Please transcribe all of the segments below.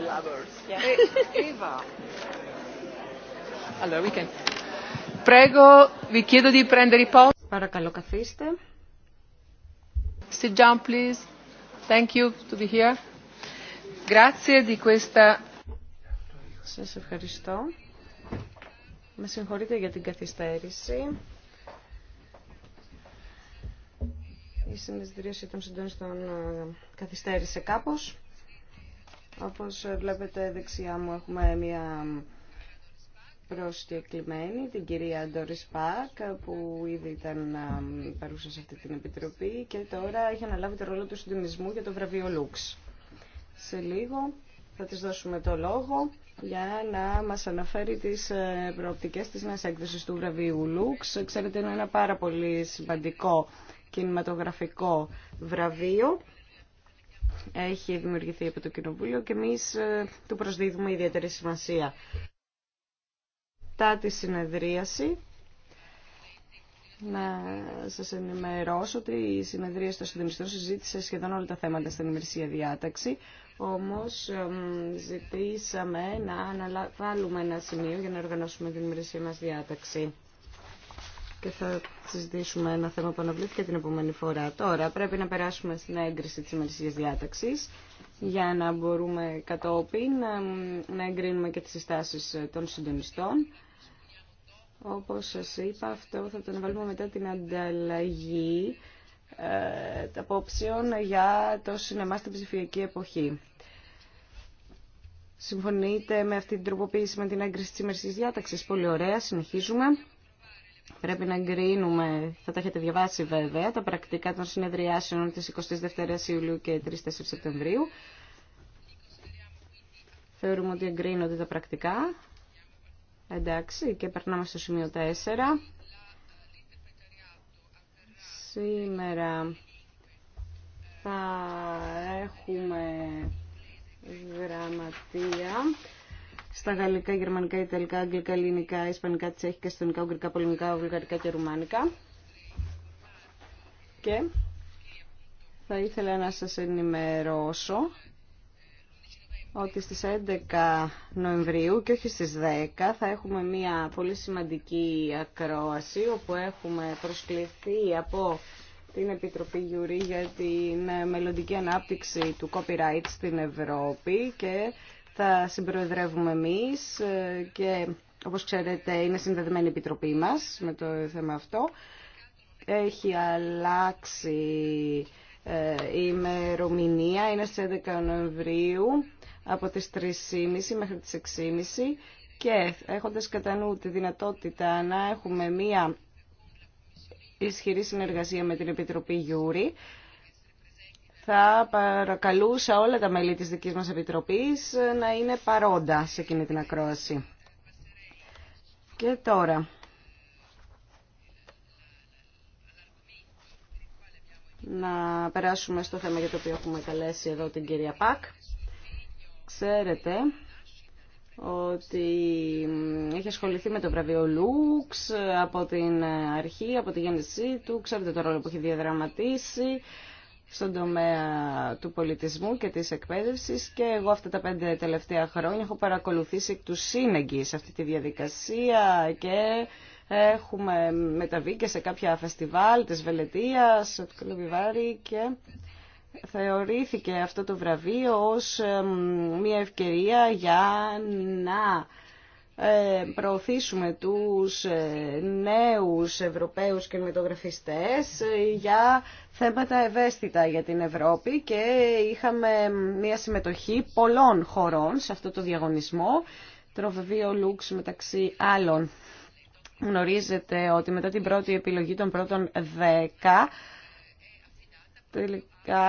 lovers. Eva. Allora, we can. Prego, vi chiedo di prendere i posti. Παρακαλώ καθίστε. Sit down, please. Thank you to be here. Grazie di questa... Σας ευχαριστώ. Με συγχωρείτε για την καθυστέρηση. Η συνεδρίαση των συντονιστών ε, καθυστέρησε κάπως. Όπως βλέπετε δεξιά μου έχουμε μια προσκεκλημένη, την κυρία Ντόρις Πακ, που ήδη ήταν παρούσα σε αυτή την επιτροπή και τώρα έχει αναλάβει το ρόλο του συντονισμού για το βραβείο Λούξ. Σε λίγο θα της δώσουμε το λόγο για να μας αναφέρει τις ε, προοπτικές της νέας έκδοσης του βραβείου Λούξ. Ξέρετε, είναι ένα πάρα πολύ σημαντικό κινηματογραφικό βραβείο έχει δημιουργηθεί από το Κοινοβούλιο και εμείς ε, του προσδίδουμε ιδιαίτερη σημασία. Τα τη συνεδρίαση να σας ενημερώσω ότι η συνεδρία στο συντονιστό συζήτησε σχεδόν όλα τα θέματα στην ημερησία διάταξη. Όμως ζητήσαμε να αναβάλουμε ένα σημείο για να οργανώσουμε την ημερησία μας διάταξη και θα συζητήσουμε ένα θέμα που αναβλήθηκε την επόμενη φορά. Τώρα πρέπει να περάσουμε στην έγκριση της ημερησίας διάταξης για να μπορούμε κατόπιν να εγκρίνουμε και τις συστάσεις των συντονιστών. Όπως σας είπα, αυτό θα το αναβάλουμε μετά την ανταλλαγή ε, απόψεων για το σινεμά στην ψηφιακή εποχή. Συμφωνείτε με αυτή την τροποποίηση με την έγκριση της ημερησίας διάταξης. Πολύ ωραία, συνεχίζουμε. Πρέπει να εγκρίνουμε, θα τα έχετε διαβάσει βέβαια, τα πρακτικά των συνεδριάσεων της 22ης Ιουλίου και 3-4 Σεπτεμβρίου. Θεωρούμε ότι εγκρίνονται τα πρακτικά. Εντάξει, και περνάμε στο σημείο 4. Σήμερα θα έχουμε γραμματεία στα γαλλικά, γερμανικά, ιταλικά, αγγλικά, ελληνικά, ισπανικά, τσέχικα, στονικά, ουγγρικά, πολεμικά, βουλγαρικά και ρουμάνικα. Και θα ήθελα να σας ενημερώσω ότι στις 11 Νοεμβρίου και όχι στις 10 θα έχουμε μια πολύ σημαντική ακρόαση όπου έχουμε προσκληθεί από την Επιτροπή Γιουρί για την μελλοντική ανάπτυξη του copyright στην Ευρώπη και θα συμπροεδρεύουμε εμείς ε, και όπως ξέρετε είναι συνδεδεμένη η Επιτροπή μας με το θέμα αυτό. Έχει αλλάξει ε, η ημερομηνία, είναι στις 11 Νοεμβρίου από τις 3.30 μέχρι τις 6.30 και έχοντας κατά νου τη δυνατότητα να έχουμε μία ισχυρή συνεργασία με την Επιτροπή Γιούρη, θα παρακαλούσα όλα τα μέλη της δικής μας Επιτροπής να είναι παρόντα σε εκείνη την ακρόαση. Και τώρα... Να περάσουμε στο θέμα για το οποίο έχουμε καλέσει εδώ την κυρία Πακ. Ξέρετε ότι έχει ασχοληθεί με το βραβείο Λούξ από την αρχή, από τη γέννησή του. Ξέρετε το ρόλο που έχει διαδραματίσει στον τομέα του πολιτισμού και της εκπαίδευσης και εγώ αυτά τα πέντε τελευταία χρόνια έχω παρακολουθήσει εκ του σε αυτή τη διαδικασία και έχουμε μεταβεί και σε κάποια φεστιβάλ της Βελετίας, του Κλουβιβάρη και θεωρήθηκε αυτό το βραβείο ως μια ευκαιρία για να ε, προωθήσουμε τους ε, νέους Ευρωπαίους κινηματογραφιστές ε, για θέματα ευαίσθητα για την Ευρώπη και είχαμε μια συμμετοχή πολλών χωρών σε αυτό το διαγωνισμό, το Λουξ μεταξύ άλλων. Γνωρίζετε ότι μετά την πρώτη επιλογή των πρώτων 10, τελικά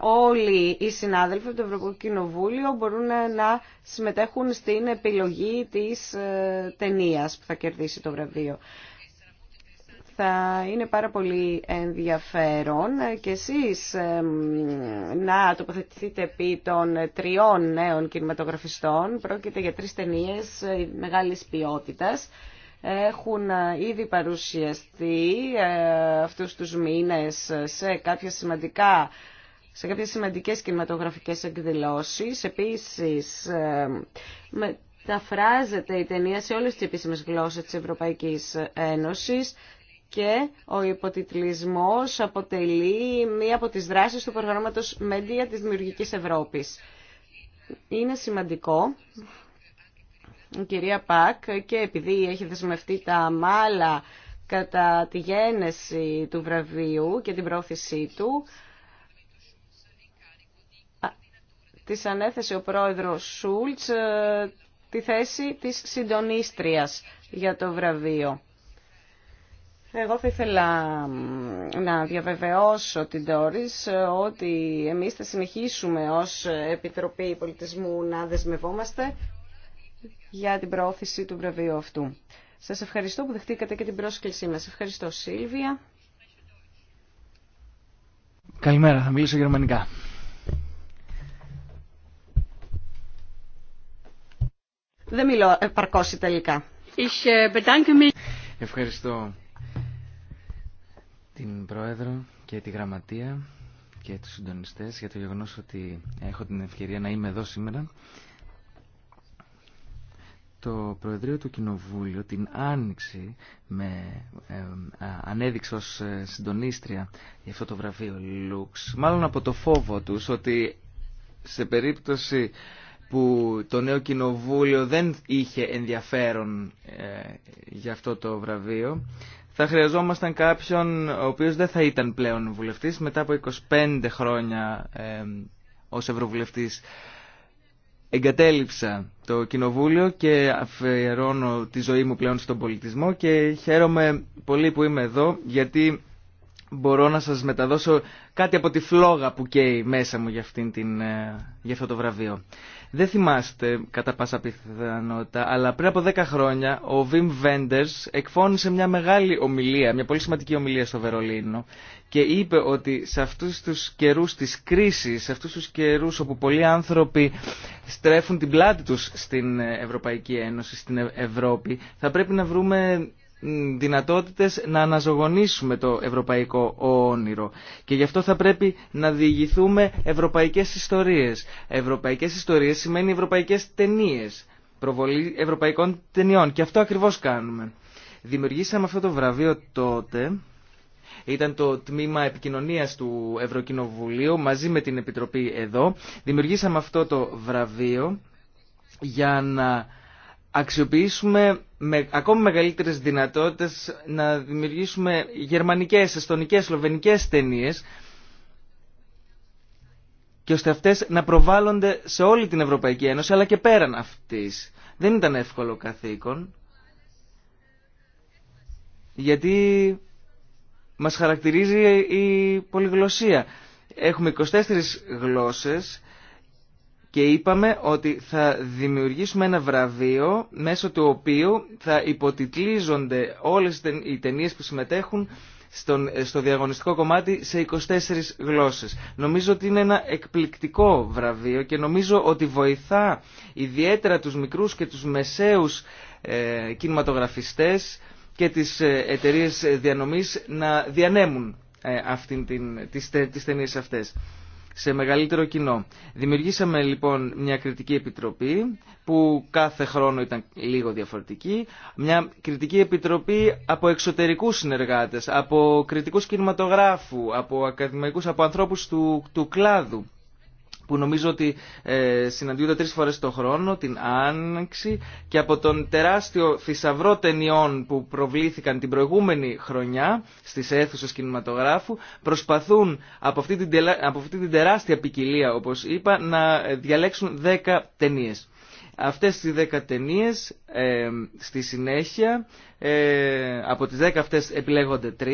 όλοι οι συνάδελφοι από το Ευρωπαϊκό Κοινοβούλιο μπορούν να συμμετέχουν στην επιλογή της ε, ταινίας που θα κερδίσει το βραβείο. Θα είναι πάρα πολύ ενδιαφέρον και εσείς ε, να τοποθετηθείτε επί των τριών νέων κινηματογραφιστών. Πρόκειται για τρεις ταινίες ε, μεγάλης ποιότητας έχουν ήδη παρουσιαστεί αυτούς τους μήνες σε κάποια σημαντικά σε κάποιες σημαντικές κινηματογραφικές εκδηλώσεις. Επίσης, ε, μεταφράζεται η ταινία σε όλες τις επίσημες γλώσσες της Ευρωπαϊκής Ένωσης και ο υποτιτλισμός αποτελεί μία από τις δράσεις του προγράμματος Μέντια της Δημιουργικής Ευρώπης. Είναι σημαντικό κυρία Πακ και επειδή έχει δεσμευτεί τα μάλα κατά τη γένεση του βραβείου και την πρόθεσή του, της ανέθεσε ο πρόεδρος Σούλτς ε, τη θέση της συντονίστριας για το βραβείο. Εγώ θα ήθελα να διαβεβαιώσω την Τόρις ε, ότι εμείς θα συνεχίσουμε ως Επιτροπή Πολιτισμού να δεσμευόμαστε για την προώθηση του βραβείου αυτού. Σας ευχαριστώ που δεχτήκατε και την πρόσκλησή μας. Ευχαριστώ Σίλβια. Καλημέρα, θα μιλήσω γερμανικά. δεν μιλώ επαρκώς Ιταλικά. Ε, Ευχαριστώ την Πρόεδρο και τη Γραμματεία και τους συντονιστές για το γεγονός ότι έχω την ευκαιρία να είμαι εδώ σήμερα. Το Προεδρείο του Κοινοβούλιο την άνοιξη με, ε, ανέδειξε ε, συντονίστρια για αυτό το βραβείο Λουξ. Μάλλον από το φόβο τους ότι σε περίπτωση που το νέο κοινοβούλιο δεν είχε ενδιαφέρον ε, για αυτό το βραβείο, θα χρειαζόμασταν κάποιον ο οποίος δεν θα ήταν πλέον βουλευτής μετά από 25 χρόνια ε, ως ευρωβουλευτής. Εγκατέλειψα το κοινοβούλιο και αφιερώνω τη ζωή μου πλέον στον πολιτισμό και χαίρομαι πολύ που είμαι εδώ γιατί μπορώ να σας μεταδώσω κάτι από τη φλόγα που καίει μέσα μου για, αυτήν την, ε, για αυτό το βραβείο. Δεν θυμάστε κατά πάσα πιθανότητα, αλλά πριν από 10 χρόνια ο Βιμ Βέντερς εκφώνησε μια μεγάλη ομιλία, μια πολύ σημαντική ομιλία στο Βερολίνο και είπε ότι σε αυτούς τους καιρούς της κρίσης, σε αυτούς τους καιρούς όπου πολλοί άνθρωποι στρέφουν την πλάτη τους στην Ευρωπαϊκή Ένωση, στην Ευρώπη, θα πρέπει να βρούμε δυνατότητες να αναζωογονήσουμε το ευρωπαϊκό όνειρο. Και γι' αυτό θα πρέπει να διηγηθούμε ευρωπαϊκές ιστορίες. Ευρωπαϊκές ιστορίες σημαίνει ευρωπαϊκές ταινίες, προβολή ευρωπαϊκών ταινιών. Και αυτό ακριβώς κάνουμε. Δημιουργήσαμε αυτό το βραβείο τότε, ήταν το τμήμα επικοινωνίας του Ευρωκοινοβουλίου μαζί με την Επιτροπή εδώ. Δημιουργήσαμε αυτό το βραβείο για να αξιοποιήσουμε με ακόμη μεγαλύτερες δυνατότητες να δημιουργήσουμε γερμανικές, εστονικές, σλοβενικές ταινίε και ώστε αυτές να προβάλλονται σε όλη την Ευρωπαϊκή Ένωση αλλά και πέραν αυτής. Δεν ήταν εύκολο καθήκον γιατί μας χαρακτηρίζει η πολυγλωσσία. Έχουμε 24 γλώσσες και είπαμε ότι θα δημιουργήσουμε ένα βραβείο μέσω του οποίου θα υποτιτλίζονται όλες οι ταινίες που συμμετέχουν στον, στο διαγωνιστικό κομμάτι σε 24 γλώσσες. Νομίζω ότι είναι ένα εκπληκτικό βραβείο και νομίζω ότι βοηθά ιδιαίτερα τους μικρούς και τους μεσαίους ε, κινηματογραφιστές και τις ε, εταιρείες διανομής να διανέμουν ε, αυτήν την, τις ταινίες αυτές σε μεγαλύτερο κοινό. Δημιουργήσαμε λοιπόν μια κριτική επιτροπή που κάθε χρόνο ήταν λίγο διαφορετική. Μια κριτική επιτροπή από εξωτερικούς συνεργάτες, από κριτικούς κινηματογράφου, από ακαδημαϊκούς, από ανθρώπους του, του κλάδου που νομίζω ότι ε, συναντιούνται τρεις φορές το χρόνο, την Άνοιξη και από τον τεράστιο θησαυρό ταινιών που προβλήθηκαν την προηγούμενη χρονιά στις αίθουσες κινηματογράφου προσπαθούν από αυτή την, από αυτή την τεράστια ποικιλία όπως είπα να διαλέξουν 10 ταινίες. Αυτές οι 10 ταινίες ε, στη συνέχεια ε, από τις 10 αυτές επιλέγονται 3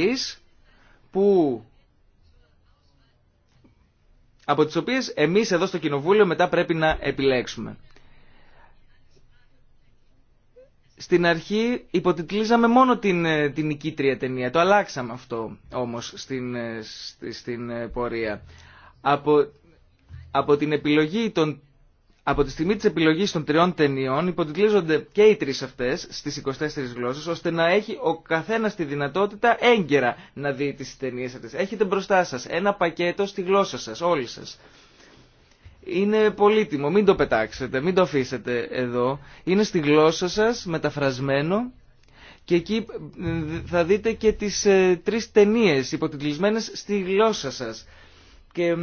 που από τις οποίες εμείς εδώ στο Κοινοβούλιο μετά πρέπει να επιλέξουμε. Στην αρχή υποτιτλίζαμε μόνο την, ε, την νικήτρια ταινία. Το αλλάξαμε αυτό όμως στην, ε, στην ε, πορεία. Από, από την επιλογή των από τη στιγμή της επιλογής των τριών ταινιών υποτιτλίζονται και οι τρεις αυτές στις 24 γλώσσες ώστε να έχει ο καθένας τη δυνατότητα έγκαιρα να δει τις ταινίες αυτές. Έχετε μπροστά σας ένα πακέτο στη γλώσσα σας, όλοι σας. Είναι πολύτιμο, μην το πετάξετε, μην το αφήσετε εδώ. Είναι στη γλώσσα σας, μεταφρασμένο και εκεί θα δείτε και τις ε, τρεις ταινίες υποτιτλισμένες στη γλώσσα σας και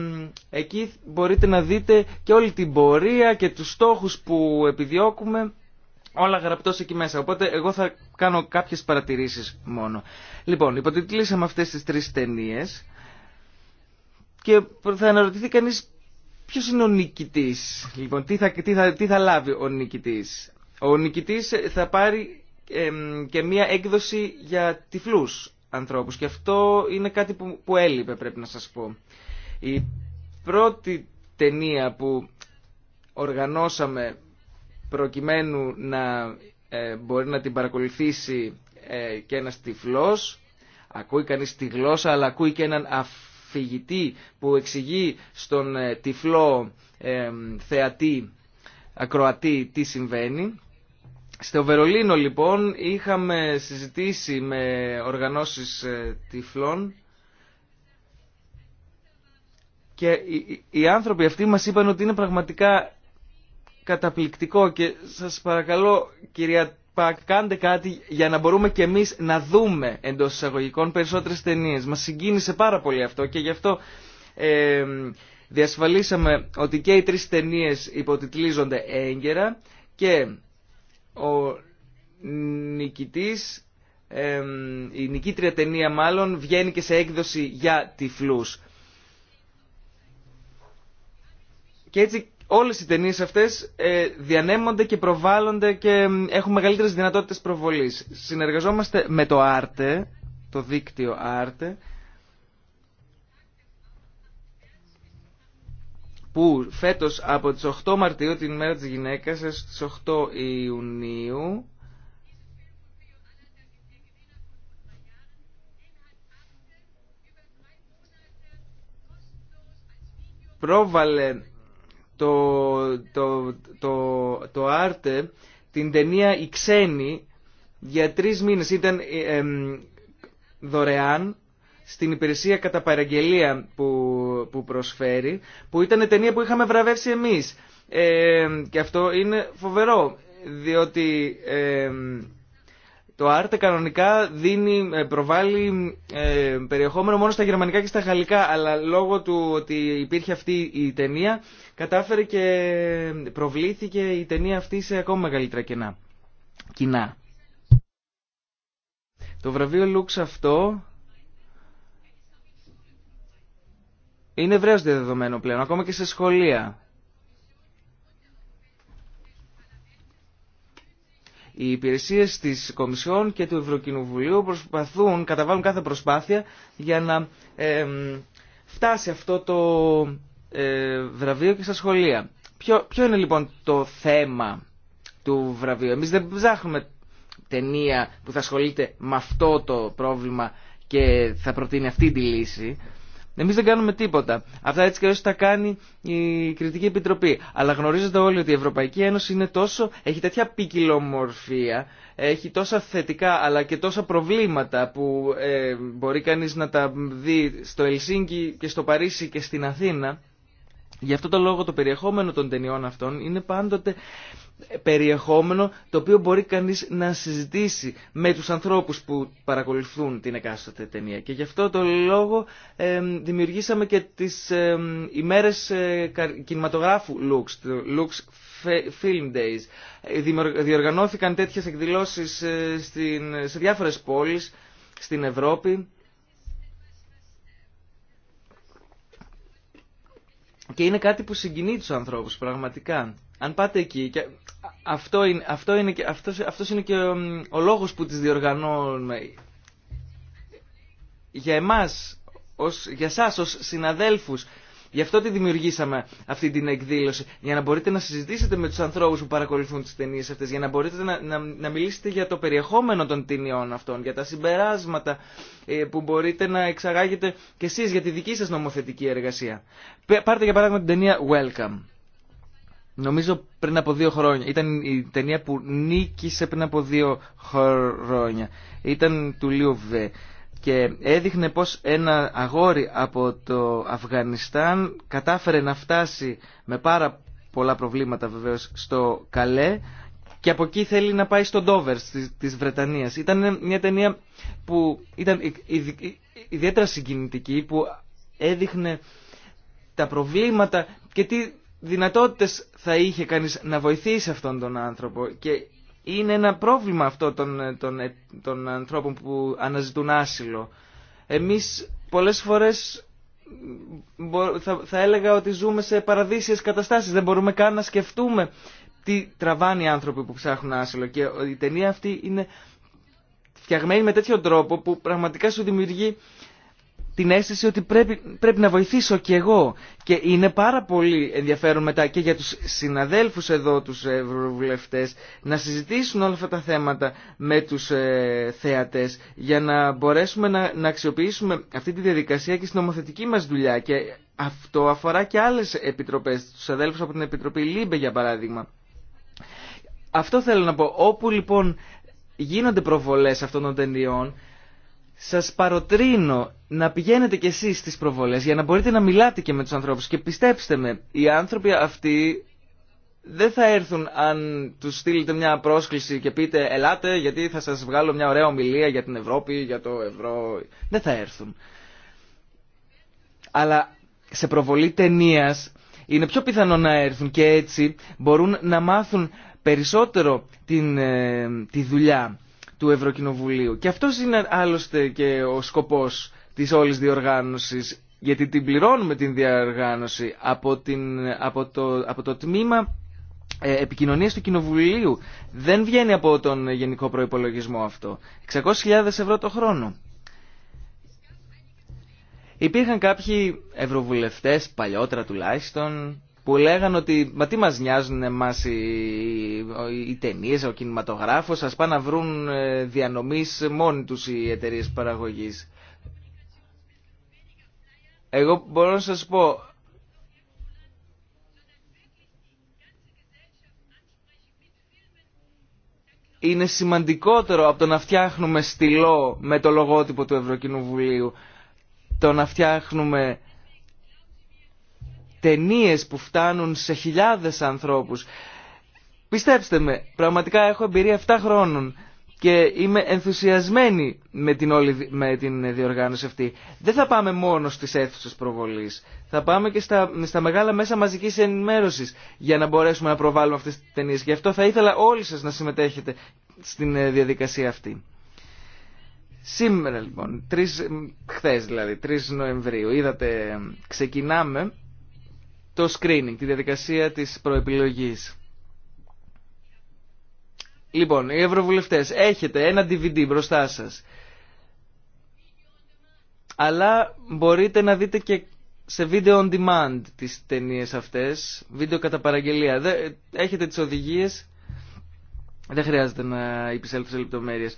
εκεί μπορείτε να δείτε και όλη την πορεία και τους στόχους που επιδιώκουμε όλα γραπτός εκεί μέσα. Οπότε εγώ θα κάνω κάποιες παρατηρήσεις μόνο. Λοιπόν, υποτιτλήσαμε αυτές τις τρεις ταινίε και θα αναρωτηθεί κανείς ποιος είναι ο νικητής. Λοιπόν, τι θα, τι θα, τι θα λάβει ο νικητής. Ο νικητής θα πάρει και μία έκδοση για τυφλούς ανθρώπους και αυτό είναι κάτι που, που έλειπε πρέπει να σας πω. Η πρώτη ταινία που οργανώσαμε προκειμένου να ε, μπορεί να την παρακολουθήσει ε, και ένας τυφλός, ακούει κανείς τη γλώσσα αλλά ακούει και έναν αφηγητή που εξηγεί στον ε, τυφλό θεατή, ακροατή τι συμβαίνει. Στο Βερολίνο λοιπόν είχαμε συζητήσει με οργανώσεις τυφλών και οι άνθρωποι αυτοί μας είπαν ότι είναι πραγματικά καταπληκτικό και σας παρακαλώ κυρία Πακ κάντε κάτι για να μπορούμε και εμείς να δούμε εντός εισαγωγικών περισσότερες ταινίες. Μας συγκίνησε πάρα πολύ αυτό και γι' αυτό ε, διασφαλίσαμε ότι και οι τρεις ταινίες υποτιτλίζονται έγκαιρα και ο νικητής, ε, η νικήτρια ταινία μάλλον βγαίνει και σε έκδοση για τυφλούς. Και έτσι όλες οι ταινίες αυτές ε, διανέμονται και προβάλλονται και έχουν μεγαλύτερες δυνατότητες προβολής. Συνεργαζόμαστε με το Άρτε, το δίκτυο Άρτε, που φέτος από τις 8 Μαρτίου, την ημέρα της γυναίκας, στις 8 Ιουνίου, πρόβαλε το, το, το, το Άρτε την ταινία η Ξένη» για τρεις μήνες. Ήταν ε, δωρεάν στην υπηρεσία κατά παραγγελία που, που προσφέρει, που ήταν ταινία που είχαμε βραβεύσει εμείς. Ε, και αυτό είναι φοβερό, διότι... Ε, το Άρτε κανονικά δίνει, ε, προβάλλει ε, περιεχόμενο μόνο στα γερμανικά και στα γαλλικά, αλλά λόγω του ότι υπήρχε αυτή η ταινία, κατάφερε και προβλήθηκε η ταινία αυτή σε ακόμα μεγαλύτερα κενά. Κοινά. Το βραβείο Λούξ αυτό είναι ευρέως διαδεδομένο πλέον, ακόμα και σε σχολεία. Οι υπηρεσίες της Κομισιόν και του Ευρωκοινοβουλίου προσπαθούν, καταβάλουν κάθε προσπάθεια για να φτάσει αυτό το ε, βραβείο και στα σχολεία. Ποιο, είναι λοιπόν το θέμα του βραβείου. Εμείς δεν ψάχνουμε ταινία που θα ασχολείται με αυτό το πρόβλημα και θα προτείνει αυτή τη λύση. Εμεί δεν κάνουμε τίποτα. Αυτά έτσι και τα κάνει η Κριτική Επιτροπή. Αλλά γνωρίζετε όλοι ότι η Ευρωπαϊκή Ένωση είναι τόσο, έχει τέτοια ποικιλομορφία, έχει τόσα θετικά αλλά και τόσα προβλήματα που ε, μπορεί κανεί να τα δει στο Ελσίνκι και στο Παρίσι και στην Αθήνα. Γι' αυτό το λόγο το περιεχόμενο των ταινιών αυτών είναι πάντοτε περιεχόμενο το οποίο μπορεί κανείς να συζητήσει με τους ανθρώπους που παρακολουθούν την εκάστοτε ταινία. Και γι' αυτό το λόγο δημιουργήσαμε και τις ε, ημέρες κινηματογράφου Lux, Lux Film Days. Ε, διοργανώθηκαν τέτοιες εκδηλώσεις ε, στην, σε διάφορες πόλεις στην Ευρώπη. Και είναι κάτι που συγκινεί τους ανθρώπους πραγματικά αν πάτε εκεί, και αυτό είναι, αυτό είναι, και, αυτός, αυτός είναι και ο, ο λόγος που τις διοργανώνουμε. Για εμάς, ως, για σας ως συναδέλφους, γι' αυτό τη δημιουργήσαμε αυτή την εκδήλωση. Για να μπορείτε να συζητήσετε με τους ανθρώπους που παρακολουθούν τις ταινίε αυτές, για να μπορείτε να, να, να, μιλήσετε για το περιεχόμενο των ταινιών αυτών, για τα συμπεράσματα ε, που μπορείτε να εξαγάγετε κι εσείς για τη δική σας νομοθετική εργασία. Πάρτε για παράδειγμα την ταινία Welcome Νομίζω πριν από δύο χρόνια. Ήταν η ταινία που νίκησε πριν από δύο χρόνια. Ήταν του Λίου Βε. Και έδειχνε πως ένα αγόρι από το Αφγανιστάν κατάφερε να φτάσει με πάρα πολλά προβλήματα βεβαίως στο Καλέ και από εκεί θέλει να πάει στο Ντόβερ της Βρετανίας. Ήταν μια ταινία που ήταν ιδιαίτερα συγκινητική που έδειχνε τα προβλήματα και τι δυνατότητες θα είχε κανείς να βοηθήσει αυτόν τον άνθρωπο και είναι ένα πρόβλημα αυτό των, των, ανθρώπων που αναζητούν άσυλο. Εμείς πολλές φορές θα, έλεγα ότι ζούμε σε παραδείσιες καταστάσεις. Δεν μπορούμε καν να σκεφτούμε τι τραβάνε οι άνθρωποι που ψάχνουν άσυλο. Και η ταινία αυτή είναι φτιαγμένη με τέτοιο τρόπο που πραγματικά σου δημιουργεί την αίσθηση ότι πρέπει, πρέπει να βοηθήσω κι εγώ. Και είναι πάρα πολύ ενδιαφέρον μετά και για τους συναδέλφους εδώ, τους ευρωβουλευτές, να συζητήσουν όλα αυτά τα θέματα με τους ε, θεατές, για να μπορέσουμε να, να αξιοποιήσουμε αυτή τη διαδικασία και στην νομοθετική μας δουλειά. Και αυτό αφορά και άλλες επιτροπές, τους αδέλφους από την Επιτροπή ΛΥΜΠΕ για παράδειγμα. Αυτό θέλω να πω. Όπου λοιπόν γίνονται προβολές αυτών των ταινιών, σας παροτρύνω να πηγαίνετε κι εσείς στις προβολές για να μπορείτε να μιλάτε και με τους ανθρώπους και πιστέψτε με, οι άνθρωποι αυτοί δεν θα έρθουν αν τους στείλετε μια πρόσκληση και πείτε ελάτε γιατί θα σας βγάλω μια ωραία ομιλία για την Ευρώπη, για το ευρώ. Δεν θα έρθουν. Αλλά σε προβολή ταινία είναι πιο πιθανό να έρθουν και έτσι μπορούν να μάθουν περισσότερο την, ε, τη δουλειά του Ευρωκοινοβουλίου. Και αυτό είναι άλλωστε και ο σκοπός της όλη διοργάνωση, γιατί την πληρώνουμε την διοργάνωση από, την, από, το, από το τμήμα ε, επικοινωνίας του Κοινοβουλίου. Δεν βγαίνει από τον γενικό προϋπολογισμό αυτό. 600.000 ευρώ το χρόνο. Υπήρχαν κάποιοι ευρωβουλευτές, παλιότερα τουλάχιστον, που λέγανε ότι μα τι μας νοιάζουν εμάς οι, οι ταινίες, ο κινηματογράφος, ας πάνε να βρουν ε, διανομής μόνοι τους οι εταιρείε παραγωγής. Εγώ μπορώ να σας πω, είναι σημαντικότερο από το να φτιάχνουμε στυλό με το λογότυπο του Ευρωκοινοβουλίου, το να φτιάχνουμε Ταινίε που φτάνουν σε χιλιάδες ανθρώπους. Πιστέψτε με, πραγματικά έχω εμπειρία 7 χρόνων και είμαι ενθουσιασμένη με την, όλη, με την διοργάνωση αυτή. Δεν θα πάμε μόνο στις αίθουσες προβολής, θα πάμε και στα, στα μεγάλα μέσα μαζικής ενημέρωση για να μπορέσουμε να προβάλλουμε αυτές τις ταινίες. Γι' αυτό θα ήθελα όλοι σας να συμμετέχετε στην ε, διαδικασία αυτή. Σήμερα λοιπόν, 3, χθες δηλαδή, 3 Νοεμβρίου, είδατε, ε, ξεκινάμε το screening, τη διαδικασία της προεπιλογής. Λοιπόν, οι ευρωβουλευτές, έχετε ένα DVD μπροστά σας. Αλλά μπορείτε να δείτε και σε video on demand τις ταινίες αυτές, βίντεο κατά παραγγελία. Έχετε τις οδηγίες, δεν χρειάζεται να υπησέλθω σε λεπτομέρειες.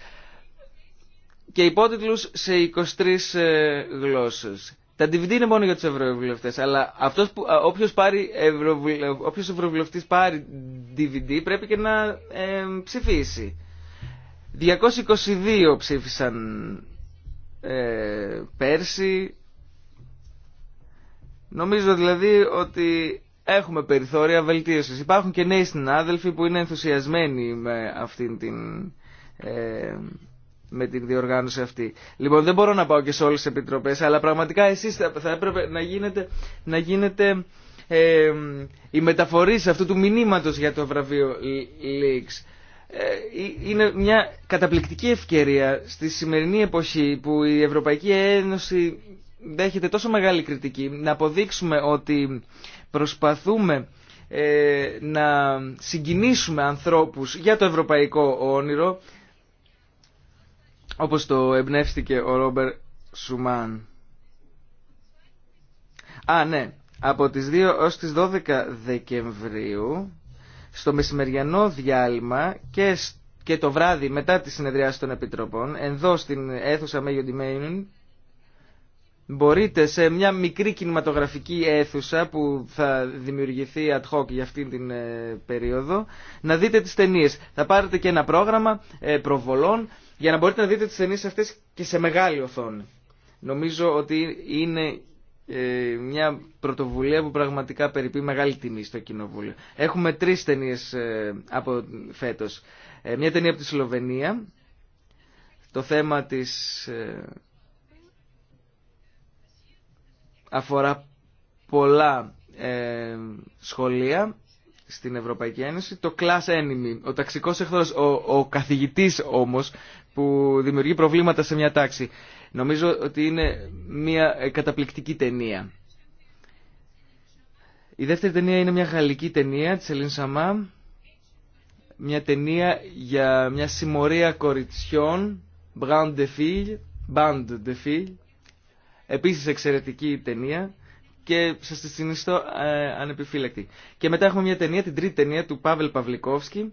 Και υπότιτλους σε 23 ε, γλώσσες. Τα DVD είναι μόνο για του ευρωβουλευτέ. αλλά όποιο που, όποιος, πάρει DVD πρέπει και να ψηφίσει. 222 ψήφισαν ε, πέρσι. Νομίζω δηλαδή ότι έχουμε περιθώρια βελτίωση. Υπάρχουν και νέοι συνάδελφοι που είναι ενθουσιασμένοι με αυτήν την ε, με την διοργάνωση αυτή. Λοιπόν, δεν μπορώ να πάω και σε όλες τι επιτροπές, αλλά πραγματικά εσείς θα έπρεπε να γίνετε, να γίνετε ε, οι αυτού του μηνύματο για το βραβείο Λίξ. Ε, ε, είναι μια καταπληκτική ευκαιρία στη σημερινή εποχή που η Ευρωπαϊκή Ένωση δέχεται τόσο μεγάλη κριτική να αποδείξουμε ότι προσπαθούμε ε, να συγκινήσουμε ανθρώπους για το ευρωπαϊκό όνειρο όπως το εμπνεύστηκε ο Ρόμπερ Σουμάν. Α, ναι. Από τις 2 ως τις 12 Δεκεμβρίου, στο μεσημεριανό διάλειμμα και, και το βράδυ μετά τη συνεδριάση των Επιτροπών, εδώ στην αίθουσα Μέγιο Ντιμέινιν, μπορείτε σε μια μικρή κινηματογραφική αίθουσα που θα δημιουργηθεί ad hoc για αυτήν την ε, περίοδο, να δείτε τις ταινίες. Θα πάρετε και ένα πρόγραμμα ε, προβολών για να μπορείτε να δείτε τις ταινίες αυτές και σε μεγάλη οθόνη. Νομίζω ότι είναι ε, μια πρωτοβουλία που πραγματικά περιπεί μεγάλη τιμή στο κοινοβούλιο. Έχουμε τρεις ταινίες ε, από φέτος. Ε, μια ταινία από τη Σλοβενία, το θέμα της ε, αφορά πολλά σχολεία στην Ευρωπαϊκή Ένωση. Το class enemy, ο ταξικός εχθρός, ο, ο καθηγητής όμως που δημιουργεί προβλήματα σε μια τάξη. Νομίζω ότι είναι μια ε, καταπληκτική ταινία. Η δεύτερη ταινία είναι μια γαλλική ταινία της Ελίν Σαμά. Μια ταινία για μια συμμορία κοριτσιών, Brand de Fille, Band de Fille. Επίσης εξαιρετική ταινία και σας τη συνιστώ ε, ανεπιφύλακτη. Και μετά έχουμε μια ταινία, την τρίτη ταινία του Παύλ Παυλικόφσκι,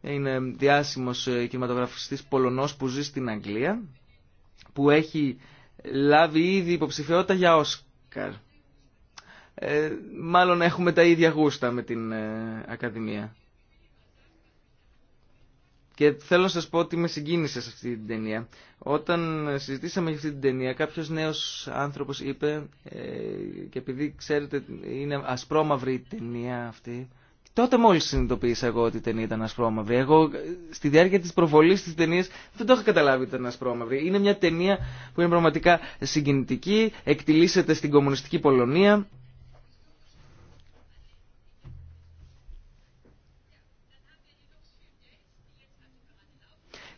είναι διάσημος ε, κινηματογραφιστής Πολωνός που ζει στην Αγγλία, που έχει λάβει ήδη υποψηφιότητα για Όσκαρ. Ε, μάλλον έχουμε τα ίδια γούστα με την ε, Ακαδημία. Και θέλω να σας πω ότι με συγκίνησε σε αυτή την ταινία. Όταν συζητήσαμε για αυτή την ταινία, κάποιος νέος άνθρωπος είπε, ε, και επειδή ξέρετε είναι ασπρόμαυρη η ταινία αυτή, Τότε μόλις συνειδητοποίησα εγώ ότι η ταινία ήταν ασπρόμαυρη. Εγώ στη διάρκεια της προβολής της ταινία δεν το είχα καταλάβει ότι ήταν ασπρόμαυρη. Είναι μια ταινία που είναι πραγματικά συγκινητική, εκτιλήσεται στην κομμουνιστική Πολωνία.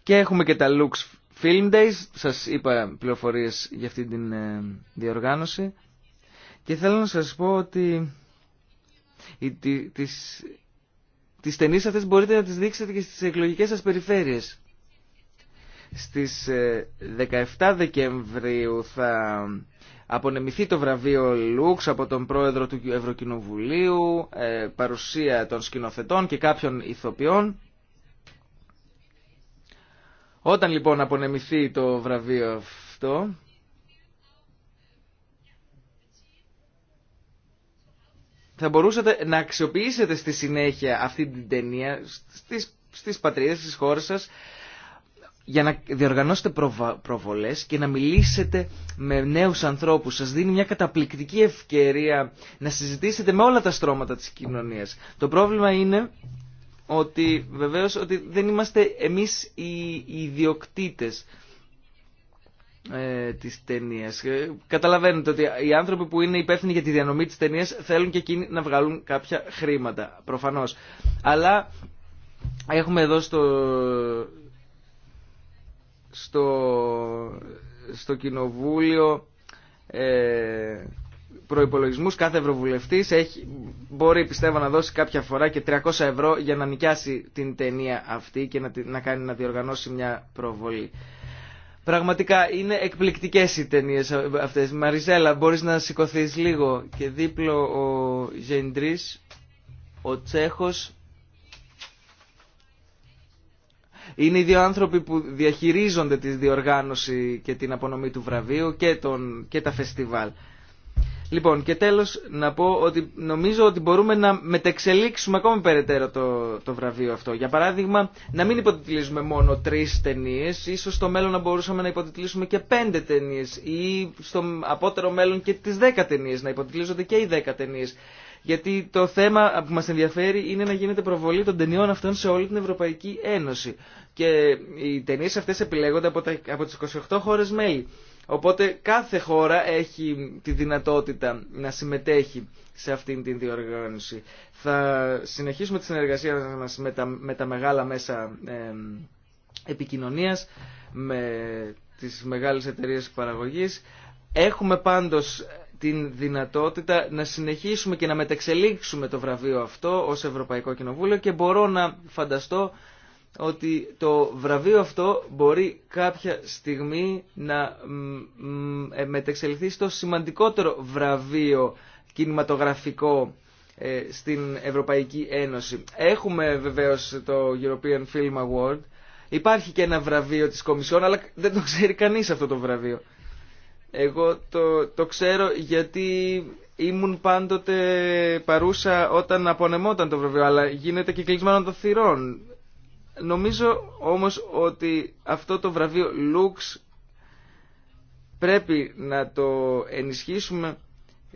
Και έχουμε και τα Lux Film Days, σας είπα πληροφορίες για αυτή την ε, διοργάνωση. Και θέλω να σας πω ότι Τις, τις ταινίες αυτές μπορείτε να τις δείξετε και στις εκλογικές σας περιφέρειες. Στις 17 ε, Δεκεμβρίου θα απονεμηθεί το βραβείο Λούξ από τον πρόεδρο του Ευρωκοινοβουλίου, ε, παρουσία των σκηνοθετών και κάποιων ηθοποιών. Όταν λοιπόν απονεμηθεί το βραβείο αυτό, θα μπορούσατε να αξιοποιήσετε στη συνέχεια αυτή την ταινία στις, στις πατρίδες, στις χώρες σας για να διοργανώσετε προβολές και να μιλήσετε με νέους ανθρώπους. Σας δίνει μια καταπληκτική ευκαιρία να συζητήσετε με όλα τα στρώματα της κοινωνίας. Το πρόβλημα είναι ότι βεβαίως ότι δεν είμαστε εμείς οι ιδιοκτήτες ε, της ταινίας. Ε, καταλαβαίνετε ότι οι άνθρωποι που είναι υπεύθυνοι για τη διανομή τη ταινία θέλουν και εκείνοι να βγάλουν κάποια χρήματα, προφανώς. Αλλά έχουμε εδώ στο, στο, στο κοινοβούλιο ε, προϋπολογισμούς κάθε ευρωβουλευτής έχει, μπορεί πιστεύω να δώσει κάποια φορά και 300 ευρώ για να νοικιάσει την ταινία αυτή και να, να κάνει να διοργανώσει μια προβολή. Πραγματικά είναι εκπληκτικέ οι ταινίε αυτέ. Μαριζέλα, μπορεί να σηκωθεί λίγο. Και δίπλο ο Γεντρίς, ο Τσέχος. Είναι οι δύο άνθρωποι που διαχειρίζονται τη διοργάνωση και την απονομή του βραβείου και, τον, και τα φεστιβάλ. Λοιπόν, και τέλο να πω ότι νομίζω ότι μπορούμε να μετεξελίξουμε ακόμα περαιτέρω το, το βραβείο αυτό. Για παράδειγμα, να μην υποτιτλίζουμε μόνο τρει ταινίε, ίσω στο μέλλον να μπορούσαμε να υποτιτλίσουμε και πέντε ταινίε ή στο απότερο μέλλον και τι δέκα ταινίε, να υποτιτλίζονται και οι δέκα ταινίε. Γιατί το θέμα που μα ενδιαφέρει είναι να γίνεται προβολή των ταινιών αυτών σε όλη την Ευρωπαϊκή Ένωση. Και οι ταινίε αυτέ επιλέγονται από, από τις 28 χώρε μέλη. Οπότε κάθε χώρα έχει τη δυνατότητα να συμμετέχει σε αυτήν την διοργάνωση. Θα συνεχίσουμε τη συνεργασία μας με τα, μεγάλα μέσα ε, επικοινωνίας, με τις μεγάλες εταιρείες παραγωγής. Έχουμε πάντως την δυνατότητα να συνεχίσουμε και να μετεξελίξουμε το βραβείο αυτό ως Ευρωπαϊκό Κοινοβούλιο και μπορώ να φανταστώ ότι το βραβείο αυτό μπορεί κάποια στιγμή να ε, μετεξελιχθεί στο σημαντικότερο βραβείο κινηματογραφικό ε, στην Ευρωπαϊκή Ένωση. Έχουμε βεβαίως το European Film Award. Υπάρχει και ένα βραβείο της Κομισιόν, αλλά δεν το ξέρει κανείς αυτό το βραβείο. Εγώ το, ξέρω γιατί ήμουν πάντοτε παρούσα όταν απονεμόταν το βραβείο, αλλά γίνεται και κλεισμένο των θυρών. Νομίζω όμως ότι αυτό το βραβείο Λουξ πρέπει να το ενισχύσουμε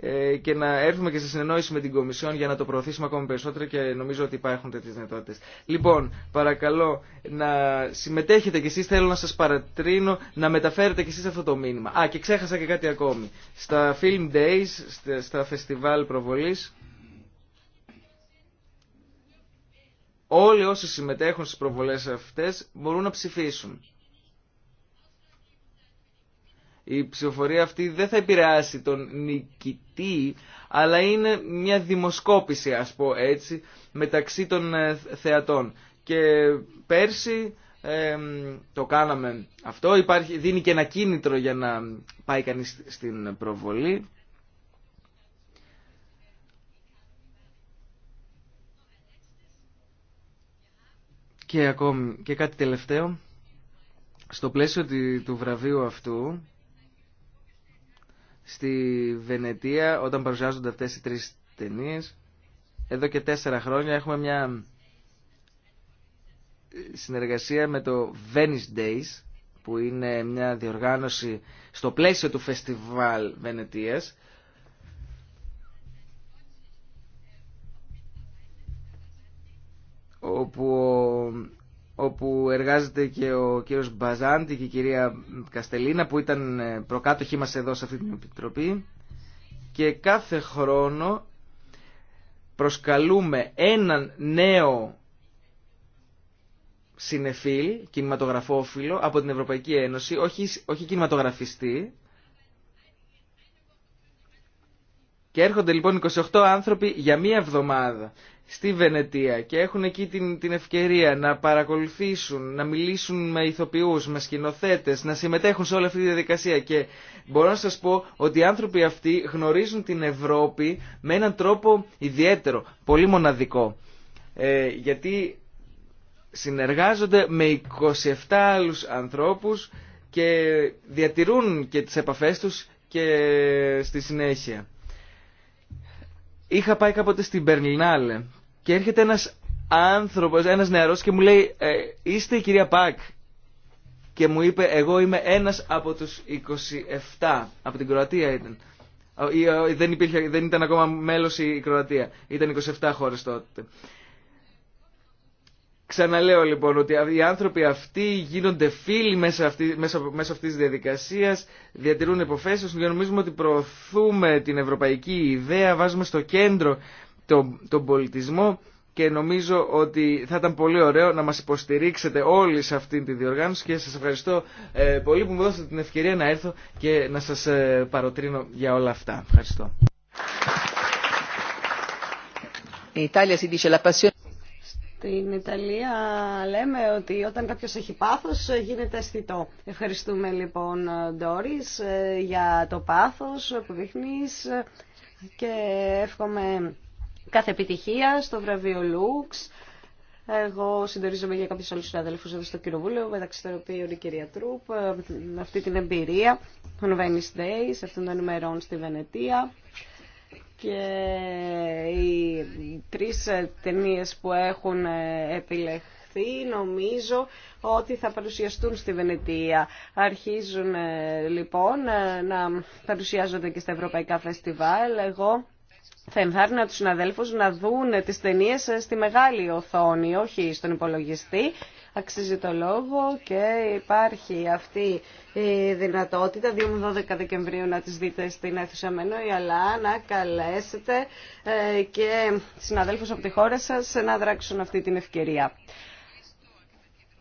ε, και να έρθουμε και σε συνεννόηση με την Κομισιόν για να το προωθήσουμε ακόμη περισσότερο και νομίζω ότι υπάρχουν τέτοιε δυνατότητε. Λοιπόν, παρακαλώ να συμμετέχετε κι εσεί. Θέλω να σα παρατρύνω να μεταφέρετε κι εσεί αυτό το μήνυμα. Α, και ξέχασα και κάτι ακόμη. Στα Film Days, στα φεστιβάλ προβολή, Όλοι όσοι συμμετέχουν στις προβολές αυτές μπορούν να ψηφίσουν. Η ψηφοφορία αυτή δεν θα επηρεάσει τον νικητή, αλλά είναι μια δημοσκόπηση, ας πω έτσι, μεταξύ των ε, θεατών. Και πέρσι το κάναμε αυτό. Υπάρχει, δίνει και ένα κίνητρο για να πάει κανείς στην προβολή. Και ακόμη, και κάτι τελευταίο, στο πλαίσιο του βραβείου αυτού, στη Βενετία, όταν παρουσιάζονται αυτές οι τρεις ταινίες, εδώ και τέσσερα χρόνια έχουμε μια ε, συνεργασία με το Venice Days, που είναι μια διοργάνωση στο πλαίσιο του φεστιβάλ Βενετίας, όπου, όπου εργάζεται και ο κύριος Μπαζάντη και η κυρία Καστελίνα που ήταν ε, προκάτοχή μας εδώ σε αυτή την επιτροπή και κάθε χρόνο προσκαλούμε έναν νέο συνεφίλ, κινηματογραφόφιλο από την Ευρωπαϊκή Ένωση, όχι, όχι κινηματογραφιστή. Και έρχονται λοιπόν 28 άνθρωποι για μία εβδομάδα στη Βενετία και έχουν εκεί την, την ευκαιρία να παρακολουθήσουν, να μιλήσουν με ηθοποιούς, με σκηνοθέτες, να συμμετέχουν σε όλη αυτή τη διαδικασία και μπορώ να σας πω ότι οι άνθρωποι αυτοί γνωρίζουν την Ευρώπη με έναν τρόπο ιδιαίτερο, πολύ μοναδικό. Ε, γιατί συνεργάζονται με 27 άλλους ανθρώπους και διατηρούν και τις επαφές τους και στη συνέχεια είχα πάει κάποτε στην Περνινάλε και έρχεται ένα άνθρωπο, ένα νεαρό και μου λέει ε, «Είστε η κυρία Πακ» και μου είπε «Εγώ είμαι ένα από του 27, από την Κροατία ήταν». Δεν, υπήρχε, δεν ήταν ακόμα μέλο η Κροατία, ήταν 27 χώρε τότε. Ξαναλέω λοιπόν ότι οι άνθρωποι αυτοί γίνονται φίλοι μέσα, αυτή, μέσα, μέσα αυτής της διαδικασίας, διατηρούν υποφέσεις και νομίζουμε ότι προωθούμε την ευρωπαϊκή ιδέα, βάζουμε στο κέντρο τον, πολιτισμό και νομίζω ότι θα ήταν πολύ ωραίο να μας υποστηρίξετε όλοι σε αυτή τη διοργάνωση και σας ευχαριστώ ε, πολύ που μου δώσατε την ευκαιρία να έρθω και να σας ε, παροτρύνω για όλα αυτά. Ευχαριστώ. Στην Ιταλία λέμε ότι όταν κάποιος έχει πάθος γίνεται αισθητό. Ευχαριστούμε λοιπόν Ντόρις ε, για το πάθος που δείχνεις και εύχομαι κάθε επιτυχία στο βραβείο Λουξ. Εγώ συντορίζομαι για κάποιου άλλου συναδέλφου εδώ στο Κοινοβούλιο, μεταξύ των οποίων η κυρία Τρούπ, ε, αυτή την εμπειρία των Venice Days, αυτών των ημερών στη Βενετία και οι τρεις ταινίες που έχουν επιλεχθεί νομίζω ότι θα παρουσιαστούν στη Βενετία. Αρχίζουν ε, λοιπόν ε, να παρουσιάζονται και στα ευρωπαϊκά φεστιβάλ. Εγώ θα ενθάρρυνα τους συναδέλφους να δουν τις ταινίε ε, στη μεγάλη οθόνη, όχι στον υπολογιστή αξίζει το λόγο και υπάρχει αυτή η δυνατότητα 2-12 Δεκεμβρίου να τις δείτε στην αίθουσα Μενόη αλλά να καλέσετε ε, και συναδέλφους από τη χώρα σας να δράξουν αυτή την ευκαιρία.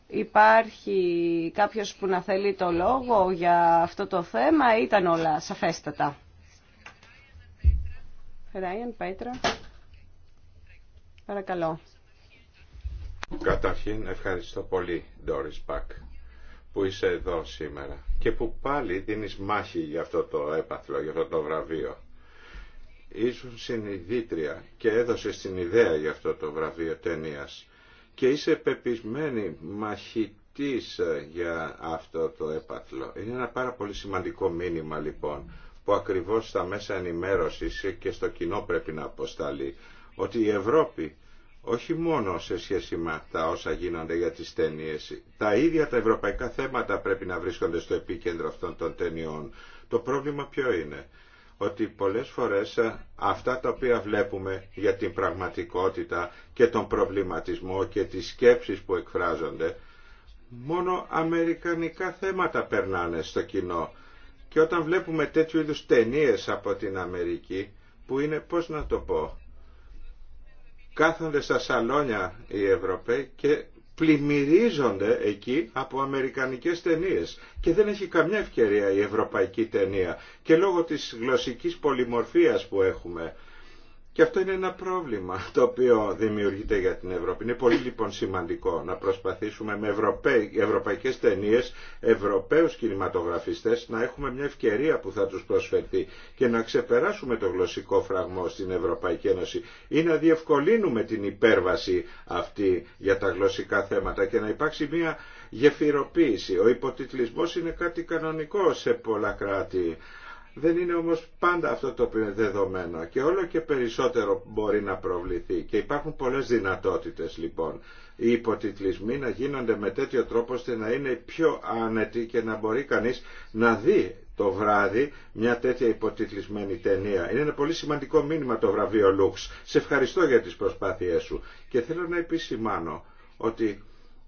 Υπάρχει κάποιος που να θέλει το λόγο για αυτό το θέμα ήταν όλα σαφέστατα. Ράιαν Πέτρα. Παρακαλώ. Καταρχήν ευχαριστώ πολύ, Doris Πακ, που είσαι εδώ σήμερα και που πάλι δίνεις μάχη για αυτό το έπαθλο, για αυτό το βραβείο. Ήσουν συνειδήτρια και έδωσες την ιδέα για αυτό το βραβείο ταινία. και είσαι πεπισμένη μαχητής ε, για αυτό το έπαθλο. Είναι ένα πάρα πολύ σημαντικό μήνυμα λοιπόν που ακριβώς στα μέσα ενημέρωσης και στο κοινό πρέπει να αποσταλεί ότι η Ευρώπη όχι μόνο σε σχέση με τα όσα γίνονται για τις ταινίε. Τα ίδια τα ευρωπαϊκά θέματα πρέπει να βρίσκονται στο επίκεντρο αυτών των ταινιών. Το πρόβλημα ποιο είναι, ότι πολλές φορές ε, αυτά τα οποία βλέπουμε για την πραγματικότητα και τον προβληματισμό και τις σκέψεις που εκφράζονται, μόνο αμερικανικά θέματα περνάνε στο κοινό. Και όταν βλέπουμε τέτοιου είδους ταινίε από την Αμερική, που είναι, πώς να το πω, κάθονται στα σαλόνια οι Ευρωπαίοι και πλημμυρίζονται εκεί από αμερικανικές ταινίες και δεν έχει καμιά ευκαιρία η ευρωπαϊκή ταινία και λόγω της γλωσσικής πολυμορφίας που έχουμε και αυτό είναι ένα πρόβλημα το οποίο δημιουργείται για την Ευρώπη. Είναι πολύ λοιπόν σημαντικό να προσπαθήσουμε με Ευρωπαί... ευρωπαϊκές ταινίες, ευρωπαίους κινηματογραφιστές να έχουμε μια ευκαιρία που θα τους προσφερθεί και να ξεπεράσουμε το γλωσσικό φραγμό στην Ευρωπαϊκή Ένωση ή να διευκολύνουμε την υπέρβαση αυτή για τα γλωσσικά θέματα και να υπάρξει μια γεφυροποίηση. Ο υποτιτλισμός είναι κάτι κανονικό σε πολλά κράτη δεν είναι όμως πάντα αυτό το οποίο είναι δεδομένο και όλο και περισσότερο μπορεί να προβληθεί και υπάρχουν πολλές δυνατότητες λοιπόν οι υποτιτλισμοί να γίνονται με τέτοιο τρόπο ώστε να είναι πιο άνετοι και να μπορεί κανείς να δει το βράδυ μια τέτοια υποτιτλισμένη ταινία. Είναι ένα πολύ σημαντικό μήνυμα το βραβείο Λουξ. Σε ευχαριστώ για τις προσπάθειές σου και θέλω να επισημάνω ότι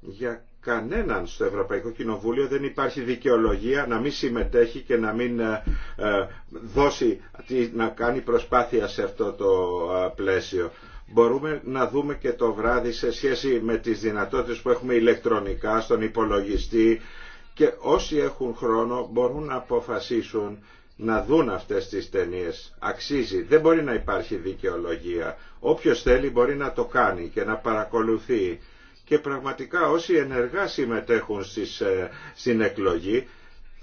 για κανέναν στο Ευρωπαϊκό Κοινοβούλιο δεν υπάρχει δικαιολογία να μην συμμετέχει και να μην ε, ε, δώσει, να κάνει προσπάθεια σε αυτό το ε, πλαίσιο. Μπορούμε να δούμε και το βράδυ σε σχέση με τις δυνατότητες που έχουμε ηλεκτρονικά στον υπολογιστή και όσοι έχουν χρόνο μπορούν να αποφασίσουν να δουν αυτές τις ταινίες. Αξίζει. Δεν μπορεί να υπάρχει δικαιολογία. Όποιος θέλει μπορεί να το κάνει και να παρακολουθεί και πραγματικά όσοι ενεργά συμμετέχουν στις, ε, στην εκλογή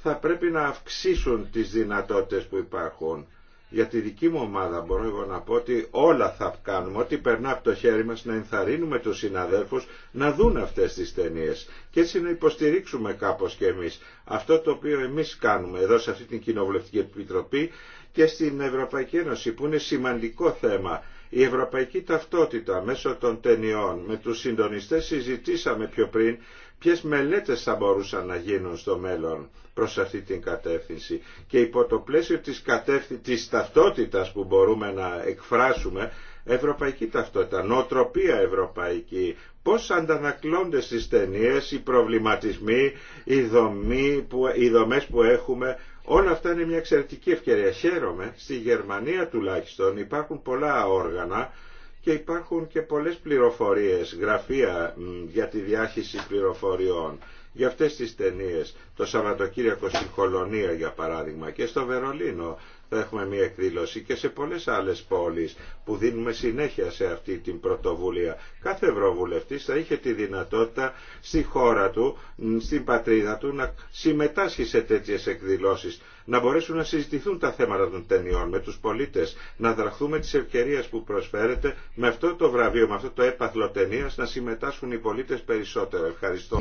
θα πρέπει να αυξήσουν τις δυνατότητες που υπάρχουν. Για τη δική μου ομάδα μπορώ εγώ να πω ότι όλα θα κάνουμε, ό,τι περνά από το χέρι μας να ενθαρρύνουμε τους συναδέλφους να δουν αυτές τις ταινίε. και έτσι να υποστηρίξουμε κάπως και εμείς αυτό το οποίο εμείς κάνουμε εδώ σε αυτή την Κοινοβουλευτική Επιτροπή και στην Ευρωπαϊκή Ένωση που είναι σημαντικό θέμα η ευρωπαϊκή ταυτότητα μέσω των ταινιών με τους συντονιστές συζητήσαμε πιο πριν ποιες μελέτες θα μπορούσαν να γίνουν στο μέλλον προς αυτή την κατεύθυνση και υπό το πλαίσιο της, κατεύθυ... ταυτότητας που μπορούμε να εκφράσουμε ευρωπαϊκή ταυτότητα, νοοτροπία ευρωπαϊκή, πώς αντανακλώνται στις ταινίε οι προβληματισμοί, οι, δομή που, οι δομές που έχουμε Όλα αυτά είναι μια εξαιρετική ευκαιρία. Χαίρομαι, στη Γερμανία τουλάχιστον υπάρχουν πολλά όργανα και υπάρχουν και πολλές πληροφορίες, γραφεία για τη διάχυση πληροφοριών για αυτές τις ταινίες. Το Σαββατοκύριακο στην Κολονία για παράδειγμα και στο Βερολίνο έχουμε μια εκδήλωση και σε πολλές άλλες πόλεις που δίνουμε συνέχεια σε αυτή την πρωτοβουλία. Κάθε ευρωβουλευτής θα είχε τη δυνατότητα στη χώρα του, στην πατρίδα του να συμμετάσχει σε τέτοιες εκδηλώσεις να μπορέσουν να συζητηθούν τα θέματα των ταινιών με τους πολίτες, να δραχθούμε τις ευκαιρίες που προσφέρεται με αυτό το βραβείο, με αυτό το έπαθλο ταινία να συμμετάσχουν οι πολίτες περισσότερο. Ευχαριστώ.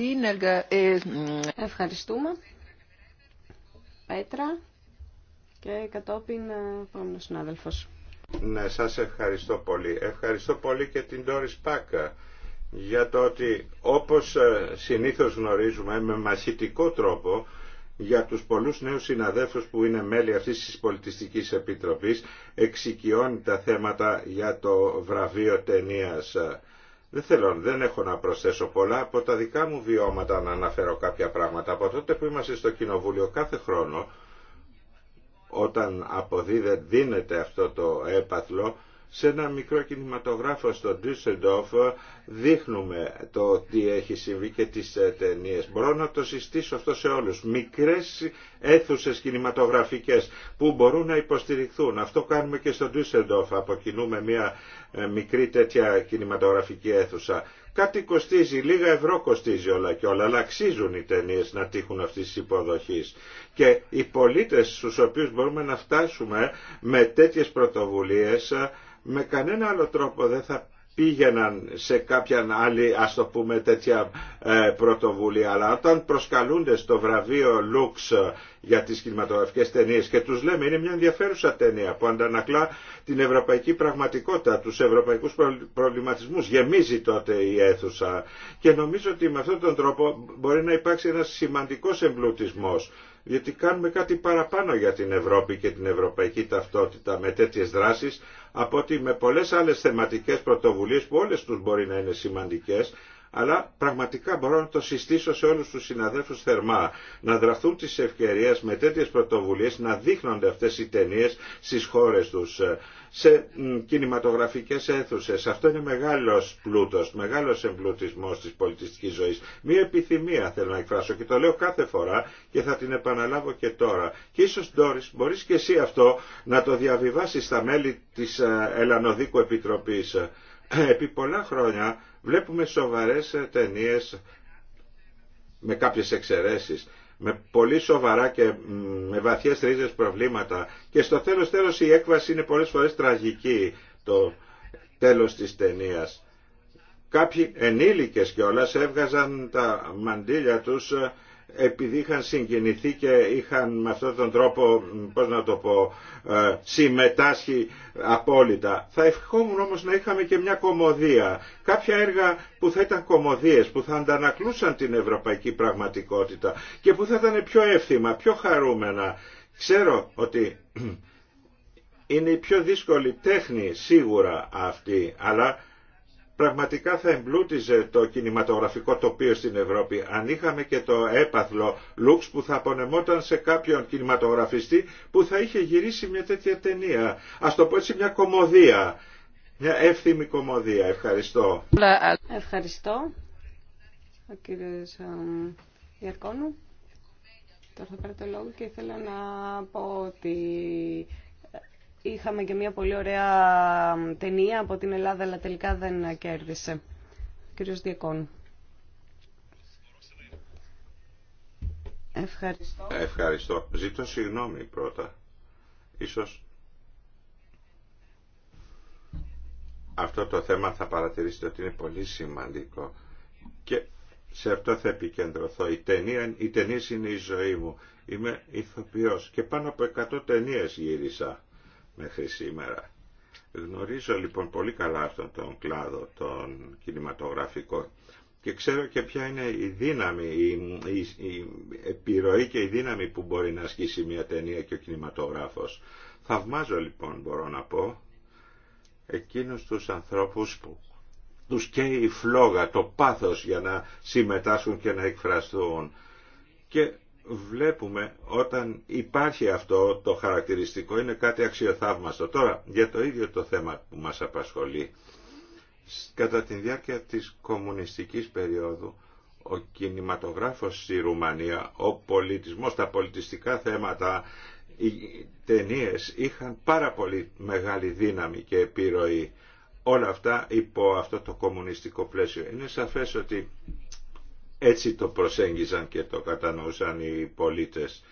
Ευχαριστούμε. Πέτρα και κατόπιν ε, επόμενο συνάδελφο. Ναι, σας ευχαριστώ πολύ. Ευχαριστώ πολύ και την Doris Πάκα για το ότι όπως ε, συνήθως γνωρίζουμε με μαχητικό τρόπο για τους πολλούς νέους συναδέλφους που είναι μέλη αυτής της Πολιτιστικής Επιτροπής εξοικειώνει τα θέματα για το βραβείο ταινία. Δεν θέλω, δεν έχω να προσθέσω πολλά από τα δικά μου βιώματα να αναφέρω κάποια πράγματα. Από τότε που είμαστε στο Κοινοβούλιο κάθε χρόνο όταν αποδίδεται, δίνεται αυτό το έπαθλο σε ένα μικρό κινηματογράφο στο Düsseldorf δείχνουμε το τι έχει συμβεί και τις ε, ταινίε. Μπορώ να το συστήσω αυτό σε όλους. Μικρές αίθουσες κινηματογραφικές που μπορούν να υποστηριχθούν. Αυτό κάνουμε και στο Düsseldorf. Αποκινούμε μια ε, μικρή τέτοια κινηματογραφική αίθουσα Κάτι κοστίζει, λίγα ευρώ κοστίζει όλα και όλα, αλλά αξίζουν οι ταινίες να τύχουν αυτής της υποδοχής. Και οι πολίτες στους οποίους μπορούμε να φτάσουμε με τέτοιες πρωτοβουλίες, με κανένα άλλο τρόπο δεν θα πήγαιναν σε κάποια άλλη ας το πούμε τέτοια ε, πρωτοβουλία αλλά όταν προσκαλούνται στο βραβείο Λουξ για τις κινηματογραφικές ταινίες και τους λέμε είναι μια ενδιαφέρουσα ταινία που αντανακλά την ευρωπαϊκή πραγματικότητα, τους ευρωπαϊκούς προβληματισμούς, γεμίζει τότε η αίθουσα και νομίζω ότι με αυτόν τον τρόπο μπορεί να υπάρξει ένας σημαντικός εμπλουτισμός διότι κάνουμε κάτι παραπάνω για την Ευρώπη και την ευρωπαϊκή ταυτότητα με τέτοιες δράσεις από ότι με πολλές άλλες θεματικές πρωτοβουλίες που όλες τους μπορεί να είναι σημαντικές αλλά πραγματικά μπορώ να το συστήσω σε όλους τους συναδέλφους θερμά να δραθούν τις ευκαιρίες με τέτοιες πρωτοβουλίες να δείχνονται αυτές οι ταινίες στις χώρες τους σε κινηματογραφικές αίθουσες. Αυτό είναι μεγάλος πλούτος, μεγάλος εμπλουτισμός της πολιτιστικής ζωής. Μία επιθυμία θέλω να εκφράσω και το λέω κάθε φορά και θα την επαναλάβω και τώρα. Και ίσως Ντόρις μπορείς και εσύ αυτό να το διαβιβάσεις στα μέλη της ε, Ελλανοδίκου Επιτροπής. Ε, επί πολλά χρόνια βλέπουμε σοβαρές ταινίες με κάποιες εξαιρέσεις με πολύ σοβαρά και με βαθιές ρίζες προβλήματα και στο τέλος τέλος η έκβαση είναι πολλές φορές τραγική το τέλος της ταινία. Κάποιοι ενήλικες κιόλας έβγαζαν τα μαντήλια τους επειδή είχαν συγκινηθεί και είχαν με αυτόν τον τρόπο, πώς να το πω, ε, συμμετάσχει απόλυτα. Θα ευχόμουν όμως να είχαμε και μια κομμωδία. Κάποια έργα που θα ήταν κομμωδίες, που θα αντανακλούσαν την ευρωπαϊκή πραγματικότητα και που θα ήταν πιο εύθυμα, πιο χαρούμενα. Ξέρω ότι είναι η πιο δύσκολη τέχνη σίγουρα αυτή, αλλά πραγματικά θα εμπλούτιζε το κινηματογραφικό τοπίο στην Ευρώπη. Αν είχαμε και το έπαθλο Λουξ που θα απονεμόταν σε κάποιον κινηματογραφιστή που θα είχε γυρίσει μια τέτοια ταινία. Ας το πω έτσι μια κομμωδία. Μια εύθυμη κομμωδία. Ευχαριστώ. Ευχαριστώ. Ο κύριος ε, Γερκόνου. Τώρα θα πάρω λόγο και ήθελα να πω ότι Είχαμε και μια πολύ ωραία ταινία από την Ελλάδα, αλλά τελικά δεν κέρδισε. Κύριος Διακόν. Ευχαριστώ. Ευχαριστώ. Ζήτω συγγνώμη πρώτα. Ίσως αυτό το θέμα θα παρατηρήσετε ότι είναι πολύ σημαντικό και σε αυτό θα επικεντρωθώ. Η ταινία, οι ταινίες είναι η ζωή μου. Είμαι ηθοποιός και πάνω από 100 ταινίες γύρισα μέχρι σήμερα. Γνωρίζω λοιπόν πολύ καλά αυτόν τον κλάδο, τον κινηματογραφικό και ξέρω και ποια είναι η δύναμη, η, η, η επιρροή και η δύναμη που μπορεί να ασκήσει μια ταινία και ο κινηματογράφος. Θαυμάζω λοιπόν μπορώ να πω εκείνους τους ανθρώπους που τους καίει η φλόγα, το πάθος για να συμμετάσχουν και να εκφραστούν. Και βλέπουμε όταν υπάρχει αυτό το χαρακτηριστικό είναι κάτι αξιοθαύμαστο. Τώρα για το ίδιο το θέμα που μας απασχολεί. Κατά τη διάρκεια της κομμουνιστικής περίοδου ο κινηματογράφος στη Ρουμανία, ο πολιτισμός, τα πολιτιστικά θέματα, οι ταινίες είχαν πάρα πολύ μεγάλη δύναμη και επιρροή. Όλα αυτά υπό αυτό το κομμουνιστικό πλαίσιο. Είναι σαφές ότι έτσι το προσέγγιζαν και το κατανοούσαν οι πολίτες.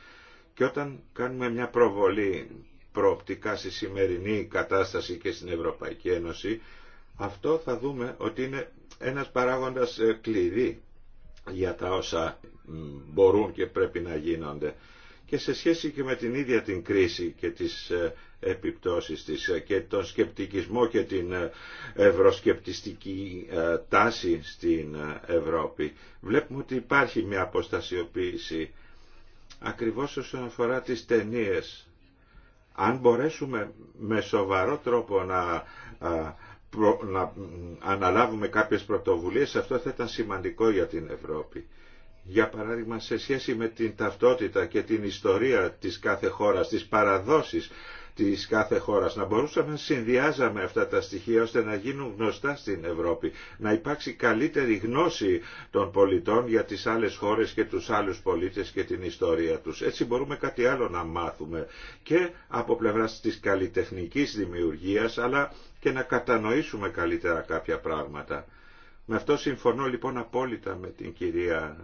Και όταν κάνουμε μια προβολή προοπτικά στη σημερινή κατάσταση και στην Ευρωπαϊκή Ένωση, αυτό θα δούμε ότι είναι ένας παράγοντας ε, κλειδί για τα όσα μπορούν και πρέπει να γίνονται και σε σχέση και με την ίδια την κρίση και τις ε, επιπτώσεις της ε, και τον σκεπτικισμό και την ε, ευρωσκεπτιστική τάση στην Ευρώπη. Βλέπουμε ότι υπάρχει μια αποστασιοποίηση ακριβώς όσον αφορά τις ταινίε. Αν μπορέσουμε με σοβαρό τρόπο να, να αναλάβουμε κάποιες πρωτοβουλίες, αυτό θα ήταν σημαντικό για την Ευρώπη για παράδειγμα σε σχέση με την ταυτότητα και την ιστορία της κάθε χώρας, τις παραδόσεις της κάθε χώρας, να μπορούσαμε να συνδυάζαμε αυτά τα στοιχεία ώστε να γίνουν γνωστά στην Ευρώπη, να υπάρξει καλύτερη γνώση των πολιτών για τις άλλες χώρες και τους άλλους πολίτες και την ιστορία τους. Έτσι μπορούμε κάτι άλλο να μάθουμε και από πλευράς της καλλιτεχνικής δημιουργίας, αλλά και να κατανοήσουμε καλύτερα κάποια πράγματα. Με αυτό συμφωνώ λοιπόν απόλυτα με την κυρία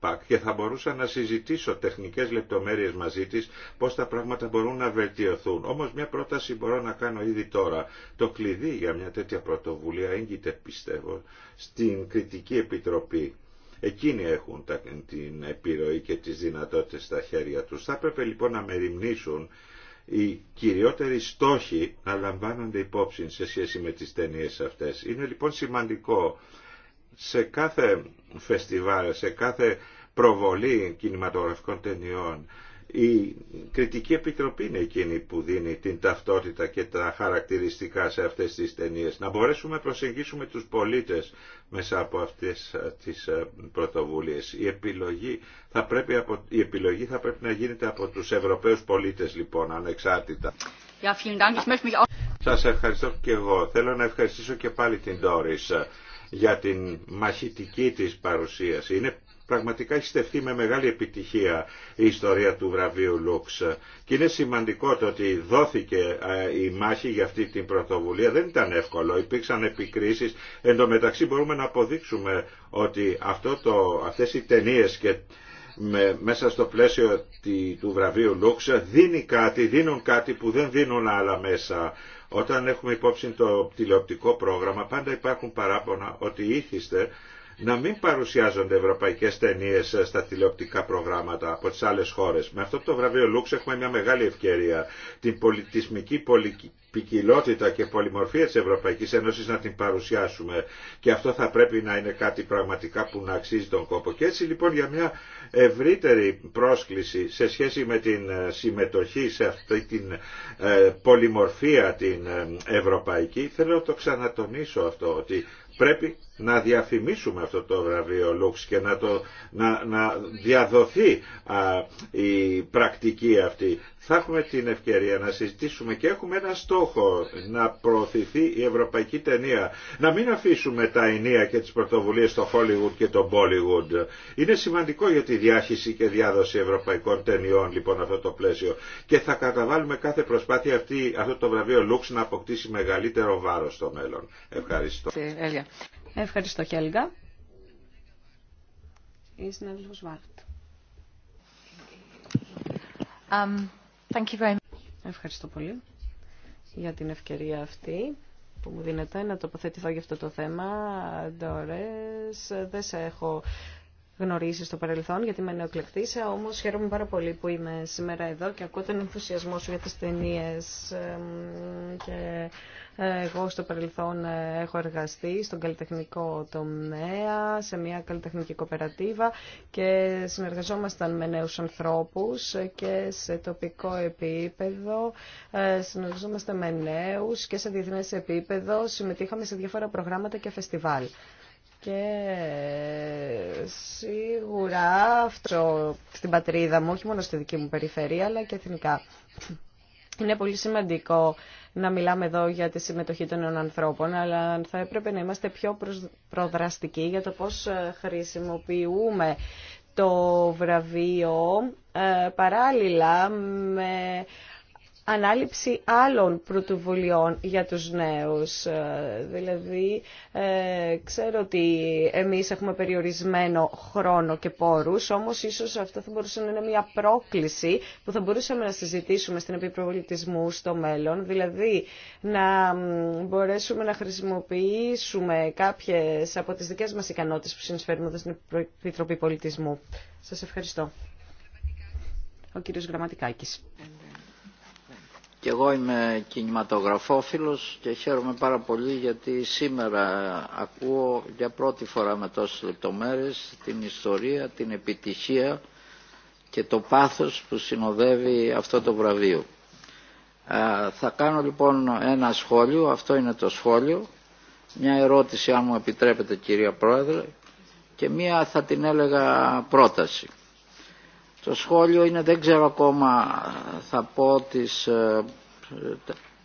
Πακ και θα μπορούσα να συζητήσω τεχνικές λεπτομέρειες μαζί της πώς τα πράγματα μπορούν να βελτιωθούν. Όμως μια πρόταση μπορώ να κάνω ήδη τώρα. Το κλειδί για μια τέτοια πρωτοβουλία έγκυται πιστεύω στην κριτική επιτροπή. Εκείνοι έχουν την επιρροή και τις δυνατότητες στα χέρια τους. Θα έπρεπε λοιπόν να μεριμνήσουν οι κυριότεροι στόχοι να λαμβάνονται υπόψη σε σχέση με τις ταινίε αυτές. Είναι λοιπόν σημαντικό σε κάθε φεστιβάλ, σε κάθε προβολή κινηματογραφικών ταινιών η Κριτική Επιτροπή είναι εκείνη που δίνει την ταυτότητα και τα χαρακτηριστικά σε αυτές τις ταινίες. Να μπορέσουμε να προσεγγίσουμε τους πολίτες μέσα από αυτές ε, τις ε, πρωτοβουλίες. Η επιλογή θα πρέπει, η επιλογή θα πρέπει να γίνεται από τους Ευρωπαίους πολίτες λοιπόν ανεξάρτητα. Σας ευχαριστώ και εγώ. Θέλω να ευχαριστήσω και πάλι την Doris για την μαχητική της παρουσίαση. Είναι πραγματικά έχει με μεγάλη επιτυχία η ιστορία του βραβείου Λούξ. Και είναι σημαντικό το ότι δόθηκε ε, η μάχη για αυτή την πρωτοβουλία. Δεν ήταν εύκολο, υπήρξαν επικρίσεις. Εν τω μεταξύ μπορούμε να αποδείξουμε ότι αυτό το, αυτές οι ταινίες και μέσα στο πλαίσιο του βραβείου Λούξ δίνει κάτι, δίνουν κάτι που δεν δίνουν άλλα μέσα όταν έχουμε υπόψη το τηλεοπτικό πρόγραμμα, πάντα υπάρχουν παράπονα ότι ήθιστε να μην παρουσιάζονται ευρωπαϊκέ ταινίε ε, στα τηλεοπτικά προγράμματα από τι άλλε χώρε. Με αυτό το βραβείο Λούξ έχουμε μια μεγάλη ευκαιρία την πολιτισμική ποικιλότητα και πολυμορφία τη Ευρωπαϊκή Ένωση να την παρουσιάσουμε και αυτό θα πρέπει να είναι κάτι πραγματικά που να αξίζει τον κόπο. Και έτσι λοιπόν για μια ευρύτερη πρόσκληση σε σχέση με την ε, συμμετοχή σε αυτή την ε, πολυμορφία την ευρωπαϊκή θέλω να το ξανατονίσω αυτό ότι πρέπει να διαφημίσουμε αυτό το βραβείο Λουξ και να, το, να, να διαδοθεί η πρακτική αυτή. Θα έχουμε την ευκαιρία να συζητήσουμε και έχουμε ένα στόχο να προωθηθεί η ευρωπαϊκή ταινία. Να μην αφήσουμε τα ενία και τις πρωτοβουλίες στο Hollywood και το Bollywood. Είναι σημαντικό για τη διάχυση και διάδοση ευρωπαϊκών ταινιών λοιπόν αυτό το πλαίσιο. Και θα καταβάλουμε κάθε προσπάθεια αυτή, αυτό το βραβείο Λουξ να αποκτήσει μεγαλύτερο βάρος στο μέλλον. Ευχαριστώ. Ευχαριστώ, Χέλγα. Um, thank you very much. Ευχαριστώ πολύ για την ευκαιρία αυτή που μου δίνεται να τοποθετηθώ για αυτό το θέμα. Ντόρες, δεν σε έχω γνωρίσει στο παρελθόν, γιατί με νεοκλεκτήσα, όμως χαίρομαι πάρα πολύ που είμαι σήμερα εδώ και ακούω τον ενθουσιασμό σου για τις ταινίε. Και ε, εγώ στο παρελθόν ε, έχω εργαστεί στον καλλιτεχνικό τομέα, σε μια καλλιτεχνική κοπερατίβα και συνεργαζόμασταν με νέους ανθρώπους και σε τοπικό επίπεδο ε, συνεργαζόμαστε με νέους και σε διεθνές επίπεδο συμμετείχαμε σε διάφορα προγράμματα και φεστιβάλ. Και σίγουρα αυτό στην πατρίδα μου, όχι μόνο στη δική μου περιφέρεια, αλλά και εθνικά. Είναι πολύ σημαντικό να μιλάμε εδώ για τη συμμετοχή των νέων ανθρώπων, αλλά θα έπρεπε να είμαστε πιο προδραστικοί για το πώς ε, χρησιμοποιούμε το βραβείο ε, παράλληλα με ανάληψη άλλων πρωτοβουλειών για τους νέους. Ε, δηλαδή, ε, ξέρω ότι εμείς έχουμε περιορισμένο χρόνο και πόρους, όμως ίσως αυτό θα μπορούσε να είναι μια πρόκληση που θα μπορούσαμε να συζητήσουμε στην επιπροβολητισμού στο μέλλον, δηλαδή να μπορέσουμε να χρησιμοποιήσουμε κάποιες από τις δικές μας ικανότητες που συνεισφέρουμε εδώ στην Επιτροπή Πολιτισμού. Σας ευχαριστώ. Ο κύριος Γραμματικάκης. Και εγώ είμαι κινηματογραφόφιλος και χαίρομαι πάρα πολύ γιατί σήμερα ακούω για πρώτη φορά με τόσες λεπτομέρειες την ιστορία, την επιτυχία και το πάθος που συνοδεύει αυτό το βραβείο. Ε, θα κάνω λοιπόν ένα σχόλιο, αυτό είναι το σχόλιο, μια ερώτηση αν μου επιτρέπετε κυρία Πρόεδρε και μία θα την έλεγα πρόταση. Το σχόλιο είναι, δεν ξέρω ακόμα, θα πω, τις, ε,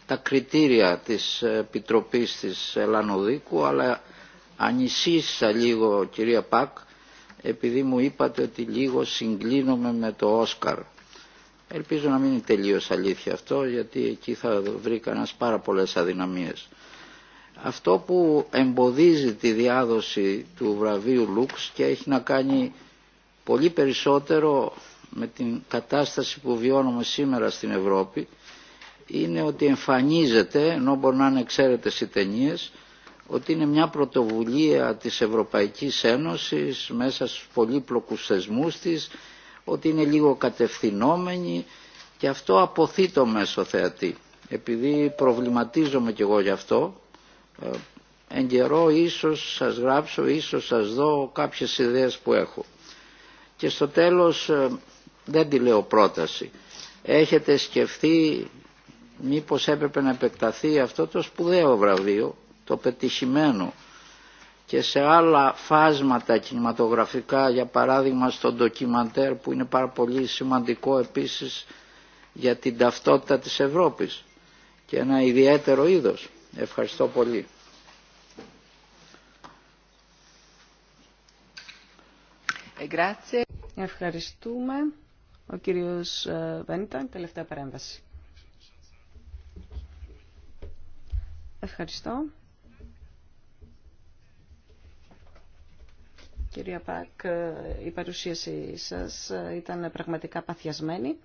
τα κριτήρια της Επιτροπής της Ελλανοδίκου, αλλά ανησύσα λίγο, κυρία Πακ, επειδή μου είπατε ότι λίγο συγκλίνομαι με το Όσκαρ. Ελπίζω να μην είναι τελείως αλήθεια αυτό, γιατί εκεί θα βρει κανένας πάρα πολλές αδυναμίες. Αυτό που εμποδίζει τη διάδοση του βραβείου Λουξ και έχει να κάνει πολύ περισσότερο με την κατάσταση που βιώνουμε σήμερα στην Ευρώπη είναι ότι εμφανίζεται, ενώ μπορεί να είναι εξαίρετε οι ταινίε, ότι είναι μια πρωτοβουλία της Ευρωπαϊκής Ένωσης μέσα στους πολύπλοκους θεσμούς της, ότι είναι λίγο κατευθυνόμενη και αυτό αποθεί το μέσο θεατή. Επειδή προβληματίζομαι κι εγώ γι' αυτό, ε, εν καιρό ίσως σας γράψω, ίσως σα δω κάποιες ιδέες που έχω. Και στο τέλος ε, δεν τη λέω πρόταση. Έχετε σκεφτεί μήπως έπρεπε να επεκταθεί αυτό το σπουδαίο βραβείο, το πετυχημένο και σε άλλα φάσματα κινηματογραφικά, για παράδειγμα στο ντοκιμαντέρ που είναι πάρα πολύ σημαντικό επίσης για την ταυτότητα της Ευρώπης και ένα ιδιαίτερο είδος. Ευχαριστώ πολύ. Ε, Ευχαριστούμε. Ο κύριος ε, Βέντα, τελευταία παρέμβαση. Ευχαριστώ. Κυρία Πακ, ε, η παρουσίασή σας ήταν πραγματικά παθιασμένη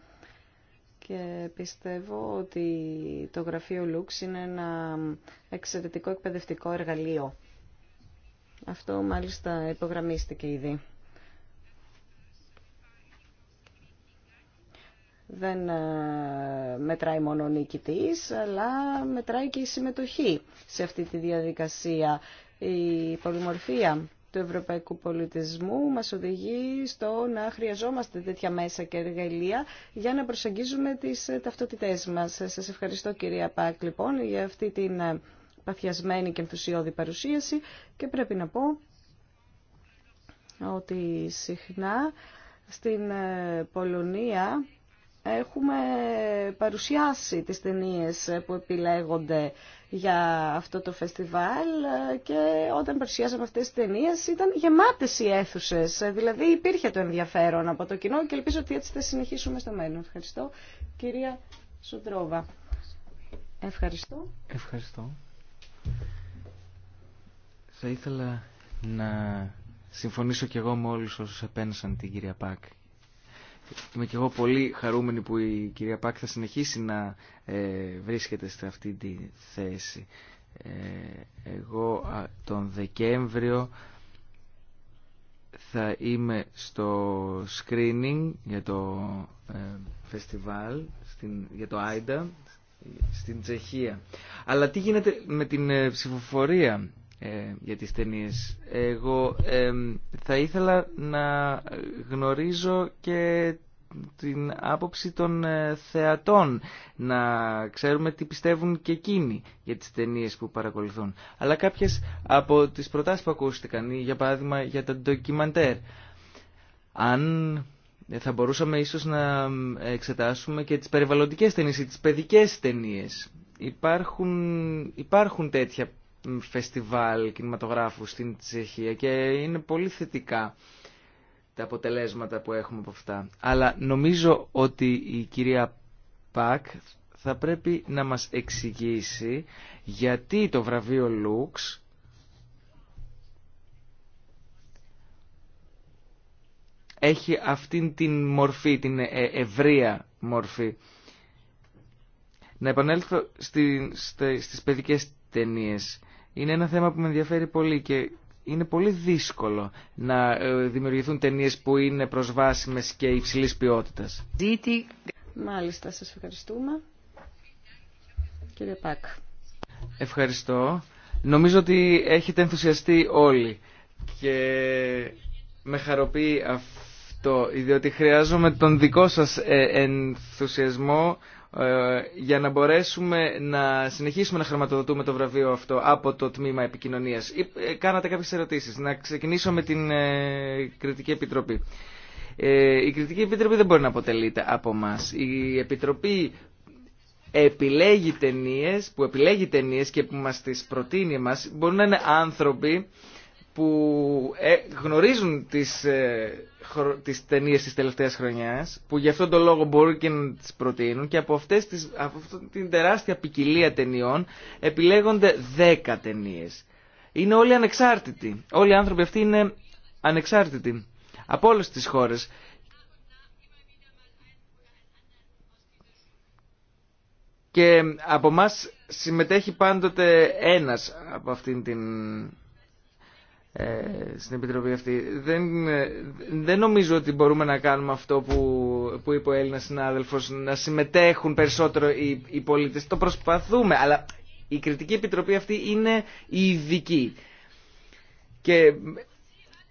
και πιστεύω ότι το γραφείο Λουξ είναι ένα εξαιρετικό εκπαιδευτικό εργαλείο. Αυτό μάλιστα υπογραμμίστηκε ήδη. δεν ε, μετράει μόνο ο νικητής, αλλά μετράει και η συμμετοχή σε αυτή τη διαδικασία. Η πολυμορφία του ευρωπαϊκού πολιτισμού μας οδηγεί στο να χρειαζόμαστε τέτοια μέσα και εργαλεία για να προσεγγίζουμε τις ε, ταυτότητές μας. Σας ευχαριστώ κυρία Πάκ λοιπόν για αυτή την ε, παθιασμένη και ενθουσιώδη παρουσίαση και πρέπει να πω ότι συχνά στην Πολωνία έχουμε παρουσιάσει τις ταινίε που επιλέγονται για αυτό το φεστιβάλ και όταν παρουσιάσαμε αυτές τις ταινίε ήταν γεμάτες οι αίθουσε. δηλαδή υπήρχε το ενδιαφέρον από το κοινό και ελπίζω ότι έτσι θα συνεχίσουμε στο μέλλον. Ευχαριστώ κυρία Σοντρόβα. Ευχαριστώ. Ευχαριστώ. Θα ήθελα να συμφωνήσω κι εγώ με όλους όσους επένδυσαν την κυρία Πάκ Είμαι και εγώ πολύ χαρούμενη που η κυρία Πάκ θα συνεχίσει να ε, βρίσκεται σε αυτή τη θέση. Ε, εγώ τον Δεκέμβριο θα είμαι στο screening για το ε, φεστιβάλ, για το Άιντα, στην Τσεχία. Αλλά τι γίνεται με την ε, ψηφοφορία ε, για τις ταινίες. Εγώ θα ήθελα να γνωρίζω και την άποψη των ε, θεατών, να ξέρουμε τι πιστεύουν και εκείνοι για τις ταινίε που παρακολουθούν. Αλλά κάποιες από τις προτάσεις που ακούστηκαν, για παράδειγμα για τα ντοκιμαντέρ, αν θα μπορούσαμε ίσως να εξετάσουμε και τις περιβαλλοντικές ταινίες ή τις παιδικές ταινίε. Υπάρχουν, υπάρχουν τέτοια φεστιβάλ κινηματογράφου στην Τσεχία και είναι πολύ θετικά τα αποτελέσματα που έχουμε από αυτά. Αλλά νομίζω ότι η κυρία Πακ θα πρέπει να μας εξηγήσει γιατί το βραβείο Λουξ έχει αυτήν την μορφή, την ε, ε, ευρεία μορφή. Να επανέλθω στις παιδικές ταινίες είναι ένα θέμα που με ενδιαφέρει πολύ και είναι πολύ δύσκολο να ε, δημιουργηθούν ταινίε που είναι προσβάσιμες και υψηλής ποιότητας. Μάλιστα, σας ευχαριστούμε. Κύριε Πάκ. Ευχαριστώ. Νομίζω ότι έχετε ενθουσιαστεί όλοι και με χαροποιεί αυτό, διότι χρειάζομαι τον δικό σας ε, ενθουσιασμό ε, για να μπορέσουμε να συνεχίσουμε να χρηματοδοτούμε το βραβείο αυτό από το τμήμα επικοινωνίας. Ε, κάνατε κάποιες ερωτήσει. Να ξεκινήσω με την ε, Κριτική Επιτροπή. Η Κριτική Επιτροπή δεν μπορεί να αποτελείται από εμά. Η Επιτροπή επιλέγει ταινίε, που επιλέγει ταινίε και που μας τις προτείνει μας μπορούν να είναι άνθρωποι που ε, γνωρίζουν τις, ε, τις ταινίε της τελευταίας χρονιάς, που γι' αυτόν τον λόγο μπορούν και να τις προτείνουν και από, αυτές τις, από την τεράστια ποικιλία ταινιών επιλέγονται 10 ταινίε. Είναι όλοι ανεξάρτητοι. Όλοι οι άνθρωποι αυτοί είναι ανεξάρτητοι από όλες τις χώρες. Και από μας συμμετέχει πάντοτε ένας από αυτήν την ε, στην Επιτροπή αυτή. Δεν, ε, δεν νομίζω ότι μπορούμε να κάνουμε αυτό που, που είπε ο Έλληνα συνάδελφο, να συμμετέχουν περισσότερο οι, οι πολίτε. Το προσπαθούμε, αλλά η Κριτική Επιτροπή αυτή είναι η ειδική. Και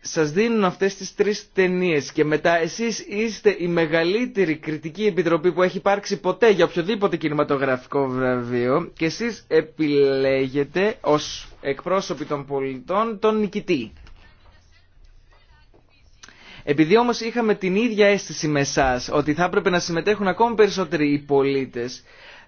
σας δίνουν αυτές τις τρεις ταινίες και μετά εσείς είστε η μεγαλύτερη κριτική επιτροπή που έχει υπάρξει ποτέ για οποιοδήποτε κινηματογραφικό βραβείο και εσείς επιλέγετε ως εκπρόσωποι των πολιτών τον νικητή. Επειδή όμως είχαμε την ίδια αίσθηση με εσά ότι θα έπρεπε να συμμετέχουν ακόμη περισσότεροι οι πολίτες,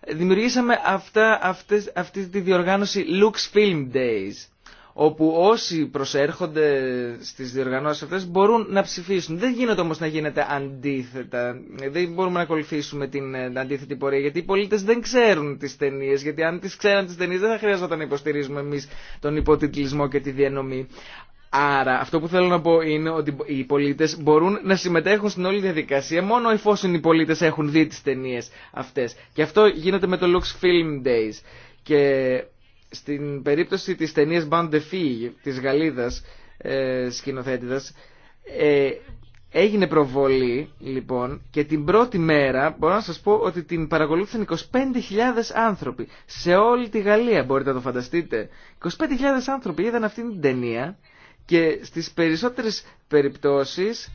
δημιουργήσαμε αυτά, αυτές, αυτή τη διοργάνωση Lux Film Days όπου όσοι προσέρχονται στις διοργανώσεις αυτές μπορούν να ψηφίσουν. Δεν γίνεται όμως να γίνεται αντίθετα. Δεν μπορούμε να ακολουθήσουμε την ε, αντίθετη πορεία γιατί οι πολίτες δεν ξέρουν τις ταινίε, γιατί αν τις ξέραν τις ταινίε δεν θα χρειαζόταν να υποστηρίζουμε εμείς τον υποτιτλισμό και τη διανομή. Άρα αυτό που θέλω να πω είναι ότι οι πολίτες μπορούν να συμμετέχουν στην όλη διαδικασία μόνο εφόσον οι πολίτες έχουν δει τις ταινίε αυτές. Και αυτό γίνεται με το Lux Film Days. Και στην περίπτωση της ταινία Band de Fille, της Γαλλίδας ε, σκηνοθέτηδας, ε, έγινε προβολή λοιπόν και την πρώτη μέρα μπορώ να σας πω ότι την παρακολούθησαν 25.000 άνθρωποι σε όλη τη Γαλλία μπορείτε να το φανταστείτε 25.000 άνθρωποι είδαν αυτήν την ταινία και στις περισσότερες περιπτώσεις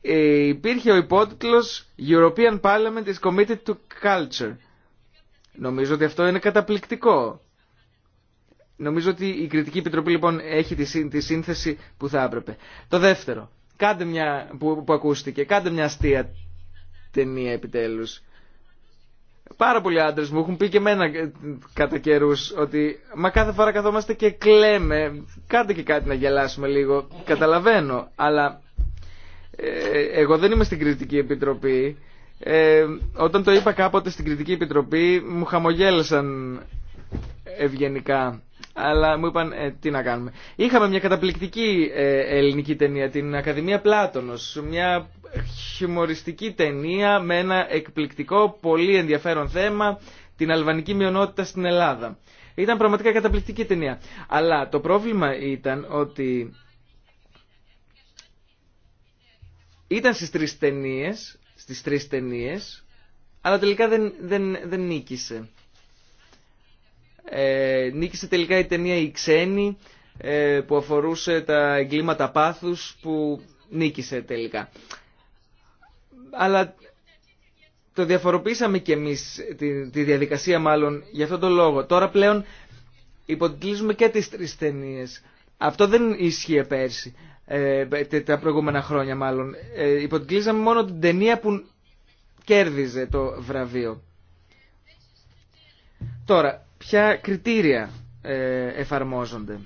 ε, υπήρχε ο υπότιτλος European Parliament is committed to culture Νομίζω ότι αυτό είναι καταπληκτικό. Νομίζω ότι η Κριτική Επιτροπή λοιπόν έχει τη, σύνθεση που θα έπρεπε. Το δεύτερο, κάντε μια, που, ακούστηκε, κάντε μια αστεία ταινία επιτέλους. Πάρα πολλοί άντρε μου έχουν πει και εμένα ε, κατά καιρού ότι μα κάθε φορά καθόμαστε και κλαίμε. Κάντε και κάτι να γελάσουμε λίγο. Καταλαβαίνω, αλλά ε, εγώ δεν είμαι στην κριτική επιτροπή. Ε, όταν το είπα κάποτε στην Κριτική Επιτροπή μου χαμογέλασαν ευγενικά αλλά μου είπαν «Ε, τι να κάνουμε. Είχαμε μια καταπληκτική ε, ελληνική ταινία, την Ακαδημία Πλάτωνος, μια χιουμοριστική ταινία με ένα εκπληκτικό, πολύ ενδιαφέρον θέμα, την αλβανική μειονότητα στην Ελλάδα. Ήταν πραγματικά καταπληκτική ταινία. Αλλά το πρόβλημα ήταν ότι ήταν στις τρεις ταινίες στις τρεις ταινίε, αλλά τελικά δεν, δεν, δεν νίκησε. Ε, νίκησε τελικά η ταινία «Η Ξένη» ε, που αφορούσε τα εγκλήματα πάθους που νίκησε τελικά. Αλλά το διαφοροποίησαμε κι εμείς τη, τη διαδικασία μάλλον για αυτόν τον λόγο. Τώρα πλέον υποτιτλίζουμε και τις τρεις ταινίε. Αυτό δεν ίσχυε πέρσι. Ε, τα προηγούμενα χρόνια μάλλον. Ε, Υποτιτλίζαμε μόνο την ταινία που κέρδιζε το βραβείο. Τώρα, ποια κριτήρια ε, εφαρμόζονται.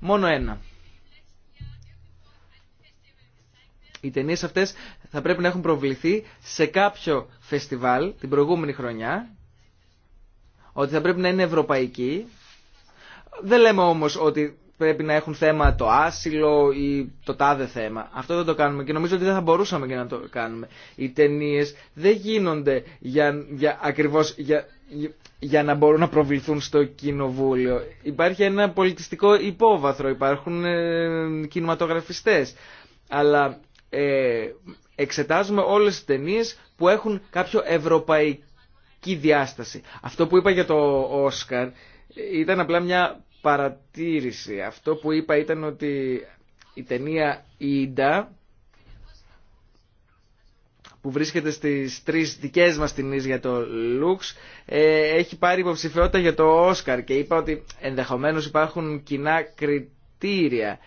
Μόνο ένα. Οι ταινίε αυτές θα πρέπει να έχουν προβληθεί σε κάποιο φεστιβάλ την προηγούμενη χρονιά. Ότι θα πρέπει να είναι ευρωπαϊκή. Δεν λέμε όμως ότι πρέπει να έχουν θέμα το άσυλο ή το τάδε θέμα. Αυτό δεν το κάνουμε και νομίζω ότι δεν θα μπορούσαμε και να το κάνουμε. Οι ταινίε δεν γίνονται για, για, ακριβώς για, να μπορούν να προβληθούν στο κοινοβούλιο. Υπάρχει ένα πολιτιστικό υπόβαθρο, υπάρχουν ε, κινηματογραφιστές. Αλλά ε, εξετάζουμε όλες τις ταινίε που έχουν κάποιο ευρωπαϊκή διάσταση. Αυτό που είπα για το Όσκαρ ήταν απλά μια παρατήρηση. Αυτό που είπα ήταν ότι η ταινία Ιντα που βρίσκεται στις τρεις δικές μας ταινίες για το Λουξ ε, έχει πάρει υποψηφιότητα για το Όσκαρ και είπα ότι ενδεχομένως υπάρχουν κοινά κριτήρια.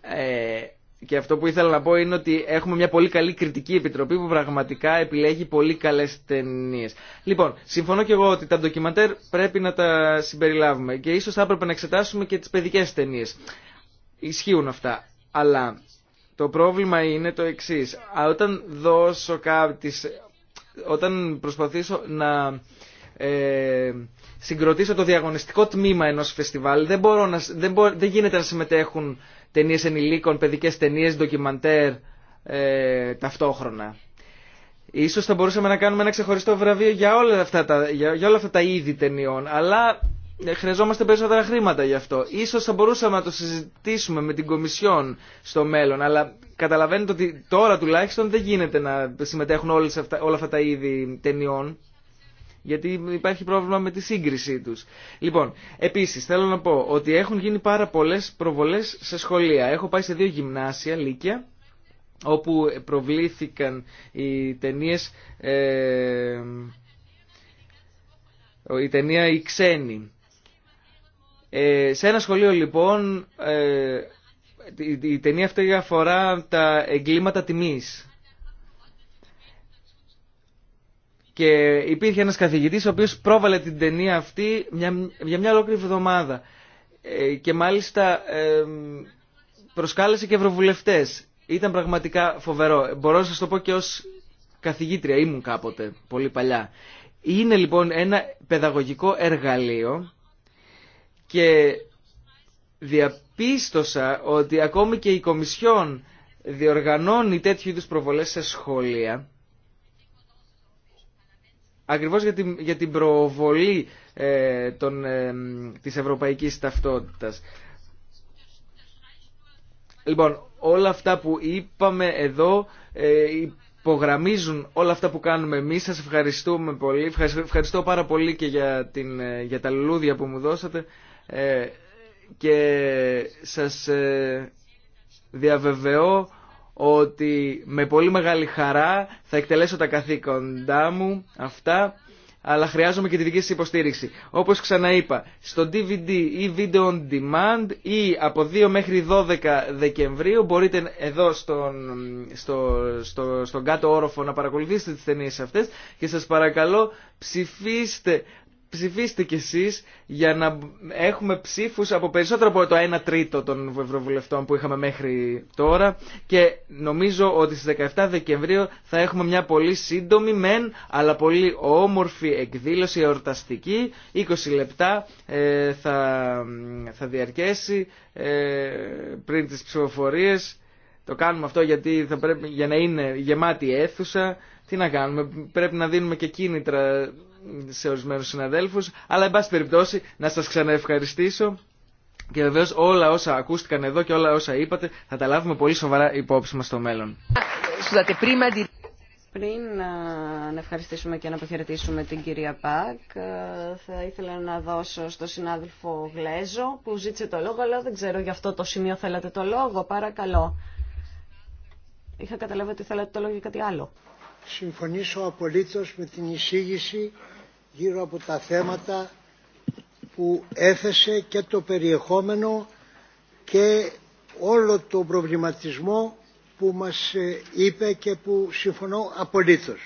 Ε, και αυτό που ήθελα να πω είναι ότι έχουμε μια πολύ καλή κριτική επιτροπή που πραγματικά επιλέγει πολύ καλέ ταινίε. Λοιπόν, συμφωνώ και εγώ ότι τα ντοκιμαντέρ πρέπει να τα συμπεριλάβουμε και ίσω θα έπρεπε να εξετάσουμε και τι παιδικέ ταινίε. Ισχύουν αυτά. Αλλά το πρόβλημα είναι το εξή. Όταν δώσω κάτι. Όταν προσπαθήσω να. Ε, συγκροτήσω το διαγωνιστικό τμήμα ενό φεστιβάλ δεν, μπορώ να, δεν γίνεται να συμμετέχουν ταινίες ενηλίκων, παιδικές ταινίες, ντοκιμαντέρ ε, ταυτόχρονα. Ίσως θα μπορούσαμε να κάνουμε ένα ξεχωριστό βραβείο για όλα αυτά τα, για, για είδη ταινιών, αλλά ε, χρειαζόμαστε περισσότερα χρήματα γι' αυτό. Ίσως θα μπορούσαμε να το συζητήσουμε με την Κομισιόν στο μέλλον, αλλά καταλαβαίνετε ότι τώρα τουλάχιστον δεν γίνεται να συμμετέχουν όλα αυτά τα είδη ταινιών γιατί υπάρχει πρόβλημα με τη σύγκρισή τους. Λοιπόν, επίσης θέλω να πω ότι έχουν γίνει πάρα πολλές προβολές σε σχολεία. Έχω πάει σε δύο γυμνάσια, Λύκια, όπου προβλήθηκαν οι ταινίες... Ε, η ταινία η Ξένη». Ε, σε ένα σχολείο λοιπόν ε, η, η ταινία αυτή αφορά τα εγκλήματα τιμής Και υπήρχε ένας καθηγητής ο οποίος πρόβαλε την ταινία αυτή μια, για μια ολόκληρη εβδομάδα. Ε, και μάλιστα προσκάλεσε και ευρωβουλευτές. Ήταν πραγματικά φοβερό. Μπορώ να σας το πω και ως καθηγήτρια. Ήμουν κάποτε, πολύ παλιά. Είναι λοιπόν ένα παιδαγωγικό εργαλείο και διαπίστωσα ότι ακόμη και η Κομισιόν διοργανώνει τέτοιου είδους προβολές σε σχολεία ακριβώς για την, για την προβολή ε, των, ε, της ευρωπαϊκής ταυτότητας. Λοιπόν, όλα αυτά που είπαμε εδώ ε, υπογραμμίζουν όλα αυτά που κάνουμε εμείς. Σας ευχαριστούμε πολύ. Ευχαριστώ πάρα πολύ και για, την, ε, για τα λουλούδια που μου δώσατε. Ε, και σας διαβεβαιώ ότι με πολύ μεγάλη χαρά θα εκτελέσω τα καθήκοντά μου αυτά, αλλά χρειάζομαι και τη δική σας υποστήριξη. Όπως ξαναείπα, στο DVD ή Video On Demand ή από 2 μέχρι 12 Δεκεμβρίου μπορείτε εδώ στον, στο, στο, στον κάτω όροφο να παρακολουθήσετε τις ταινίες αυτές και σας παρακαλώ ψηφίστε ψηφίστε κι εσείς για να έχουμε ψήφους από περισσότερο από το 1 τρίτο των ευρωβουλευτών που είχαμε μέχρι τώρα και νομίζω ότι στις 17 Δεκεμβρίου θα έχουμε μια πολύ σύντομη μεν αλλά πολύ όμορφη εκδήλωση εορταστική 20 λεπτά ε, θα, θα διαρκέσει ε, πριν τις ψηφοφορίες το κάνουμε αυτό γιατί θα πρέπει, για να είναι γεμάτη αίθουσα τι να κάνουμε πρέπει να δίνουμε και κίνητρα σε ορισμένου συναδέλφου, αλλά εν πάση περιπτώσει να σα ξαναευχαριστήσω και βεβαίω όλα όσα ακούστηκαν εδώ και όλα όσα είπατε θα τα λάβουμε πολύ σοβαρά υπόψη μα στο μέλλον. Πριν να ευχαριστήσουμε και να αποχαιρετήσουμε την κυρία Πακ, θα ήθελα να δώσω στο συνάδελφο Γλέζο που ζήτησε το λόγο, αλλά δεν ξέρω για αυτό το σημείο θέλατε το λόγο. Παρακαλώ. Είχα καταλάβει ότι θέλατε το λόγο για κάτι άλλο συμφωνήσω απολύτως με την εισήγηση γύρω από τα θέματα που έθεσε και το περιεχόμενο και όλο το προβληματισμό που μας ε, είπε και που συμφωνώ απολύτως.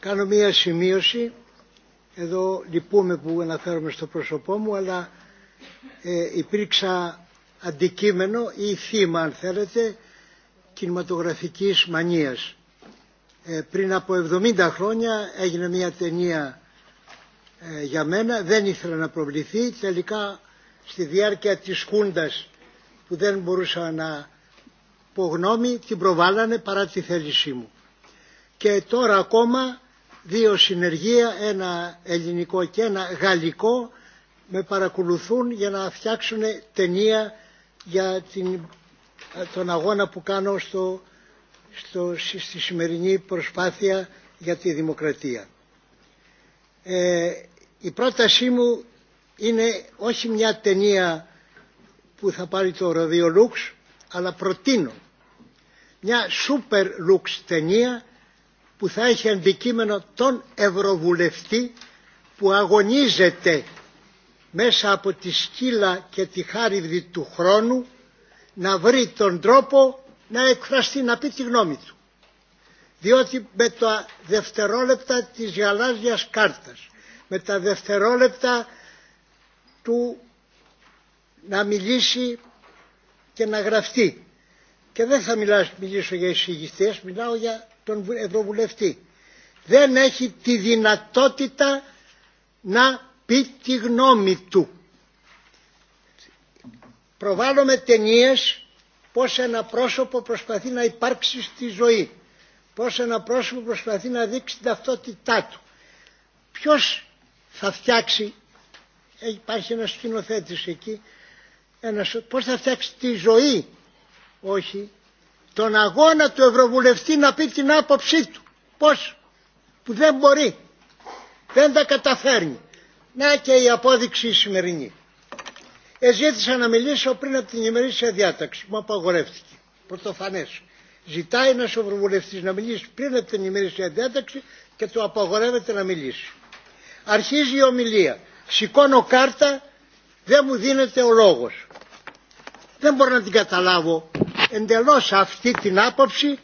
Κάνω μία σημείωση, εδώ λυπούμε που αναφέρομαι στο πρόσωπό μου, αλλά ε, υπήρξα αντικείμενο ή θύμα αν θέλετε κινηματογραφικής μανίας. Ε, πριν από 70 χρόνια έγινε μια ταινία ε, για μένα, δεν ήθελα να προβληθεί, τελικά στη διάρκεια της Χούντας που δεν μπορούσα να πω γνώμη, την προβάλλανε παρά τη θέλησή μου. Και τώρα ακόμα δύο συνεργεία, ένα ελληνικό και ένα γαλλικό, με παρακολουθούν για να φτιάξουν ταινία για την, τον αγώνα που κάνω στο στο, στη σημερινή προσπάθεια για τη δημοκρατία. Ε, η πρότασή μου είναι όχι μια ταινία που θα πάρει το ροδίο Λουξ, αλλά προτείνω μια σούπερ Λουξ ταινία που θα έχει αντικείμενο τον Ευρωβουλευτή που αγωνίζεται μέσα από τη σκύλα και τη χάριδη του χρόνου να βρει τον τρόπο να εκφραστεί, να πει τη γνώμη του. Διότι με τα δευτερόλεπτα της γαλάζιας κάρτας, με τα δευτερόλεπτα του να μιλήσει και να γραφτεί. Και δεν θα μιλάς, μιλήσω για εισηγητές, μιλάω για τον Ευρωβουλευτή. Δεν έχει τη δυνατότητα να πει τη γνώμη του. Προβάλλουμε ταινίες πώς ένα πρόσωπο προσπαθεί να υπάρξει στη ζωή, πώς ένα πρόσωπο προσπαθεί να δείξει την ταυτότητά του. Ποιος θα φτιάξει, ε, υπάρχει ένα σκηνοθέτη εκεί, ένας, πώς θα φτιάξει τη ζωή, όχι, τον αγώνα του Ευρωβουλευτή να πει την άποψή του. Πώς, που δεν μπορεί, δεν τα καταφέρνει. Να και η απόδειξη η σημερινή. Εζήτησα να μιλήσω πριν από την ημερήσια διάταξη. Μου απαγορεύτηκε. Πρωτοφανέ. Ζητάει ένα ευρωβουλευτή να μιλήσει πριν από την ημερήσια διάταξη και του απαγορεύεται να μιλήσει. Αρχίζει η ομιλία. Σηκώνω κάρτα, δεν μου δίνεται ο λόγο. Δεν μπορώ να την καταλάβω εντελώ αυτή την άποψη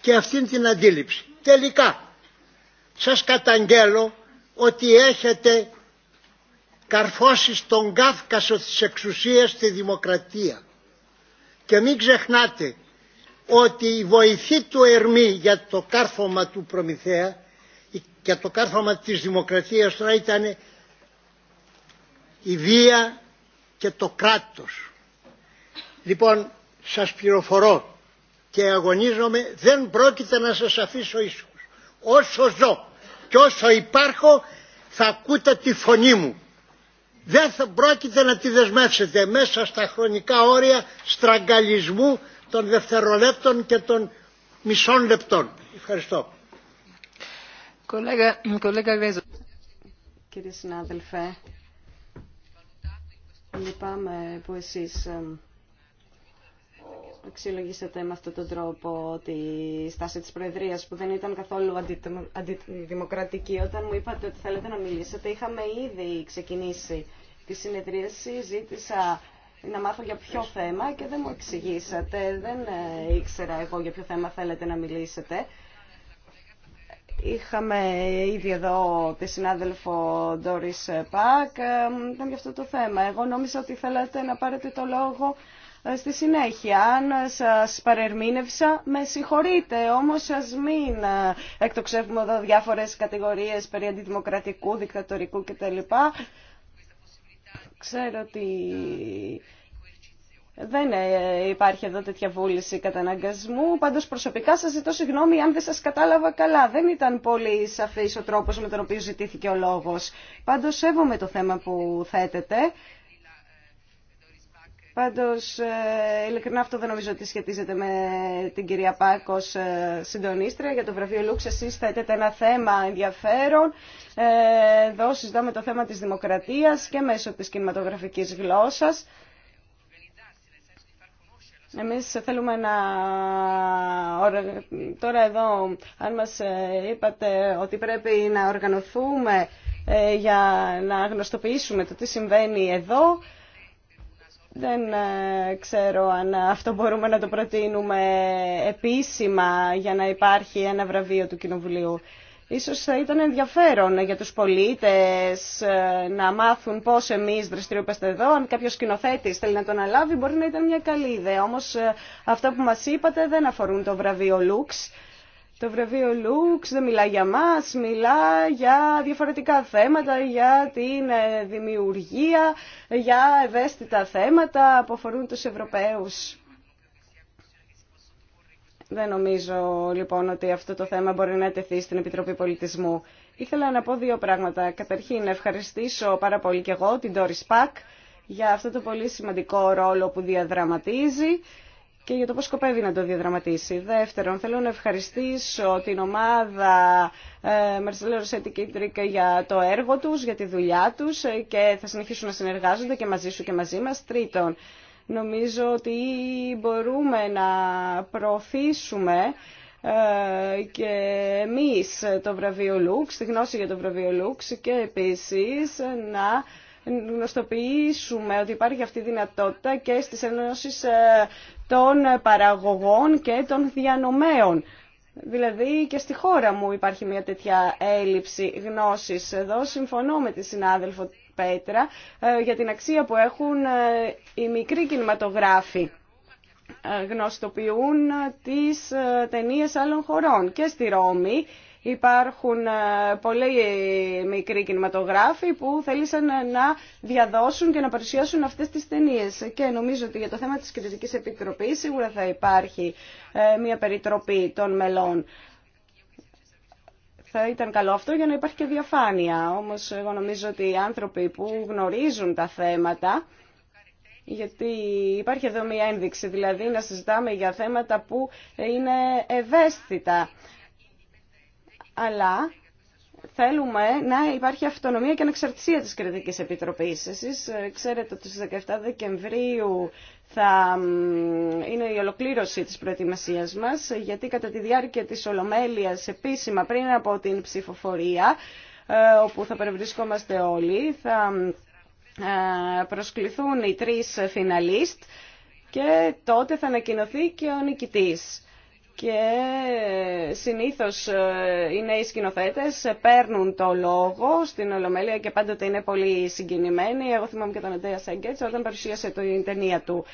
και αυτή την αντίληψη. Τελικά, σας καταγγέλω ότι έχετε καρφώσει στον κάφκασο της εξουσίας τη δημοκρατία. Και μην ξεχνάτε ότι η βοηθή του Ερμή για το κάρφωμα του Προμηθέα και το κάρφωμα της δημοκρατίας τώρα ήταν η βία και το κράτος. Λοιπόν, σας πληροφορώ και αγωνίζομαι, δεν πρόκειται να σας αφήσω ίσως. Όσο ζω και όσο υπάρχω θα ακούτε τη φωνή μου δεν θα πρόκειται να τη δεσμεύσετε μέσα στα χρονικά όρια στραγγαλισμού των δευτερολέπτων και των μισών λεπτών. Ευχαριστώ. Κύριε συνάδελφε, λυπάμαι που εσείς αξιολογήσατε με αυτόν τον τρόπο τη στάση της Προεδρίας που δεν ήταν καθόλου αντιδημοκρατική. Όταν μου είπατε ότι θέλετε να μιλήσετε είχαμε ήδη ξεκινήσει τη συνεδρίαση ζήτησα να μάθω για ποιο θέμα και δεν μου εξηγήσατε. Δεν ε, ήξερα εγώ για ποιο θέμα θέλετε να μιλήσετε. Είχαμε ήδη εδώ τη συνάδελφο Ντόρις Πακ, ε, ήταν για αυτό το θέμα. Εγώ νόμιζα ότι θέλατε να πάρετε το λόγο ε, στη συνέχεια. Αν σας παρερμήνευσα, με συγχωρείτε, όμως σας μην εκτοξεύουμε εδώ διάφορες κατηγορίες περί αντιδημοκρατικού, δικτατορικού κτλ. Ξέρω ότι δεν ε, υπάρχει εδώ τέτοια βούληση καταναγκασμού. Πάντως προσωπικά σας ζητώ συγγνώμη αν δεν σας κατάλαβα καλά. Δεν ήταν πολύ σαφής ο τρόπος με τον οποίο ζητήθηκε ο λόγος. Πάντως σέβομαι το θέμα που θέτετε Πάντως, ε, ειλικρινά αυτό δεν νομίζω ότι σχετίζεται με την κυρία Πάκος ε, συντονίστρια. Για το βραβείο Λούξ, εσείς θέτετε ένα θέμα ενδιαφέρον. Ε, εδώ συζητάμε το θέμα της δημοκρατίας και μέσω της κινηματογραφικής γλώσσας. Εμείς θέλουμε να... Τώρα εδώ, αν μας είπατε ότι πρέπει να οργανωθούμε για να γνωστοποιήσουμε το τι συμβαίνει εδώ, δεν ε, ξέρω αν αυτό μπορούμε να το προτείνουμε επίσημα για να υπάρχει ένα βραβείο του Κοινοβουλίου. Ίσως θα ήταν ενδιαφέρον για τους πολίτες ε, να μάθουν πώς εμείς δραστηριοποιούμαστε εδώ. Αν κάποιος σκηνοθέτης θέλει να τον αναλάβει μπορεί να ήταν μια καλή ιδέα. Όμως ε, αυτά που μας είπατε δεν αφορούν το βραβείο Λουξ το βραβείο Λούξ δεν μιλά για μας, μιλά για διαφορετικά θέματα, για την ε, δημιουργία, για ευαίσθητα θέματα που αφορούν τους Ευρωπαίους. Δεν νομίζω λοιπόν ότι αυτό το θέμα μπορεί να τεθεί στην Επιτροπή Πολιτισμού. Ήθελα να πω δύο πράγματα. Καταρχήν, να ευχαριστήσω πάρα πολύ και εγώ την Doris Σπάκ, για αυτό το πολύ σημαντικό ρόλο που διαδραματίζει και για το πώς σκοπεύει να το διαδραματίσει. Δεύτερον, θέλω να ευχαριστήσω την ομάδα Μαρσελέο Ρωσέτη Κίτρικ για το έργο τους, για τη δουλειά τους ε, και θα συνεχίσουν να συνεργάζονται και μαζί σου και μαζί μας. Τρίτον, νομίζω ότι μπορούμε να προωθήσουμε ε, και εμείς το βραβείο Λουξ, τη γνώση για το βραβείο Λουξ και επίσης να γνωστοποιήσουμε ότι υπάρχει αυτή η δυνατότητα και στις ενώσεις ε, των παραγωγών και των διανομέων. Δηλαδή και στη χώρα μου υπάρχει μια τέτοια έλλειψη γνώσης. Εδώ συμφωνώ με τη συνάδελφο Πέτρα ε, για την αξία που έχουν ε, οι μικροί κινηματογράφοι ε, γνωστοποιούν τις ταινίες άλλων χωρών και στη Ρώμη Υπάρχουν ε, πολλοί μικροί κινηματογράφοι που θέλησαν ε, να διαδώσουν και να παρουσιάσουν αυτές τις ταινίε. Και νομίζω ότι για το θέμα της Κριτικής Επιτροπής σίγουρα θα υπάρχει ε, μια περιτροπή των μελών. Θα ήταν καλό αυτό για να υπάρχει και διαφάνεια. Όμως εγώ νομίζω ότι οι άνθρωποι που γνωρίζουν τα θέματα γιατί υπάρχει εδώ μια ένδειξη, δηλαδή να συζητάμε για θέματα που είναι ευαίσθητα αλλά θέλουμε να υπάρχει αυτονομία και ανεξαρτησία της Κρητικής Επιτροπής. Εσείς ε, ξέρετε ότι στις 17 Δεκεμβρίου θα είναι η ολοκλήρωση της προετοιμασίας μας, γιατί κατά τη διάρκεια της Ολομέλειας επίσημα πριν από την ψηφοφορία, ε, όπου θα περιβρισκόμαστε όλοι, θα ε, προσκληθούν οι τρεις φιναλίστ και τότε θα ανακοινωθεί και ο νικητής και συνήθως ε, οι νέοι σκηνοθέτες παίρνουν το λόγο στην Ολομέλεια και πάντοτε είναι πολύ συγκινημένοι. Εγώ θυμάμαι και τον Αντέα Σέγκετς όταν παρουσίασε την ταινία του.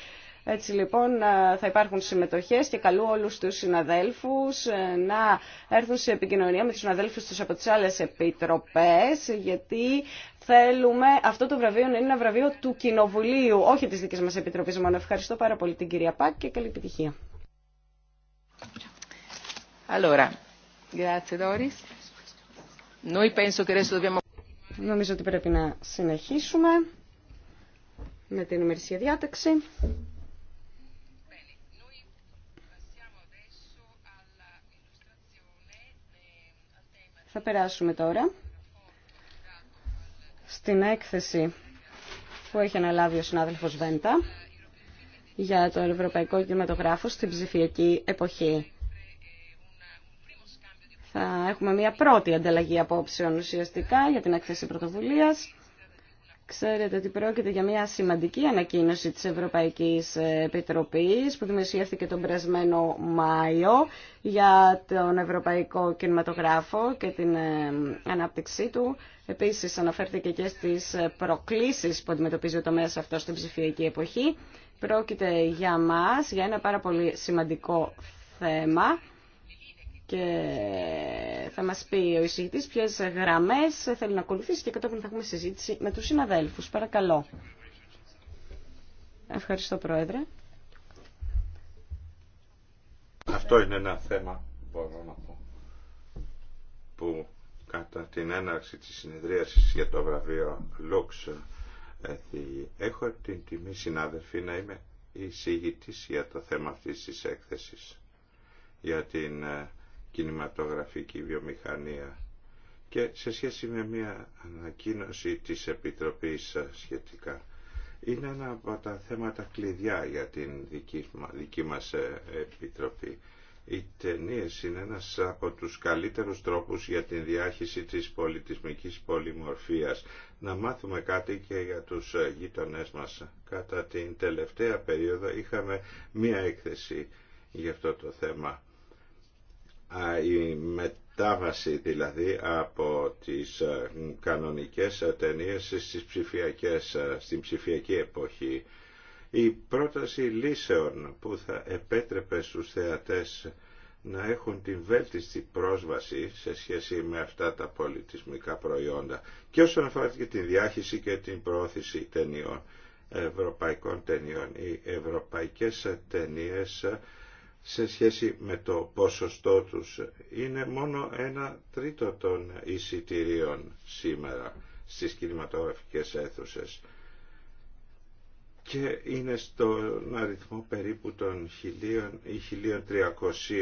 Έτσι λοιπόν ε, θα υπάρχουν συμμετοχές και καλού όλους τους συναδέλφους ε, να έρθουν σε επικοινωνία με τους συναδέλφους τους από τις άλλες επιτροπές γιατί θέλουμε αυτό το βραβείο να είναι ένα βραβείο του Κοινοβουλίου, όχι της δικής μας επιτροπής μόνο. Ευχαριστώ πάρα πολύ την κυρία Πάκ και καλή επιτυχία. Allora, grazie Doris. Noi penso che adesso dobbiamo... Νομίζω ότι πρέπει να συνεχίσουμε με την ημερησία διάταξη. Θα περάσουμε τώρα στην έκθεση που έχει αναλάβει ο συνάδελφος Βέντα για το Ευρωπαϊκό Κινηματογράφο στην ψηφιακή εποχή θα έχουμε μια πρώτη ανταλλαγή απόψεων ουσιαστικά για την έκθεση πρωτοβουλία. Ξέρετε ότι πρόκειται για μια σημαντική ανακοίνωση της Ευρωπαϊκής Επιτροπής που δημοσιεύθηκε τον περασμένο Μάιο για τον Ευρωπαϊκό Κινηματογράφο και την ε, ανάπτυξή του. Επίσης αναφέρθηκε και στις προκλήσεις που αντιμετωπίζει ο τομέας αυτό στην ψηφιακή εποχή. Πρόκειται για μας για ένα πάρα πολύ σημαντικό θέμα και θα μας πει ο εισηγητής ποιες γραμμές θέλει να ακολουθήσει και κατόπιν θα έχουμε συζήτηση με τους συναδέλφους. Παρακαλώ. Ευχαριστώ Πρόεδρε. Αυτό είναι ένα θέμα, μπορώ να πω, που κατά την έναρξη της συνεδρίασης για το βραβείο Lux ε, έχω την τιμή συνάδελφοι να είμαι εισηγητής για το θέμα αυτής της έκθεσης για την ε, κινηματογραφική βιομηχανία και σε σχέση με μια ανακοίνωση της Επιτροπής σχετικά. Είναι ένα από τα θέματα κλειδιά για την δική, δική μας ε, Επιτροπή. Οι ταινίε είναι ένας από τους καλύτερους τρόπους για την διάχυση της πολιτισμικής πολυμορφίας. Να μάθουμε κάτι και για τους ε, γείτονές μας. Κατά την τελευταία περίοδο είχαμε μία έκθεση για αυτό το θέμα η μετάβαση δηλαδή από τις ε, κανονικές ε, ταινίες στις ψηφιακές, ε, στην ψηφιακή εποχή. Η πρόταση λύσεων που θα επέτρεπε στους θεατές να έχουν την βέλτιστη πρόσβαση σε σχέση με αυτά τα πολιτισμικά προϊόντα και όσον αφορά την διάχυση και την προώθηση ταινιών, ευρωπαϊκών ταινιών. Οι ευρωπαϊκές ταινίες σε σχέση με το ποσοστό τους είναι μόνο ένα τρίτο των εισιτηρίων σήμερα στις κινηματογραφικές αίθουσες και είναι στον αριθμό περίπου των 1.000 ή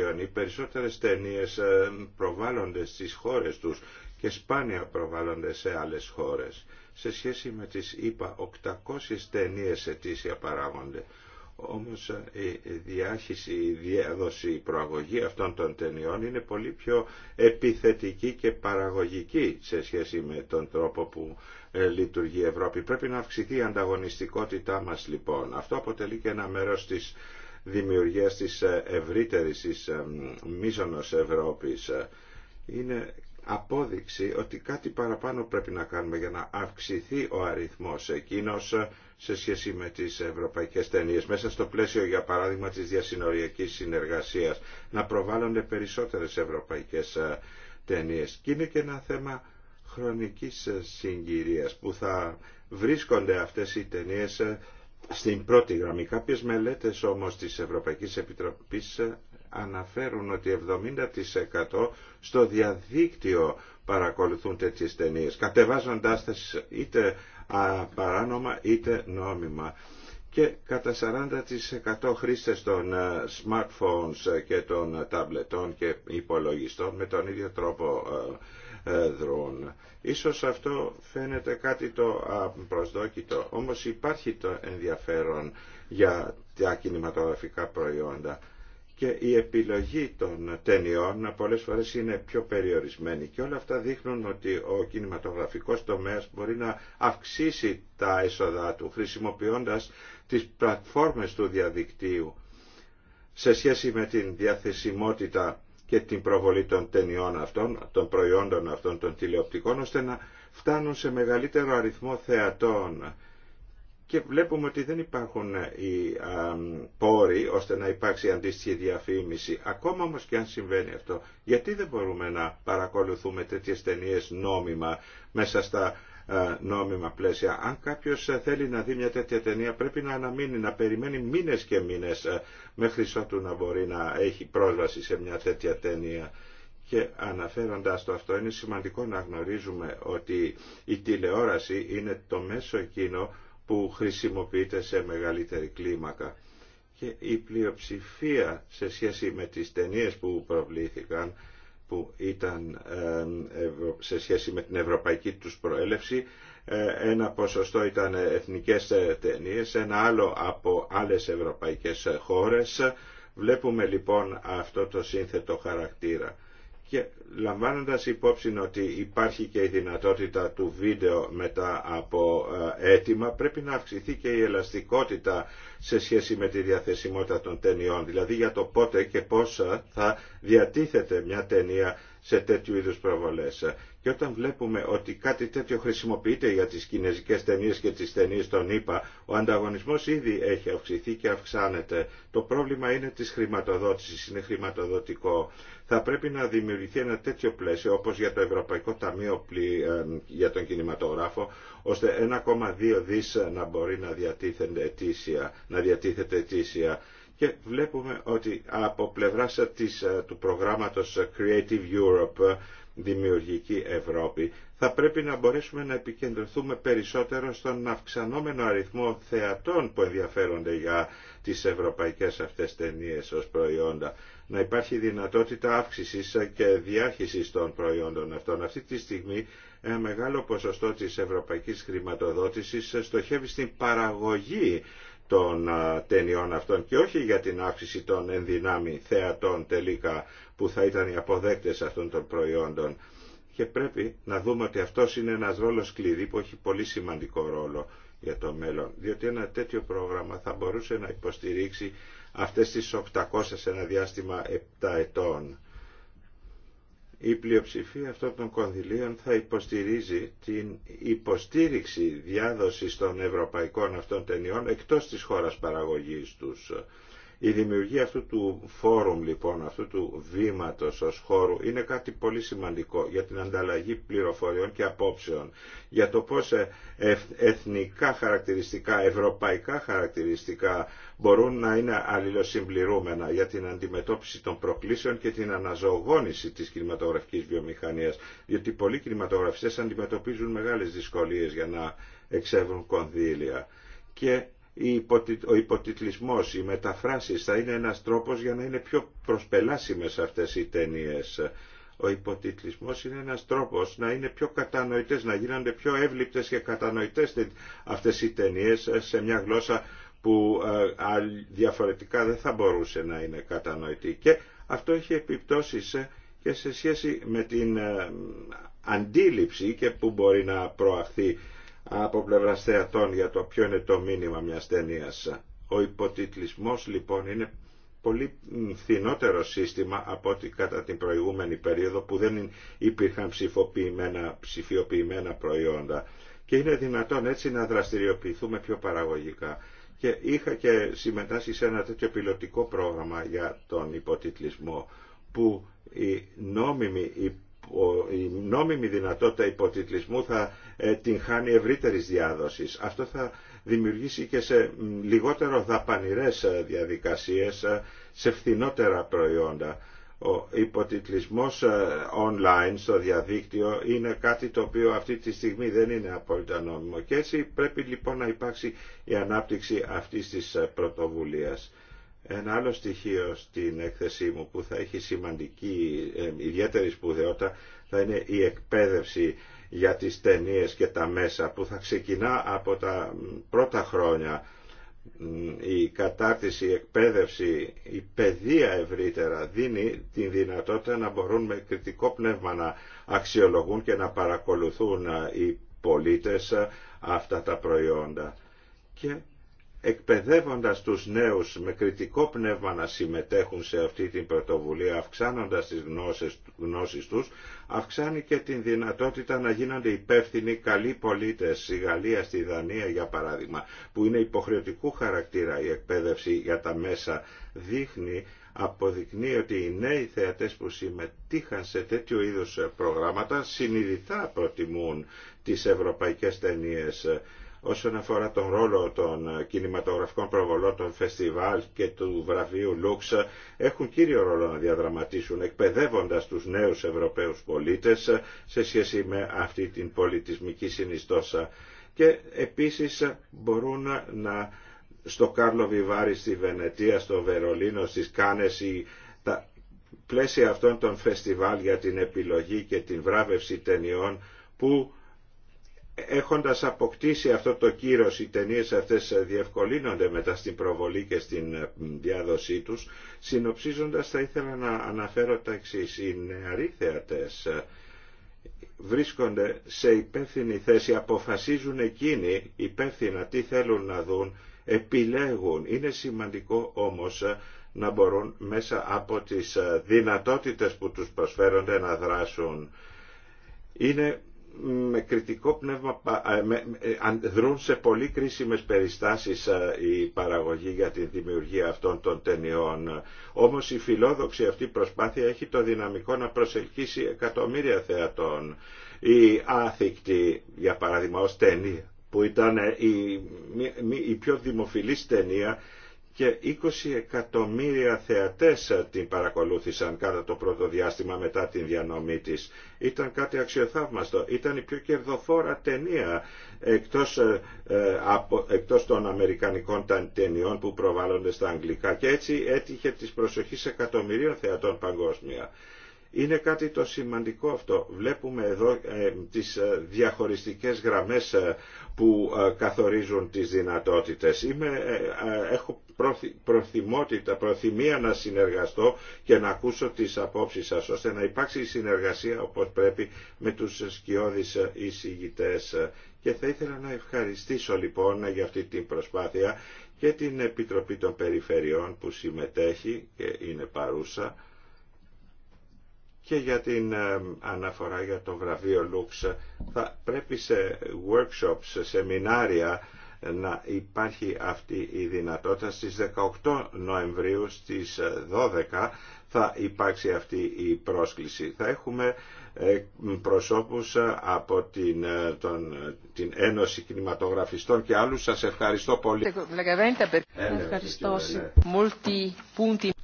1.300. Οι περισσότερες ταινίες ε, προβάλλονται στις χώρες τους και σπάνια προβάλλονται σε άλλες χώρες. Σε σχέση με τις ΗΠΑ, 800 ταινίες ετήσια παράγονται. Όμως η ε, ε, διάχυση, η διάδοση, η προαγωγή αυτών των ταινιών είναι πολύ πιο επιθετική και παραγωγική σε σχέση με τον τρόπο που ε, λειτουργεί η Ευρώπη. Πρέπει να αυξηθεί η ανταγωνιστικότητά μας λοιπόν. Αυτό αποτελεί και ένα μέρος της δημιουργίας της ευρύτερης της μίζωνος Ευρώπης. Είναι απόδειξη ότι κάτι παραπάνω πρέπει να κάνουμε για να αυξηθεί ο αριθμός εκείνος σε σχέση με τις ευρωπαϊκές ταινίε. Μέσα στο πλαίσιο, για παράδειγμα, της διασυνοριακής συνεργασίας, να προβάλλονται περισσότερες ευρωπαϊκές ε, ταινίε. Και είναι και ένα θέμα χρονικής ε, συγκυρίας που θα βρίσκονται αυτές οι ταινίε ε, στην πρώτη γραμμή. Κάποιες μελέτες όμως της Ευρωπαϊκής Επιτροπής αναφέρουν ότι 70% στο διαδίκτυο παρακολουθούν τέτοιες ταινίες, κατεβάζοντάς τις είτε παράνομα είτε νόμιμα. Και κατά 40% χρήστες των ε, smartphones και των ε, ταμπλετών και υπολογιστών με τον ίδιο τρόπο ε, δρούν. Ίσως αυτό φαίνεται κάτι το προσδοκητό όμως υπάρχει το ενδιαφέρον για τα κινηματογραφικά προϊόντα και η επιλογή των ταινιών πολλές φορές είναι πιο περιορισμένη και όλα αυτά δείχνουν ότι ο κινηματογραφικός τομέας μπορεί να αυξήσει τα έσοδα του χρησιμοποιώντας τις πλατφόρμες του διαδικτύου σε σχέση με την διαθεσιμότητα και την προβολή των ταινιών αυτών, των προϊόντων αυτών των τηλεοπτικών, ώστε να φτάνουν σε μεγαλύτερο αριθμό θεατών και βλέπουμε ότι δεν υπάρχουν ε, οι α, πόροι ώστε να υπάρξει αντίστοιχη διαφήμιση. Ακόμα όμως και αν συμβαίνει αυτό, γιατί δεν μπορούμε να παρακολουθούμε τέτοιες ταινίε νόμιμα μέσα στα α, νόμιμα πλαίσια. Αν κάποιος ε, θέλει να δει μια τέτοια ταινία πρέπει να αναμείνει, να περιμένει μήνες και μήνες ε, μέχρι ότου να μπορεί να έχει πρόσβαση σε μια τέτοια ταινία. Και αναφέροντας το αυτό είναι σημαντικό να γνωρίζουμε ότι η τηλεόραση είναι το μέσο εκείνο που χρησιμοποιείται σε μεγαλύτερη κλίμακα. Και η πλειοψηφία σε σχέση με τις ταινίε που προβλήθηκαν, που ήταν σε σχέση με την ευρωπαϊκή τους προέλευση, ε, ένα ποσοστό ήταν εθνικές ε, ταινίε, ένα άλλο από άλλες ευρωπαϊκές ε, χώρες. Βλέπουμε λοιπόν αυτό το σύνθετο χαρακτήρα και λαμβάνοντας υπόψη ότι υπάρχει και η δυνατότητα του βίντεο μετά από αίτημα ε, πρέπει να αυξηθεί και η ελαστικότητα σε σχέση με τη διαθεσιμότητα των ταινιών δηλαδή για το πότε και πόσα θα διατίθεται μια ταινία σε τέτοιου είδους προβολές και όταν βλέπουμε ότι κάτι τέτοιο χρησιμοποιείται για τις κινέζικες ταινίες και τις ταινίες των ΗΠΑ, ο ανταγωνισμός ήδη έχει αυξηθεί και αυξάνεται. Το πρόβλημα είναι της χρηματοδότησης, είναι χρηματοδοτικό. Θα πρέπει να δημιουργηθεί ένα τέτοιο πλαίσιο, όπως για το Ευρωπαϊκό Ταμείο ε, για τον Κινηματογράφο, ώστε 1,2 δις να μπορεί να, να διατίθεται αιτήσια. και βλέπουμε ότι από πλευράς της, ε, του προγράμματος Creative Europe δημιουργική Ευρώπη, θα πρέπει να μπορέσουμε να επικεντρωθούμε περισσότερο στον αυξανόμενο αριθμό θεατών που ενδιαφέρονται για τις ευρωπαϊκές αυτές ταινίες ως προϊόντα. Να υπάρχει δυνατότητα αύξησης και διάχυσης των προϊόντων αυτών. Αυτή τη στιγμή ένα μεγάλο ποσοστό της ευρωπαϊκής χρηματοδότησης στοχεύει στην παραγωγή των ταινιών αυτών και όχι για την αύξηση των ενδυνάμει θεατών τελικά που θα ήταν οι αποδέκτες αυτών των προϊόντων. Και πρέπει να δούμε ότι αυτός είναι ένας ρόλος κλειδί που έχει πολύ σημαντικό ρόλο για το μέλλον. Διότι ένα τέτοιο πρόγραμμα θα μπορούσε να υποστηρίξει αυτές τις 800 σε ένα διάστημα 7 ετών η πλειοψηφία αυτών των κονδυλίων θα υποστηρίζει την υποστήριξη διάδοσης των ευρωπαϊκών αυτών ταινιών εκτός της χώρας παραγωγής τους η δημιουργία αυτού του φόρουμ λοιπόν, αυτού του βήματος ως χώρου είναι κάτι πολύ σημαντικό για την ανταλλαγή πληροφοριών και απόψεων, για το πώς ε, εθνικά χαρακτηριστικά, ευρωπαϊκά χαρακτηριστικά μπορούν να είναι αλληλοσυμπληρούμενα για την αντιμετώπιση των προκλήσεων και την αναζωογόνηση της κινηματογραφικής βιομηχανίας, διότι πολλοί κινηματογραφιστές αντιμετωπίζουν μεγάλες δυσκολίες για να εξεύρουν κονδύλια. Και ο υποτιτλισμός, οι μεταφράσεις θα είναι ένας τρόπος για να είναι πιο προσπελάσιμες αυτές οι ταινίες. Ο υποτιτλισμός είναι ένας τρόπος να είναι πιο κατανοητές, να γίνονται πιο εύληπτες και κατανοητές αυτές οι ταινίες σε μια γλώσσα που ε, διαφορετικά δεν θα μπορούσε να είναι κατανοητή. Και αυτό έχει επιπτώσεις και σε σχέση με την ε, αντίληψη και που μπορεί να προαχθεί από πλευρά θεατών για το ποιο είναι το μήνυμα μια ταινία. Ο υποτιτλισμός λοιπόν είναι πολύ φθηνότερο σύστημα από ότι κατά την προηγούμενη περίοδο που δεν υπήρχαν ψηφοποιημένα, ψηφιοποιημένα προϊόντα και είναι δυνατόν έτσι να δραστηριοποιηθούμε πιο παραγωγικά. Και είχα και συμμετάσχει σε ένα τέτοιο πιλωτικό πρόγραμμα για τον υποτιτλισμό που η νόμιμη, η νόμιμη δυνατότητα υποτιτλισμού θα ε, την χάνει ευρύτερη διάδοση. Αυτό θα δημιουργήσει και σε λιγότερο δαπανηρές ε, διαδικασίε ε, σε φθηνότερα προϊόντα. Ο υποτιτλισμός online στο διαδίκτυο είναι κάτι το οποίο αυτή τη στιγμή δεν είναι απόλυτα νόμιμο και έτσι πρέπει λοιπόν να υπάρξει η ανάπτυξη αυτής της πρωτοβουλίας. Ένα άλλο στοιχείο στην έκθεσή μου που θα έχει σημαντική ιδιαίτερη σπουδαιότητα θα είναι η εκπαίδευση για τις ταινίες και τα μέσα που θα ξεκινά από τα πρώτα χρόνια η κατάρτιση, η εκπαίδευση, η παιδεία ευρύτερα δίνει την δυνατότητα να μπορούν με κριτικό πνεύμα να αξιολογούν και να παρακολουθούν ε, οι πολίτες ε, αυτά τα προϊόντα. Και εκπαιδεύοντας τους νέους με κριτικό πνεύμα να συμμετέχουν σε αυτή την πρωτοβουλία, αυξάνοντας τις γνώσεις, τους, αυξάνει και την δυνατότητα να γίνονται υπεύθυνοι καλοί πολίτες στη Γαλλία, στη Δανία για παράδειγμα, που είναι υποχρεωτικού χαρακτήρα η εκπαίδευση για τα μέσα, δείχνει αποδεικνύει ότι οι νέοι θεατές που συμμετείχαν σε τέτοιου είδους προγράμματα συνειδητά προτιμούν τις ευρωπαϊκές ταινίες όσον αφορά τον ρόλο των κινηματογραφικών προβολών των φεστιβάλ και του βραβείου Λούξ έχουν κύριο ρόλο να διαδραματίσουν εκπαιδεύοντας τους νέους Ευρωπαίους πολίτες σε σχέση με αυτή την πολιτισμική συνιστόσα και επίσης μπορούν να στο Κάρλο Βιβάρι στη Βενετία, στο Βερολίνο, στις Κάνες τα πλαίσια αυτών των φεστιβάλ για την επιλογή και την βράβευση ταινιών που έχοντας αποκτήσει αυτό το κύρος οι ταινίε αυτές διευκολύνονται μετά στην προβολή και στην ε, διάδοσή τους συνοψίζοντας θα ήθελα να αναφέρω τα εξή. οι νεαροί θεατές ε, βρίσκονται σε υπεύθυνη θέση αποφασίζουν εκείνοι υπεύθυνα τι θέλουν να δουν επιλέγουν είναι σημαντικό όμως ε, να μπορούν μέσα από τις δυνατότητες που τους προσφέρονται να δράσουν είναι με κριτικό πνεύμα ε, ε, δρούν σε πολύ κρίσιμες περιστάσεις ε, η παραγωγή για τη δημιουργία αυτών των ταινιών. Όμως η φιλόδοξη αυτή προσπάθεια έχει το δυναμικό να προσελκύσει εκατομμύρια θεατών. Η άθικτη, για παράδειγμα, ως ταινία, που ήταν η, πιο δημοφιλής ταινία και 20 εκατομμύρια θεατές την παρακολούθησαν κατά το πρώτο διάστημα μετά την διανομή της. Ήταν κάτι αξιοθαύμαστο. Ήταν η πιο κερδοφόρα ταινία εκτός, ε, ε, από, εκτός των αμερικανικών ταινιών που προβάλλονται στα αγγλικά και έτσι έτυχε της προσοχής εκατομμυρίων θεατών παγκόσμια. Είναι κάτι το σημαντικό αυτό. Βλέπουμε εδώ ε, τις ε, διαχωριστικές γραμμές ε, που καθορίζουν τις δυνατότητες. έχω προθυμότητα, προθυμία να συνεργαστώ και να ακούσω τις απόψεις σας, ώστε να υπάρξει συνεργασία όπως πρέπει με τους σκιώδεις εισηγητές. Και θα ήθελα να ευχαριστήσω λοιπόν για αυτή την προσπάθεια και την Επιτροπή των Περιφερειών που συμμετέχει και είναι παρούσα και για την ε, αναφορά για το βραβείο Λούξ. Θα πρέπει σε workshops, σε σεμινάρια να υπάρχει αυτή η δυνατότητα. Στις 18 Νοεμβρίου στις 12 ε, θα υπάρξει αυτή η πρόσκληση. Θα έχουμε ε, προσώπους από την, τον, την Ένωση Κινηματογραφιστών και άλλους. Σας ευχαριστώ πολύ.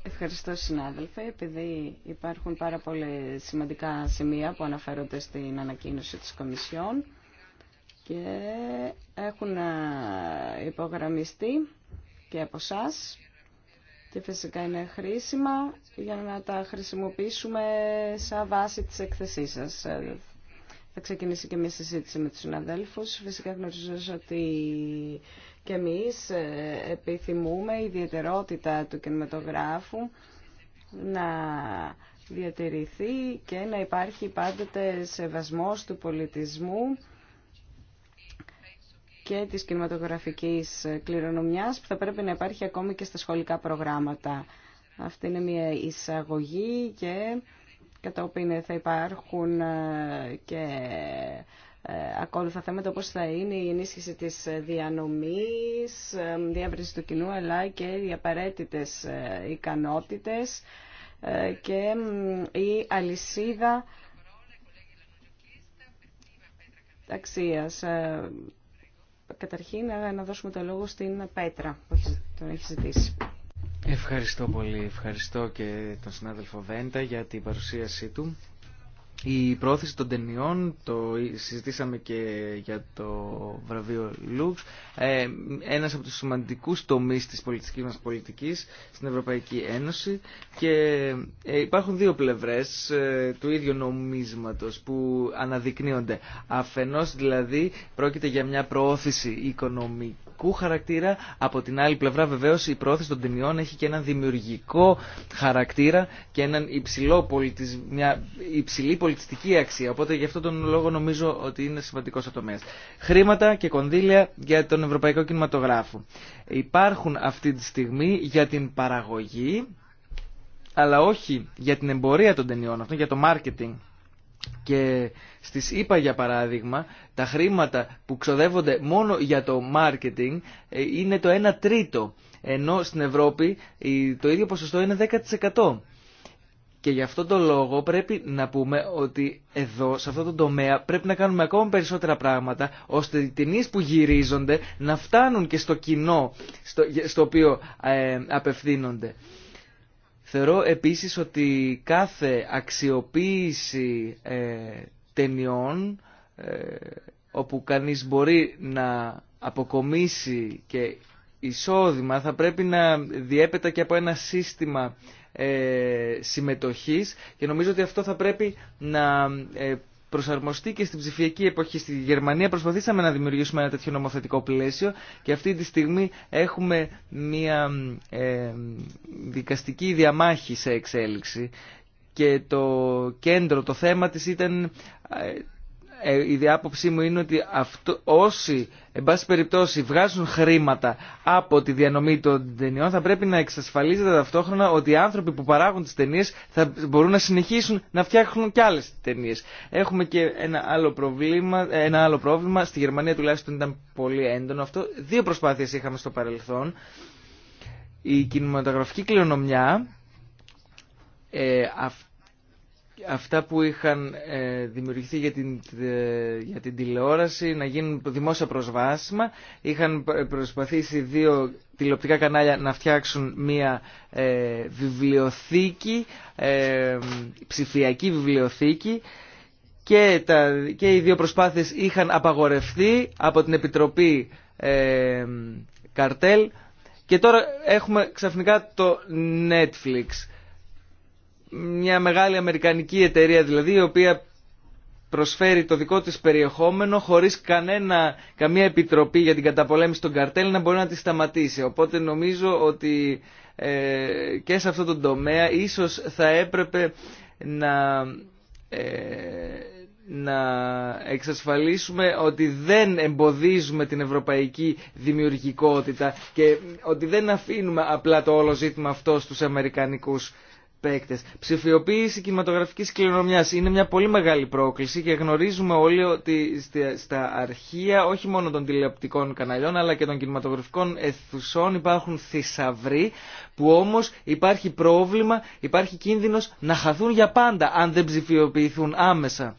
Ευχαριστώ συνάδελφε, επειδή υπάρχουν πάρα πολύ σημαντικά σημεία που αναφέρονται στην ανακοίνωση της Κομισιόν και έχουν υπογραμμιστεί και από εσά και φυσικά είναι χρήσιμα για να τα χρησιμοποιήσουμε σαν βάση της εκθεσής σας. Θα ξεκινήσει και μια συζήτηση με τους συναδέλφους. Φυσικά γνωρίζω ότι και εμείς ε, επιθυμούμε η ιδιαιτερότητα του κινηματογράφου να διατηρηθεί και να υπάρχει πάντοτε σεβασμός του πολιτισμού και της κινηματογραφικής κληρονομιάς που θα πρέπει να υπάρχει ακόμη και στα σχολικά προγράμματα. Αυτή είναι μια εισαγωγή και κατόπιν θα υπάρχουν ε, και ε, ακόλουθα θέματα όπως θα είναι η ενίσχυση της διανομής, ε, διάβριση του κοινού αλλά και οι απαραίτητες ικανότητες και η αλυσίδα ταξιας Καταρχήν να δώσουμε το λόγο στην Πέτρα που τον έχει ζητήσει. Ευχαριστώ πολύ. Ευχαριστώ και τον συνάδελφο Βέντα για την παρουσίασή του. Η πρόθεση των ταινιών, το συζητήσαμε και για το βραβείο Λουξ, ε, ένας από τους σημαντικούς τομείς της πολιτικής μας πολιτικής στην Ευρωπαϊκή Ένωση και ε, υπάρχουν δύο πλευρές ε, του ίδιου νομίσματος που αναδεικνύονται. Αφενός δηλαδή πρόκειται για μια προώθηση οικονομική ηθικού χαρακτήρα. Από την άλλη πλευρά βεβαίως η πρόθεση των ταινιών έχει και έναν δημιουργικό χαρακτήρα και έναν υψηλό πολιτισ... μια υψηλή πολιτιστική αξία. Οπότε γι' αυτό τον λόγο νομίζω ότι είναι σημαντικός ο τομέα. Χρήματα και κονδύλια για τον Ευρωπαϊκό Κινηματογράφο. Υπάρχουν αυτή τη στιγμή για την παραγωγή αλλά όχι για την εμπορία των ταινιών αυτών, για το marketing και στις ΗΠΑ για παράδειγμα τα χρήματα που ξοδεύονται μόνο για το marketing ε, είναι το 1 τρίτο ενώ στην Ευρώπη το ίδιο ποσοστό είναι 10%. Και γι' αυτό τον λόγο πρέπει να πούμε ότι εδώ, σε αυτό το τομέα, πρέπει να κάνουμε ακόμα περισσότερα πράγματα, ώστε οι ταινίε που γυρίζονται να φτάνουν και στο κοινό στο, οποίο ε, απευθύνονται. Θεωρώ επίσης ότι κάθε αξιοποίηση ε, ταινιών ε, όπου κανείς μπορεί να αποκομίσει και εισόδημα θα πρέπει να διέπεται και από ένα σύστημα ε, συμμετοχής και νομίζω ότι αυτό θα πρέπει να ε, προσαρμοστεί και στην ψηφιακή εποχή. Στη Γερμανία προσπαθήσαμε να δημιουργήσουμε ένα τέτοιο νομοθετικό πλαίσιο και αυτή τη στιγμή έχουμε μια ε, δικαστική διαμάχη σε εξέλιξη και το κέντρο, το θέμα της ήταν ε, ε, η άποψή μου είναι ότι αυτό, όσοι, εν πάση περιπτώσει, βγάζουν χρήματα από τη διανομή των ταινιών, θα πρέπει να εξασφαλίζεται ταυτόχρονα ότι οι άνθρωποι που παράγουν τις ταινίες θα μπορούν να συνεχίσουν να φτιάχνουν και άλλες ταινίες. Έχουμε και ένα άλλο, προβλήμα, ένα άλλο πρόβλημα, στη Γερμανία τουλάχιστον ήταν πολύ έντονο αυτό. Δύο προσπάθειες είχαμε στο παρελθόν. Η κινηματογραφική κληρονομιά, ε, αυτά που είχαν ε, δημιουργηθεί για την, για την τηλεόραση να γίνουν δημόσια προσβάσιμα. Είχαν προσπαθήσει δύο τηλεοπτικά κανάλια να φτιάξουν μία ε, βιβλιοθήκη, ε, ψηφιακή βιβλιοθήκη και, τα, και οι δύο προσπάθειες είχαν απαγορευτεί από την Επιτροπή Καρτέλ και τώρα έχουμε ξαφνικά το Netflix μια μεγάλη αμερικανική εταιρεία δηλαδή η οποία προσφέρει το δικό της περιεχόμενο χωρίς καμία επιτροπή για την καταπολέμηση των καρτέλ να μπορεί να τη σταματήσει. Οπότε νομίζω ότι ε, και σε αυτό το τομέα ίσως θα έπρεπε να, ε, να εξασφαλίσουμε ότι δεν εμποδίζουμε την ευρωπαϊκή δημιουργικότητα και ότι δεν αφήνουμε απλά το όλο ζήτημα αυτό στους Αμερικανικούς Ψηφιοποίηση κινηματογραφικής κληρονομιάς είναι μια πολύ μεγάλη πρόκληση και γνωρίζουμε όλοι ότι στα αρχεία όχι μόνο των τηλεοπτικών καναλιών αλλά και των κινηματογραφικών αιθουσών υπάρχουν θησαυροί που όμως υπάρχει πρόβλημα, υπάρχει κίνδυνος να χαθούν για πάντα αν δεν ψηφιοποιηθούν άμεσα.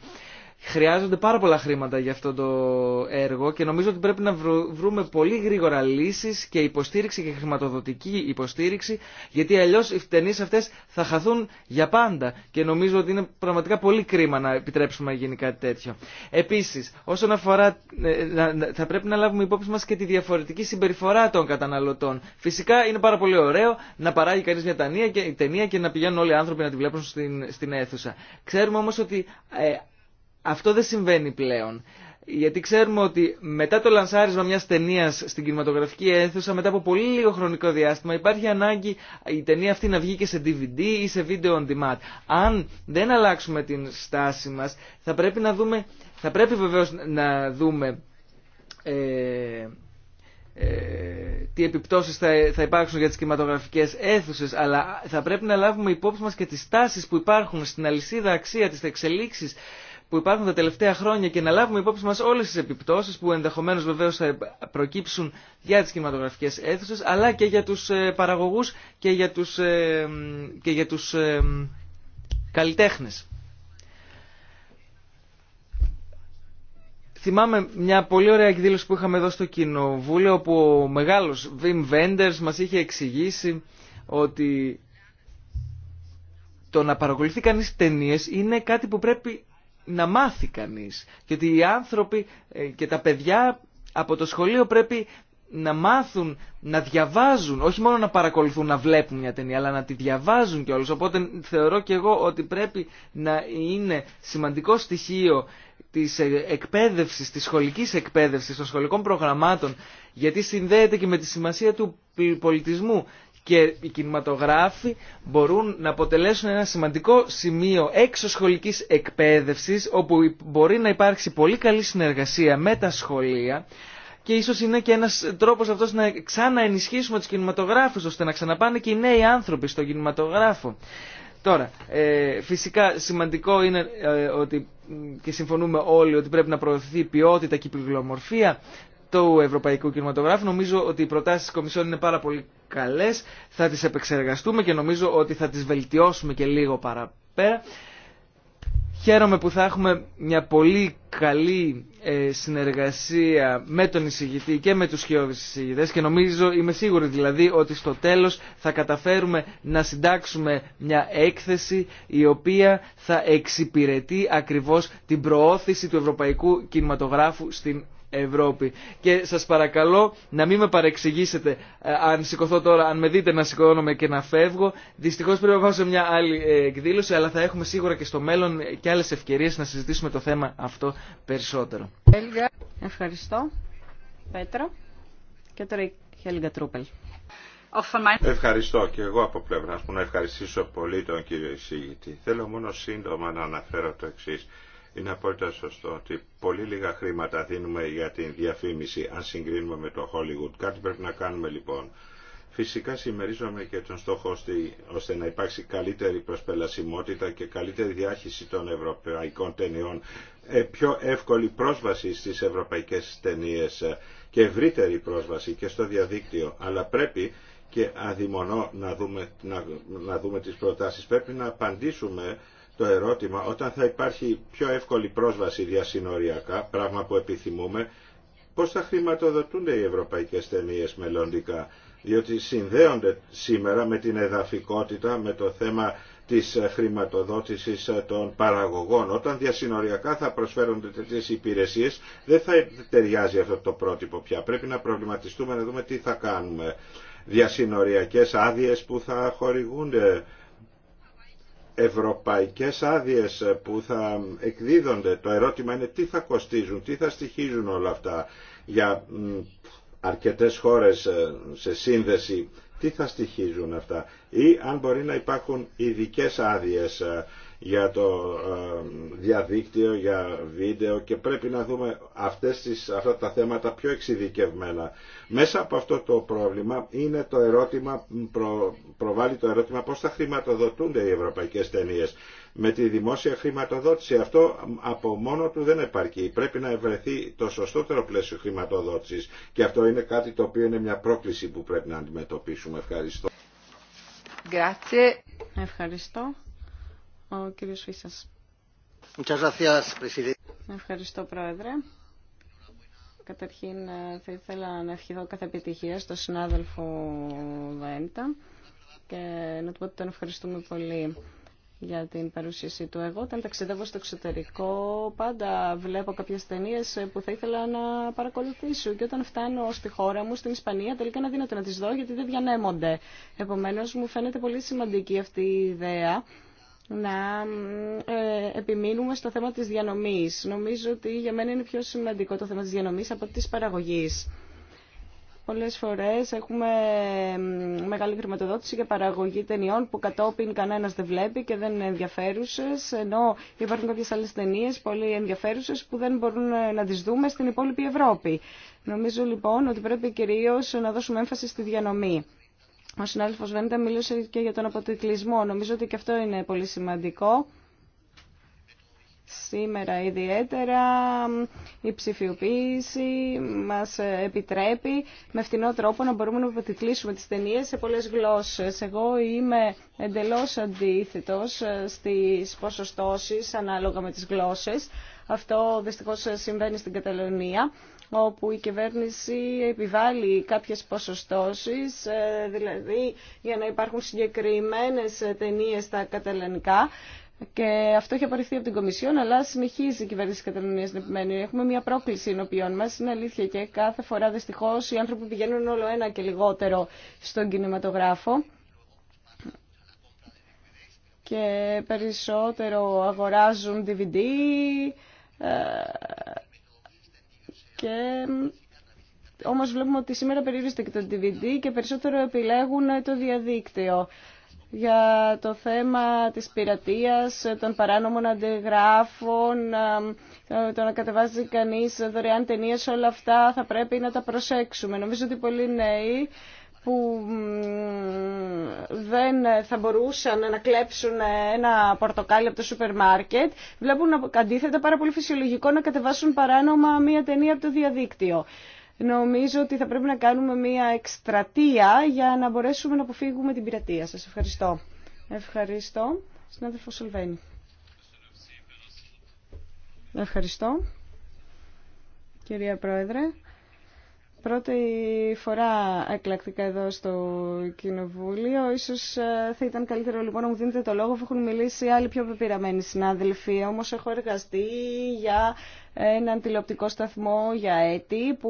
Χρειάζονται πάρα πολλά χρήματα για αυτό το έργο και νομίζω ότι πρέπει να βρούμε πολύ γρήγορα λύσεις και υποστήριξη και χρηματοδοτική υποστήριξη γιατί αλλιώς οι ταινίες αυτές θα χαθούν για πάντα και νομίζω ότι είναι πραγματικά πολύ κρίμα να επιτρέψουμε να γίνει κάτι τέτοιο. Επίσης, όσον αφορά, ε, θα πρέπει να λάβουμε υπόψη μας και τη διαφορετική συμπεριφορά των καταναλωτών. Φυσικά είναι πάρα πολύ ωραίο να παράγει κανείς μια ταινία και, να πηγαίνουν όλοι οι άνθρωποι να τη βλέπουν στην, αίθουσα. Ξέρουμε όμως ότι... Ε, αυτό δεν συμβαίνει πλέον. Γιατί ξέρουμε ότι μετά το λανσάρισμα μια ταινία στην κινηματογραφική αίθουσα, μετά από πολύ λίγο χρονικό διάστημα, υπάρχει ανάγκη η ταινία αυτή να βγει και σε DVD ή σε video on demand. Αν δεν αλλάξουμε την στάση μα, θα πρέπει να δούμε, θα πρέπει βεβαίω να δούμε ε, ε, τι επιπτώσεις θα, θα υπάρξουν για τις κινηματογραφικές αίθουσες αλλά θα πρέπει να λάβουμε υπόψη μας και τις τάσεις που υπάρχουν στην αλυσίδα αξία, της εξελίξης που υπάρχουν τα τελευταία χρόνια και να λάβουμε υπόψη μας όλες τις επιπτώσεις που ενδεχομένως βεβαίως θα προκύψουν για τις κινηματογραφικές αίθουσες αλλά και για τους ε, παραγωγούς και για τους, ε, ε, καλλιτέχνε. Θυμάμαι μια πολύ ωραία εκδήλωση που είχαμε εδώ στο Κοινοβούλιο όπου ο μεγάλος Βιμ Wenders μας είχε εξηγήσει ότι το να παρακολουθεί κανείς ταινίες είναι κάτι που πρέπει να μάθει κανείς. Γιατί οι άνθρωποι ε, και τα παιδιά από το σχολείο πρέπει να μάθουν, να διαβάζουν, όχι μόνο να παρακολουθούν, να βλέπουν μια ταινία, αλλά να τη διαβάζουν κιόλας. Οπότε θεωρώ κι εγώ ότι πρέπει να είναι σημαντικό στοιχείο της ε, εκπαίδευσης, της σχολικής εκπαίδευσης, των σχολικών προγραμμάτων, γιατί συνδέεται και με τη σημασία του πολιτισμού και οι κινηματογράφοι μπορούν να αποτελέσουν ένα σημαντικό σημείο εξωσχολικής εκπαίδευσης όπου μπορεί να υπάρξει πολύ καλή συνεργασία με τα σχολεία και ίσως είναι και ένας τρόπος αυτός να ξαναενισχύσουμε τους κινηματογράφους ώστε να ξαναπάνε και οι νέοι άνθρωποι στον κινηματογράφο. Τώρα, ε, φυσικά σημαντικό είναι ε, ότι και συμφωνούμε όλοι ότι πρέπει να προωθηθεί ποιότητα και η του Ευρωπαϊκού Κινηματογράφου. Νομίζω ότι οι προτάσει της Κομισιόν είναι πάρα πολύ καλέ, Θα τι επεξεργαστούμε και νομίζω ότι θα τι βελτιώσουμε και λίγο παραπέρα. Χαίρομαι που θα έχουμε μια πολύ καλή ε, συνεργασία με τον εισηγητή και με τους χειώδεις εισηγητές και νομίζω, είμαι σίγουρη δηλαδή, ότι στο τέλος θα καταφέρουμε να συντάξουμε μια έκθεση η οποία θα εξυπηρετεί ακριβώς την προώθηση του ευρωπαϊκού κινηματογράφου στην Ευρώπη. Και σας παρακαλώ να μην με παρεξηγήσετε ε, αν σηκωθώ τώρα, αν με δείτε να σηκώνομαι και να φεύγω. Δυστυχώς πρέπει να πάω σε μια άλλη ε, εκδήλωση, αλλά θα έχουμε σίγουρα και στο μέλλον ε, και άλλες ευκαιρίες να συζητήσουμε το θέμα αυτό περισσότερο. Ευχαριστώ. Πέτρο Και τώρα η Χέλγα Τρούπελ. Ευχαριστώ και εγώ από πλευρά μου να ευχαριστήσω πολύ τον κύριο εισηγητή. Θέλω μόνο σύντομα να αναφέρω το εξή. Είναι απόλυτα σωστό ότι πολύ λίγα χρήματα δίνουμε για την διαφήμιση αν συγκρίνουμε με το Hollywood. Κάτι πρέπει να κάνουμε λοιπόν. Φυσικά συμμερίζομαι και τον στόχο ώστε να υπάρξει καλύτερη προσπελασιμότητα και καλύτερη διάχυση των ευρωπαϊκών ταινιών, ε, πιο εύκολη πρόσβαση στις ευρωπαϊκές ταινίες και ευρύτερη πρόσβαση και στο διαδίκτυο. Αλλά πρέπει και αδειμονώ να δούμε, να, να δούμε τις προτάσεις. Πρέπει να απαντήσουμε το ερώτημα όταν θα υπάρχει πιο εύκολη πρόσβαση διασυνοριακά, πράγμα που επιθυμούμε, πώς θα χρηματοδοτούνται οι ευρωπαϊκές ταινίε μελλοντικά, διότι συνδέονται σήμερα με την εδαφικότητα, με το θέμα της χρηματοδότησης των παραγωγών. Όταν διασυνοριακά θα προσφέρονται τέτοιες υπηρεσίες, δεν θα ταιριάζει αυτό το πρότυπο πια. Πρέπει να προβληματιστούμε να δούμε τι θα κάνουμε. Διασυνοριακές άδειες που θα χορηγούνται ευρωπαϊκές άδειες που θα εκδίδονται. Το ερώτημα είναι τι θα κοστίζουν, τι θα στοιχίζουν όλα αυτά για αρκετές χώρες ε, σε σύνδεση, τι θα στοιχίζουν αυτά. Ή αν μπορεί να υπάρχουν ειδικέ άδειες ε, για το ε, διαδίκτυο, για βίντεο και πρέπει να δούμε αυτές τις, αυτά τα θέματα πιο εξειδικευμένα. Μέσα από αυτό το πρόβλημα είναι το ερώτημα, προ, προβάλλει το ερώτημα πώς θα χρηματοδοτούνται οι ευρωπαϊκές ταινίες. Με τη δημόσια χρηματοδότηση αυτό από μόνο του δεν επαρκεί. Πρέπει να ευρεθεί το σωστότερο πλαίσιο χρηματοδότησης και αυτό είναι κάτι το οποίο είναι μια πρόκληση που πρέπει να αντιμετωπίσουμε. Ευχαριστώ. Grazie. Ευχαριστώ. Ο κύριος Φίσας. Ευχαριστώ, Πρόεδρε. Καταρχήν, ε, θα ήθελα να ευχηθώ κάθε επιτυχία στον συνάδελφο Βέντα και να του πω ότι τον ευχαριστούμε πολύ για την παρουσίασή του. Εγώ όταν ταξιδεύω στο εξωτερικό πάντα βλέπω κάποιες ταινίε που θα ήθελα να παρακολουθήσω και όταν φτάνω στη χώρα μου, στην Ισπανία, τελικά να αδύνατο να τις δω γιατί δεν διανέμονται. Επομένως μου φαίνεται πολύ σημαντική αυτή η ιδέα να ε, επιμείνουμε στο θέμα της διανομής. Νομίζω ότι για μένα είναι πιο σημαντικό το θέμα της διανομής από της παραγωγής. Πολλές φορές έχουμε μεγάλη χρηματοδότηση για παραγωγή ταινιών που κατόπιν κανένας δεν βλέπει και δεν είναι ενδιαφέρουσες, ενώ υπάρχουν κάποιες άλλες ταινίες πολύ ενδιαφέρουσες που δεν μπορούν ε, να τις δούμε στην υπόλοιπη Ευρώπη. Νομίζω λοιπόν ότι πρέπει κυρίως να δώσουμε έμφαση στη διανομή. Ο συνάδελφος Βέντα μίλησε και για τον αποτεκλισμό. Νομίζω ότι και αυτό είναι πολύ σημαντικό. Σήμερα ιδιαίτερα η ψηφιοποίηση μας επιτρέπει με φτηνό τρόπο να μπορούμε να αποτεκλήσουμε τις ταινίε σε πολλές γλώσσες. Εγώ είμαι εντελώς αντίθετος στις ποσοστώσεις ανάλογα με τις γλώσσες. Αυτό δυστυχώς συμβαίνει στην Καταλωνία όπου η κυβέρνηση επιβάλλει κάποιες ποσοστώσεις, ε, δηλαδή για να υπάρχουν συγκεκριμένες ταινίε στα καταλλανικά. Και αυτό έχει απορριφθεί από την Κομισιόν, αλλά συνεχίζει η κυβέρνηση τη Καταλωνία να επιμένει. Έχουμε μια πρόκληση ενωπιών μα, είναι αλήθεια. Και κάθε φορά δυστυχώ οι άνθρωποι πηγαίνουν όλο ένα και λιγότερο στον κινηματογράφο και περισσότερο αγοράζουν DVD, και όμως βλέπουμε ότι σήμερα περιορίζεται και το DVD και περισσότερο επιλέγουν το διαδίκτυο για το θέμα της πειρατείας, των παράνομων αντιγράφων, το να κατεβάζει κανείς δωρεάν ταινίες, όλα αυτά θα πρέπει να τα προσέξουμε. Νομίζω ότι πολλοί νέοι που δεν θα μπορούσαν να κλέψουν ένα πορτοκάλι από το σούπερ μάρκετ, βλέπουν αντίθετα πάρα πολύ φυσιολογικό να κατεβάσουν παράνομα μία ταινία από το διαδίκτυο. Νομίζω ότι θα πρέπει να κάνουμε μία εκστρατεία για να μπορέσουμε να αποφύγουμε την πειρατεία. Σας ευχαριστώ. Ευχαριστώ. Συνάδελφο Σολβένη. Ευχαριστώ. Κυρία Πρόεδρε πρώτη φορά εκλεκτικά εδώ στο Κοινοβούλιο. Ίσως ε, θα ήταν καλύτερο λοιπόν να μου δίνετε το λόγο αφού έχουν μιλήσει άλλοι πιο πεπειραμένοι συνάδελφοι. Όμως έχω εργαστεί για έναν τηλεοπτικό σταθμό για έτη που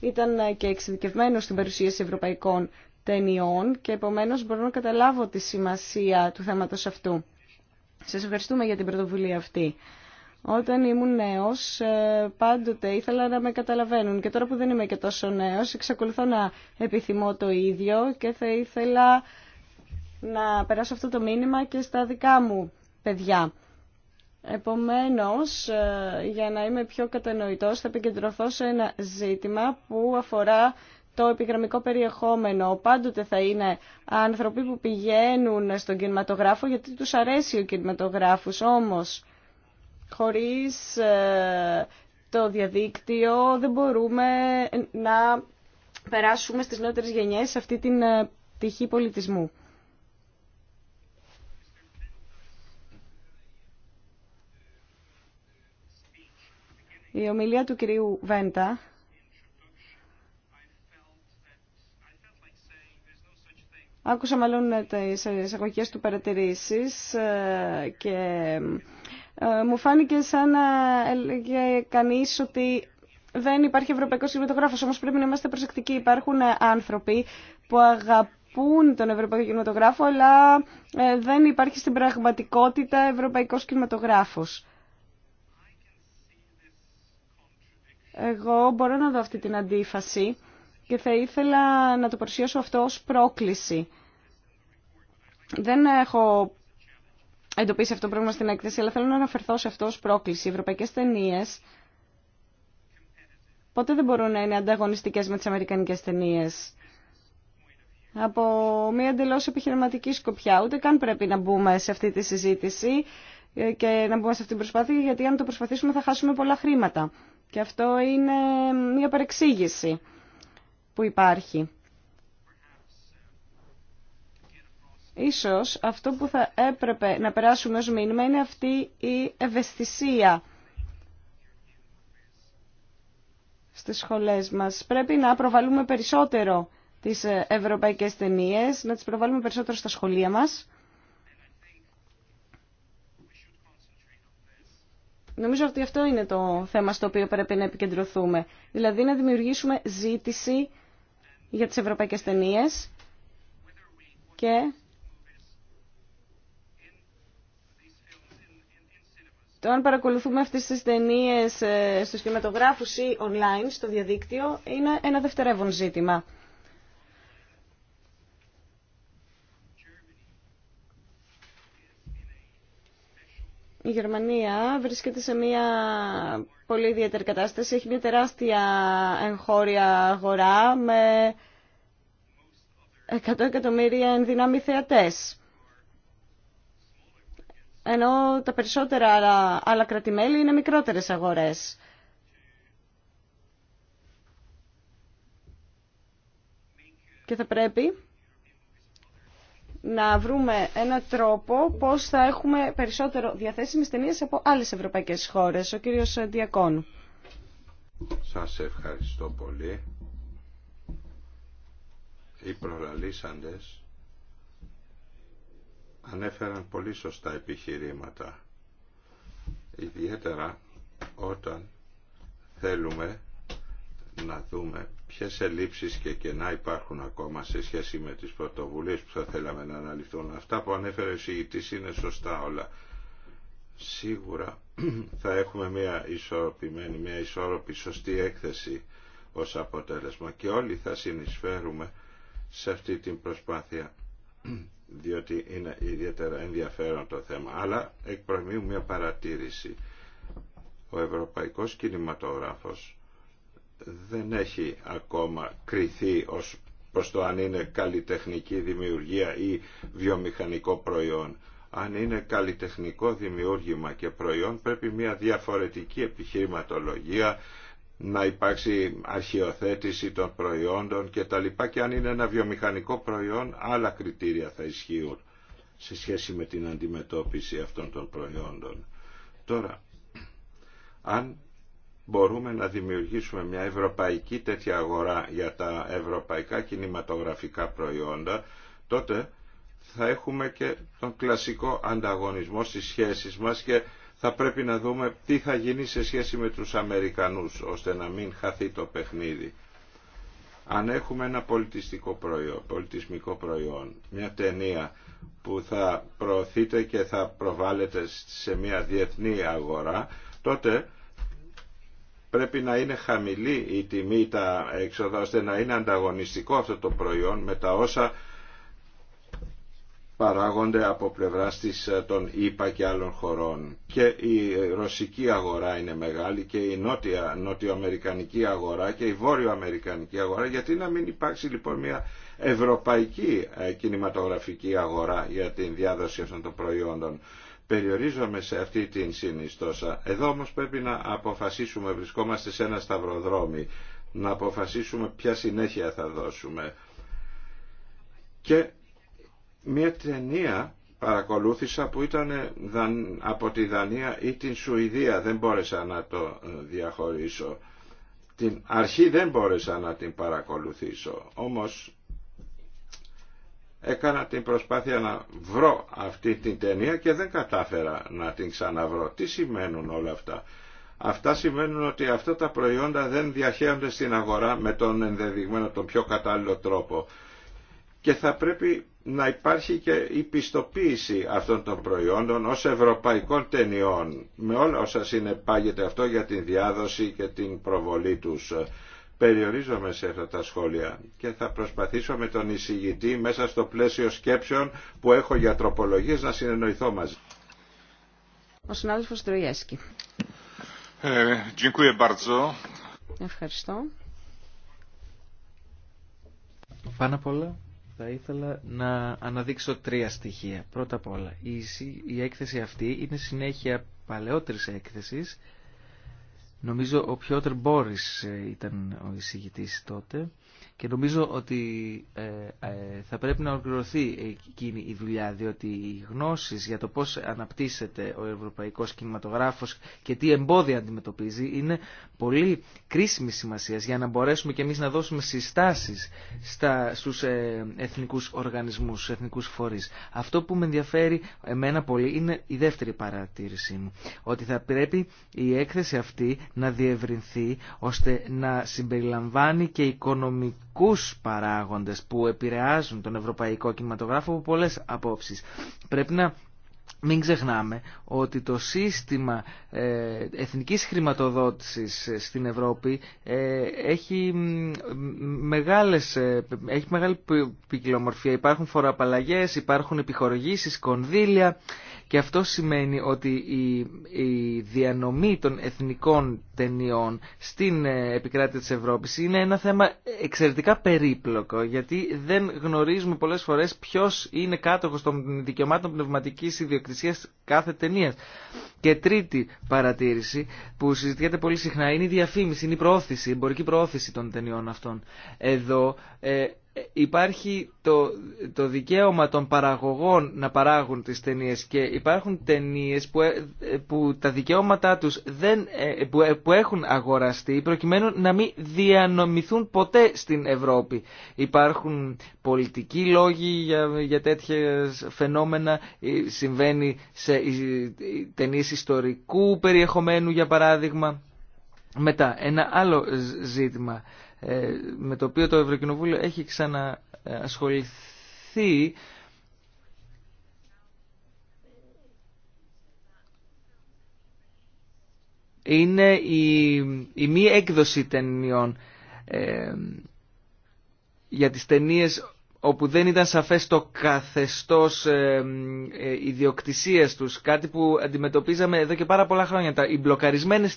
ήταν και εξειδικευμένο στην παρουσίαση ευρωπαϊκών ταινιών και επομένως μπορώ να καταλάβω τη σημασία του θέματος αυτού. Σας ευχαριστούμε για την πρωτοβουλία αυτή. Όταν ήμουν νέος ε, πάντοτε ήθελα να με καταλαβαίνουν και τώρα που δεν είμαι και τόσο νέος εξακολουθώ να επιθυμώ το ίδιο και θα ήθελα να περάσω αυτό το μήνυμα και στα δικά μου παιδιά. Επομένως, ε, για να είμαι πιο κατανοητός, θα επικεντρωθώ σε ένα ζήτημα που αφορά το επιγραμμικό περιεχόμενο. Πάντοτε θα είναι άνθρωποι που πηγαίνουν στον κινηματογράφο γιατί τους αρέσει ο κινηματογράφος. Όμως, Χωρίς ε, το διαδίκτυο δεν μπορούμε να περάσουμε στις νεότερες γενιές αυτή την ε, πτυχή πολιτισμού. Η ομιλία του κυρίου Βέντα Άκουσα μάλλον τις εισαγωγικές του παρατηρήσεις ε, και ε, μου φάνηκε σαν να έλεγε κανείς ότι δεν υπάρχει ευρωπαϊκό κινηματογράφο, όμω πρέπει να είμαστε προσεκτικοί. Υπάρχουν άνθρωποι που αγαπούν τον ευρωπαϊκό κινηματογράφο, αλλά ε, δεν υπάρχει στην πραγματικότητα ευρωπαϊκό κινηματογράφο. Εγώ μπορώ να δω αυτή την αντίφαση και θα ήθελα να το παρουσιάσω αυτό ως πρόκληση. Δεν έχω εντοπίσει αυτό το πρόβλημα στην έκθεση, αλλά θέλω να αναφερθώ σε αυτό ω πρόκληση. Οι Ευρωπαϊκέ ταινίε ποτέ δεν μπορούν να είναι ανταγωνιστικέ με τι αμερικανικέ ταινίε. Από μια εντελώ επιχειρηματική σκοπιά, ούτε καν πρέπει να μπούμε σε αυτή τη συζήτηση και να μπούμε σε αυτή την προσπάθεια, γιατί αν το προσπαθήσουμε θα χάσουμε πολλά χρήματα. Και αυτό είναι μια παρεξήγηση που υπάρχει. Ίσως αυτό που θα έπρεπε να περάσουμε ως μήνυμα είναι αυτή η ευαισθησία στις σχολές μας. Πρέπει να προβαλούμε περισσότερο τις ευρωπαϊκές ταινίε, να τις προβάλλουμε περισσότερο στα σχολεία μας. Νομίζω ότι αυτό είναι το θέμα στο οποίο πρέπει να επικεντρωθούμε. Δηλαδή να δημιουργήσουμε ζήτηση για τις ευρωπαϊκές ταινίε και Το αν παρακολουθούμε αυτές τις ταινίε ε, στους κινηματογράφους ή online, στο διαδίκτυο, είναι ένα δευτερεύον ζήτημα. Η Γερμανία βρίσκεται σε μια πολύ ιδιαίτερη κατάσταση. Έχει μια τεράστια εγχώρια αγορά με 100 εκατομμύρια ενδυνάμοι θεατές ενώ τα περισσότερα άλλα, άλλα κρατημέλη είναι μικρότερες αγορές. Και θα πρέπει να βρούμε ένα τρόπο πώς θα έχουμε περισσότερο διαθέσιμες ταινίες από άλλες ευρωπαϊκές χώρες. Ο κύριος Διακόν. Σας ευχαριστώ πολύ. Οι προλαλήσαντες ανέφεραν πολύ σωστά επιχειρήματα. Ιδιαίτερα όταν θέλουμε να δούμε ποιες ελλείψεις και κενά υπάρχουν ακόμα σε σχέση με τις πρωτοβουλίες που θα θέλαμε να αναλυθούν. Αυτά που ανέφερε ο εισηγητής είναι σωστά όλα. Σίγουρα θα έχουμε μια ισορροπημένη, μια ισόρροπη σωστή έκθεση ως αποτέλεσμα και όλοι θα συνεισφέρουμε σε αυτή την προσπάθεια διότι είναι ιδιαίτερα ενδιαφέρον το θέμα. Αλλά εκ μια παρατήρηση. Ο ευρωπαϊκός κινηματογράφος δεν έχει ακόμα κριθεί ως προς το αν είναι καλλιτεχνική δημιουργία ή βιομηχανικό προϊόν. Αν είναι καλλιτεχνικό δημιούργημα και προϊόν πρέπει μια διαφορετική επιχειρηματολογία να υπάρξει αρχιοθέτηση των προϊόντων και τα λοιπά και αν είναι ένα βιομηχανικό προϊόν άλλα κριτήρια θα ισχύουν σε σχέση με την αντιμετώπιση αυτών των προϊόντων. Τώρα, αν μπορούμε να δημιουργήσουμε μια ευρωπαϊκή τέτοια αγορά για τα ευρωπαϊκά κινηματογραφικά προϊόντα, τότε θα έχουμε και τον κλασικό ανταγωνισμό στις σχέσεις μας θα πρέπει να δούμε τι θα γίνει σε σχέση με τους Αμερικανούς ώστε να μην χαθεί το παιχνίδι. Αν έχουμε ένα πολιτιστικό προϊόν, πολιτισμικό προϊόν, μια ταινία που θα προωθείται και θα προβάλλεται σε μια διεθνή αγορά, τότε πρέπει να είναι χαμηλή η τιμή τα έξοδα ώστε να είναι ανταγωνιστικό αυτό το προϊόν με τα όσα παράγονται από πλευρά της, ε, των ΙΠΑ και άλλων χωρών. Και η ε, ρωσική αγορά είναι μεγάλη και η νότια, νοτιοαμερικανική αγορά και η βόρειοαμερικανική αμερικανικη αγορά. Γιατί να μην υπάρξει λοιπόν μια ευρωπαϊκή ε, κινηματογραφική αγορά για την διάδοση αυτών των προϊόντων. Περιορίζομαι σε αυτή την συνιστόσα. Εδώ όμως πρέπει να αποφασίσουμε, βρισκόμαστε σε ένα σταυροδρόμι, να αποφασίσουμε ποια συνέχεια θα δώσουμε. Και Μία ταινία παρακολούθησα που ήταν από τη Δανία ή την Σουηδία. Δεν μπόρεσα να το ε, διαχωρίσω. Την αρχή δεν μπόρεσα να την παρακολουθήσω. Όμως έκανα την προσπάθεια να βρω αυτή την ταινία και δεν κατάφερα να την ξαναβρω. Τι σημαίνουν όλα αυτά. Αυτά σημαίνουν ότι αυτά τα προϊόντα δεν διαχέονται στην αγορά με τον ενδεδειγμένο, τον πιο κατάλληλο τρόπο και θα πρέπει να υπάρχει και η πιστοποίηση αυτών των προϊόντων ως ευρωπαϊκών ταινιών με όλα όσα συνεπάγεται αυτό για την διάδοση και την προβολή τους. Περιορίζομαι σε αυτά τα σχόλια και θα προσπαθήσω με τον εισηγητή μέσα στο πλαίσιο σκέψεων που έχω για τροπολογίες να συνεννοηθώ μαζί. Ο συνάδελφος Τροιέσκη. Ε, Ευχαριστώ. Πάνω απ' θα ήθελα να αναδείξω τρία στοιχεία. Πρώτα απ' όλα, η έκθεση αυτή είναι συνέχεια παλαιότερης έκθεσης. Νομίζω ο Πιότερ Μπόρις ε, ήταν ο εισηγητής τότε και νομίζω ότι ε, ε, θα πρέπει να ολοκληρωθεί εκείνη η δουλειά, διότι οι γνώσεις για το πώς αναπτύσσεται ο ευρωπαϊκός κινηματογράφος και τι εμπόδια αντιμετωπίζει είναι πολύ κρίσιμη σημασία για να μπορέσουμε και εμείς να δώσουμε συστάσεις στα, στους ε, εθνικούς οργανισμούς, στους εθνικούς φορείς. Αυτό που με ενδιαφέρει εμένα πολύ είναι η δεύτερη παρατήρησή μου, ότι θα πρέπει η έκθεση αυτή να διευρυνθεί ώστε να συμπεριλαμβάνει και οικονομικά κοινωνικούς παράγοντες που επηρεάζουν τον ευρωπαϊκό κινηματογράφο από πολλές απόψεις. Πρέπει να μην ξεχνάμε ότι το σύστημα ε, εθνικής χρηματοδότησης ε, στην Ευρώπη ε, έχει, μεγάλες, έχει μεγάλη ποικιλομορφία. Υπάρχουν φοροαπαλλαγές, υπάρχουν επιχορηγήσεις, κονδύλια και αυτό σημαίνει ότι η, διανομή των εθνικών ταινιών στην επικράτεια της Ευρώπης είναι ένα θέμα εξαιρετικά περίπλοκο γιατί δεν γνωρίζουμε πολλές φορές ποιος είναι κάτοχος των δικαιωμάτων πνευματικής ιδιοκτησίας κάθε ταινίας. Και τρίτη, παρατήρηση που συζητιέται πολύ συχνά είναι η διαφήμιση, είναι η προώθηση, η εμπορική προώθηση των ταινιών αυτών. Εδώ ε, υπάρχει το, το δικαίωμα των παραγωγών να παράγουν τις ταινίες και υπάρχουν ταινίες που, ε, τα δικαιώματά τους δεν, ε, ε, που, έχουν αγοραστεί προκειμένου να μην διανομηθούν ποτέ στην Ευρώπη. Υπάρχουν πολιτικοί λόγοι για, για τέτοια φαινόμενα, συμβαίνει σε ταινίες ιστορικού περιεχομένου για παράδειγμα. Μετά, ένα άλλο ζήτημα ε, με το οποίο το Ευρωκοινοβούλιο έχει ξαναασχοληθεί είναι η, η μη έκδοση ταινιών. Ε, για τις ταινίες όπου δεν ήταν σαφές το καθεστώς ε, ε, ιδιοκτησίας τους, κάτι που αντιμετωπίζαμε εδώ και πάρα πολλά χρόνια, τα, οι μπλοκαρισμένες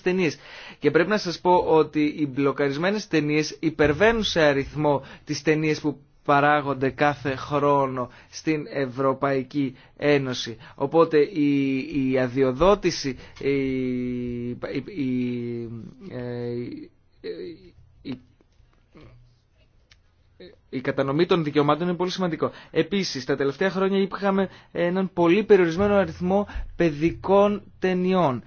Και πρέπει να σας πω ότι οι μπλοκαρισμένες ταινίε υπερβαίνουν σε αριθμό τις ταινίε που παράγονται κάθε χρόνο στην Ευρωπαϊκή Ένωση. Οπότε η, η αδειοδότηση, η, η, η ε, η κατανομή των δικαιωμάτων είναι πολύ σημαντικό. Επίσης, τα τελευταία χρόνια είχαμε έναν πολύ περιορισμένο αριθμό παιδικών ταινιών.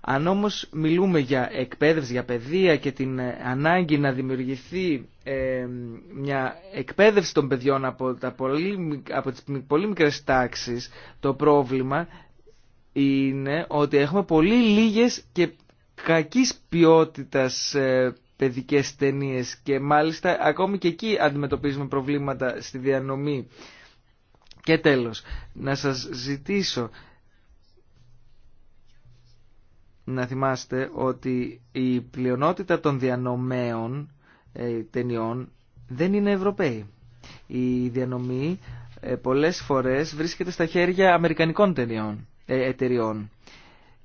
Αν όμως μιλούμε για εκπαίδευση, για παιδεία και την ε, ανάγκη να δημιουργηθεί ε, μια εκπαίδευση των παιδιών από, τα πολύ, από τις πολύ μικρές τάξεις, το πρόβλημα είναι ότι έχουμε πολύ λίγες και κακής ποιότητας ε, παιδικές ταινίε και μάλιστα ακόμη και εκεί αντιμετωπίζουμε προβλήματα στη διανομή. Και τέλος, να σας ζητήσω να θυμάστε ότι η πλειονότητα των διανομέων ε, ταινιών δεν είναι Ευρωπαίοι. Η διανομή ε, πολλές φορές βρίσκεται στα χέρια Αμερικανικών ταινιών, ε, εταιριών.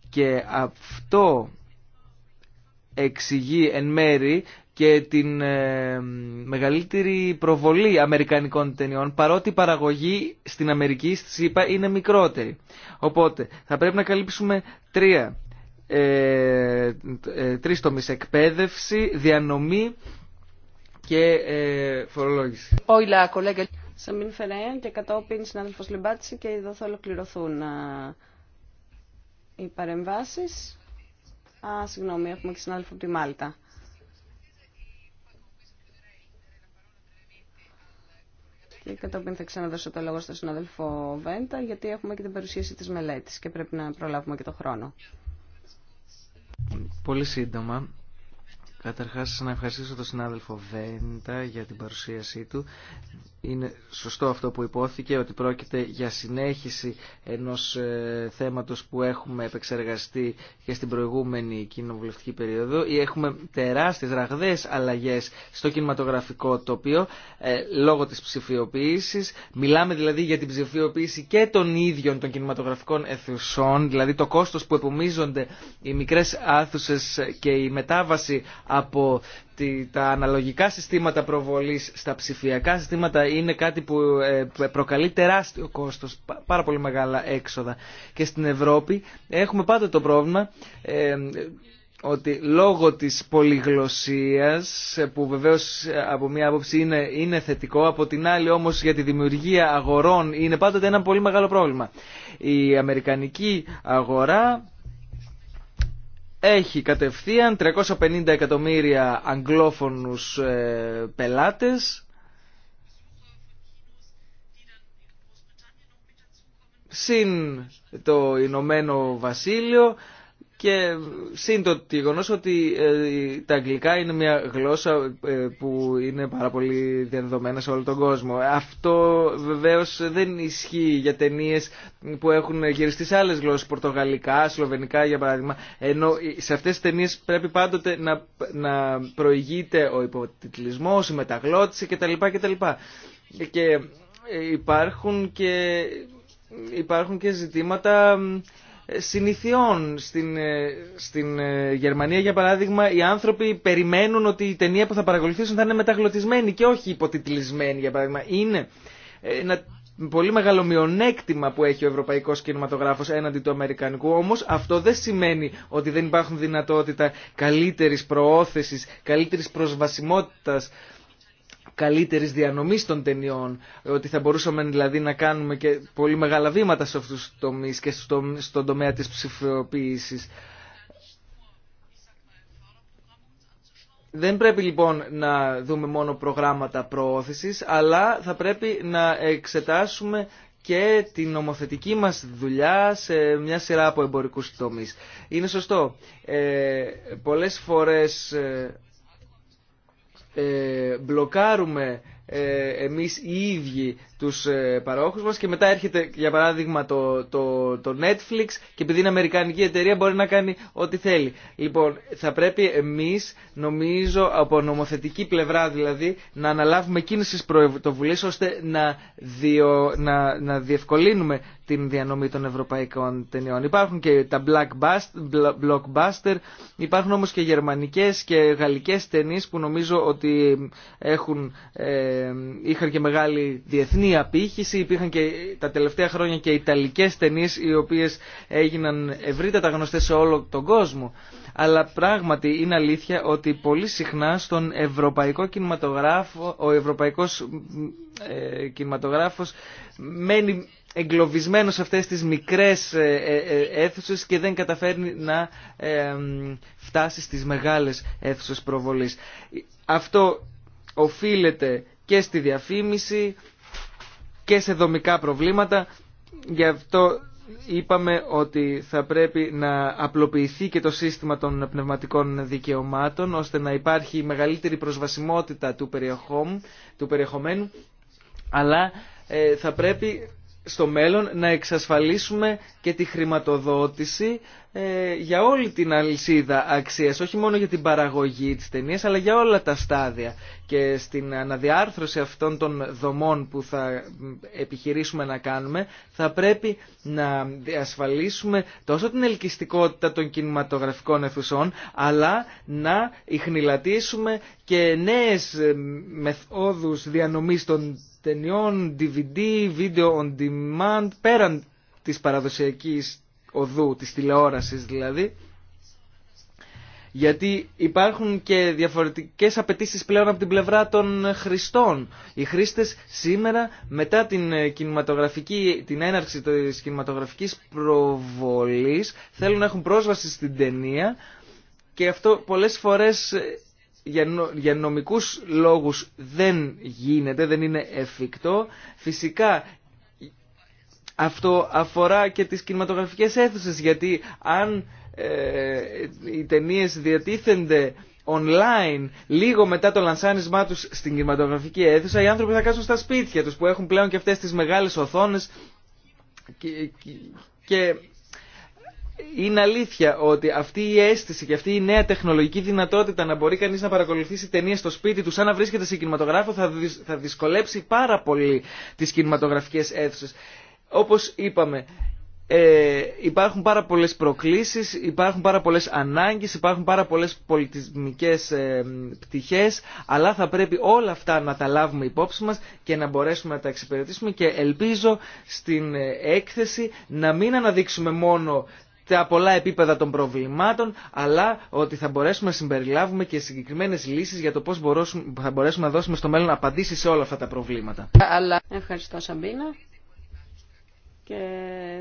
Και αυτό εξηγεί εν μέρη και την ε, μεγαλύτερη προβολή αμερικανικών ταινιών παρότι η παραγωγή στην Αμερική, στις ΗΠΑ είναι μικρότερη. Οπότε θα πρέπει να καλύψουμε τρία. Ε, ε τρεις τομείς εκπαίδευση, διανομή και ε, φορολόγηση. Όλα, κολέγγε. Σαμίν και κατόπιν συνάδελφος Λιμπάτση και εδώ θα ολοκληρωθούν ε, οι παρεμβάσεις. Α, συγγνώμη, έχουμε και συνάδελφο από τη Μάλτα. Και κατόπιν θα ξαναδώσω το λόγο στο συνάδελφο Βέντα, γιατί έχουμε και την παρουσίαση της μελέτης και πρέπει να προλάβουμε και το χρόνο. Πολύ σύντομα. Καταρχάς, να ευχαριστήσω τον συνάδελφο Βέντα για την παρουσίασή του. Είναι σωστό αυτό που υπόθηκε ότι πρόκειται για συνέχιση ενός ε, θέματος που έχουμε επεξεργαστεί και στην προηγούμενη κοινοβουλευτική περίοδο ή έχουμε τεράστιες ραγδαίες αλλαγές στο κινηματογραφικό τοπίο ε, λόγω της ψηφιοποίησης. Μιλάμε δηλαδή για την ψηφιοποίηση και των ίδιων των κινηματογραφικών αιθουσών, δηλαδή το κόστος που επομίζονται οι μικρές άθουσες και η μετάβαση από τα αναλογικά συστήματα προβολής στα ψηφιακά συστήματα είναι κάτι που ε, προκαλεί τεράστιο κόστος, πάρα πολύ μεγάλα έξοδα. Και στην Ευρώπη έχουμε πάντα το πρόβλημα ε, ότι λόγω της πολυγλωσσίας, που βεβαίως ε, από μία άποψη είναι, είναι θετικό, από την άλλη όμως για τη δημιουργία αγορών είναι πάντοτε ένα πολύ μεγάλο πρόβλημα. Η αμερικανική αγορά έχει κατευθείαν 350 εκατομμύρια αγγλόφωνους ε, πελάτες συν το Ηνωμένο Βασίλειο και σύντοτι το γεγονό ότι ε, τα αγγλικά είναι μια γλώσσα ε, που είναι πάρα πολύ διαδεδομένα σε όλο τον κόσμο. Αυτό βεβαίω δεν ισχύει για ταινίε που έχουν γυριστεί σε άλλε γλώσσε, πορτογαλικά, σλοβενικά για παράδειγμα. Ενώ σε αυτέ τι ταινίε πρέπει πάντοτε να, να προηγείται ο υποτιτλισμό, η μεταγλώτηση κτλ. κτλ. Και υπάρχουν και, υπάρχουν και ζητήματα συνηθιών. Στην, ε, στην ε, Γερμανία, για παράδειγμα, οι άνθρωποι περιμένουν ότι η ταινία που θα παρακολουθήσουν θα είναι μεταγλωτισμένη και όχι υποτιτλισμένη, για παράδειγμα. Είναι ε, ένα πολύ μεγάλο μειονέκτημα που έχει ο ευρωπαϊκός κινηματογράφος έναντι του αμερικανικού. Όμως αυτό δεν σημαίνει ότι δεν υπάρχουν δυνατότητα καλύτερης προώθησης, καλύτερης προσβασιμότητας καλύτερης διανομής των ταινιών, ότι θα μπορούσαμε δηλαδή να κάνουμε και πολύ μεγάλα βήματα σε αυτούς τους τομείς και στον τομέα της ψηφιοποίησης. Δεν πρέπει λοιπόν να δούμε μόνο προγράμματα προώθησης, αλλά θα πρέπει να εξετάσουμε και την νομοθετική μας δουλειά σε μια σειρά από εμπορικούς τομείς. Είναι σωστό. Ε, πολλές φορές ε, ε, μπλοκάρουμε ε, εμείς οι ίδιοι του ε, παρόχους μας και μετά έρχεται για παράδειγμα το, το, το Netflix και επειδή είναι αμερικανική εταιρεία μπορεί να κάνει ό,τι θέλει. Λοιπόν, θα πρέπει εμεί νομίζω από νομοθετική πλευρά δηλαδή να αναλάβουμε κίνηση τι ώστε να, διο, να, να διευκολύνουμε την διανομή των ευρωπαϊκών ταινιών. Υπάρχουν και τα blockbuster, υπάρχουν όμως και γερμανικές και γαλλικές ταινίες που νομίζω ότι έχουν, ε, είχαν και μεγάλη διεθνή κοινή απήχηση. Υπήρχαν και τα τελευταία χρόνια και Ιταλικέ ταινίε οι οποίε έγιναν ευρύτατα γνωστέ σε όλο τον κόσμο. Αλλά πράγματι είναι αλήθεια ότι πολύ συχνά στον ευρωπαϊκό κινηματογράφο, ο Ευρωπαϊκό ε, κινηματογράφος μένει εγκλωβισμένο σε αυτές τις μικρές ε, ε, ε, αίθουσες και δεν καταφέρνει να φτάσει στις μεγάλες αίθουσε προβολής. Αυτό οφείλεται και στη διαφήμιση και σε δομικά προβλήματα. Γι' αυτό είπαμε ότι θα πρέπει να απλοποιηθεί και το σύστημα των πνευματικών δικαιωμάτων ώστε να υπάρχει μεγαλύτερη προσβασιμότητα του, περιεχομένου αλλά ε, θα πρέπει στο μέλλον να εξασφαλίσουμε και τη χρηματοδότηση ε, για όλη την αλυσίδα αξίας, όχι μόνο για την παραγωγή της ταινίας, αλλά για όλα τα στάδια. Και στην αναδιάρθρωση αυτών των δομών που θα επιχειρήσουμε να κάνουμε, θα πρέπει να διασφαλίσουμε τόσο την ελκυστικότητα των κινηματογραφικών αιθουσών, αλλά να ιχνηλατήσουμε και νέες μεθόδους διανομής των ταινιών, DVD, video on demand, πέραν της παραδοσιακής οδού, της τηλεόρασης δηλαδή. Γιατί υπάρχουν και διαφορετικές απαιτήσεις πλέον από την πλευρά των χρηστών. Οι χρήστες σήμερα μετά την, κινηματογραφική, την έναρξη της κινηματογραφικής προβολής θέλουν να έχουν πρόσβαση στην ταινία και αυτό πολλές φορές για νομικούς λόγους δεν γίνεται, δεν είναι εφικτό. Φυσικά αυτό αφορά και τις κινηματογραφικές αίθουσες γιατί αν ε, οι ταινίες διατίθενται online λίγο μετά το λανσάνισμά τους στην κινηματογραφική αίθουσα οι άνθρωποι θα κάτσουν στα σπίτια τους που έχουν πλέον και αυτές τις μεγάλες οθόνες και, και, είναι αλήθεια ότι αυτή η αίσθηση και αυτή η νέα τεχνολογική δυνατότητα να μπορεί κανείς να παρακολουθήσει ταινίες στο σπίτι του σαν να βρίσκεται σε κινηματογράφο θα, θα δυσκολέψει πάρα πολύ τις κινηματογραφικές αίθουσες. Όπως είπαμε, ε, υπάρχουν πάρα πολλές προκλήσεις, υπάρχουν πάρα πολλές ανάγκες, υπάρχουν πάρα πολλές πολιτισμικές ε, πτυχές αλλά θα πρέπει όλα αυτά να τα λάβουμε υπόψη μας και να μπορέσουμε να τα εξυπηρετήσουμε και ελπίζω στην ε, έκθεση να μην αναδείξουμε μόνο τα πολλά επίπεδα των προβλημάτων, αλλά ότι θα μπορέσουμε να συμπεριλάβουμε και συγκεκριμένες λύσεις για το πώ θα μπορέσουμε να δώσουμε στο μέλλον απαντήσεις σε όλα αυτά τα προβλήματα. Ευχαριστώ Σαμπίνα. Και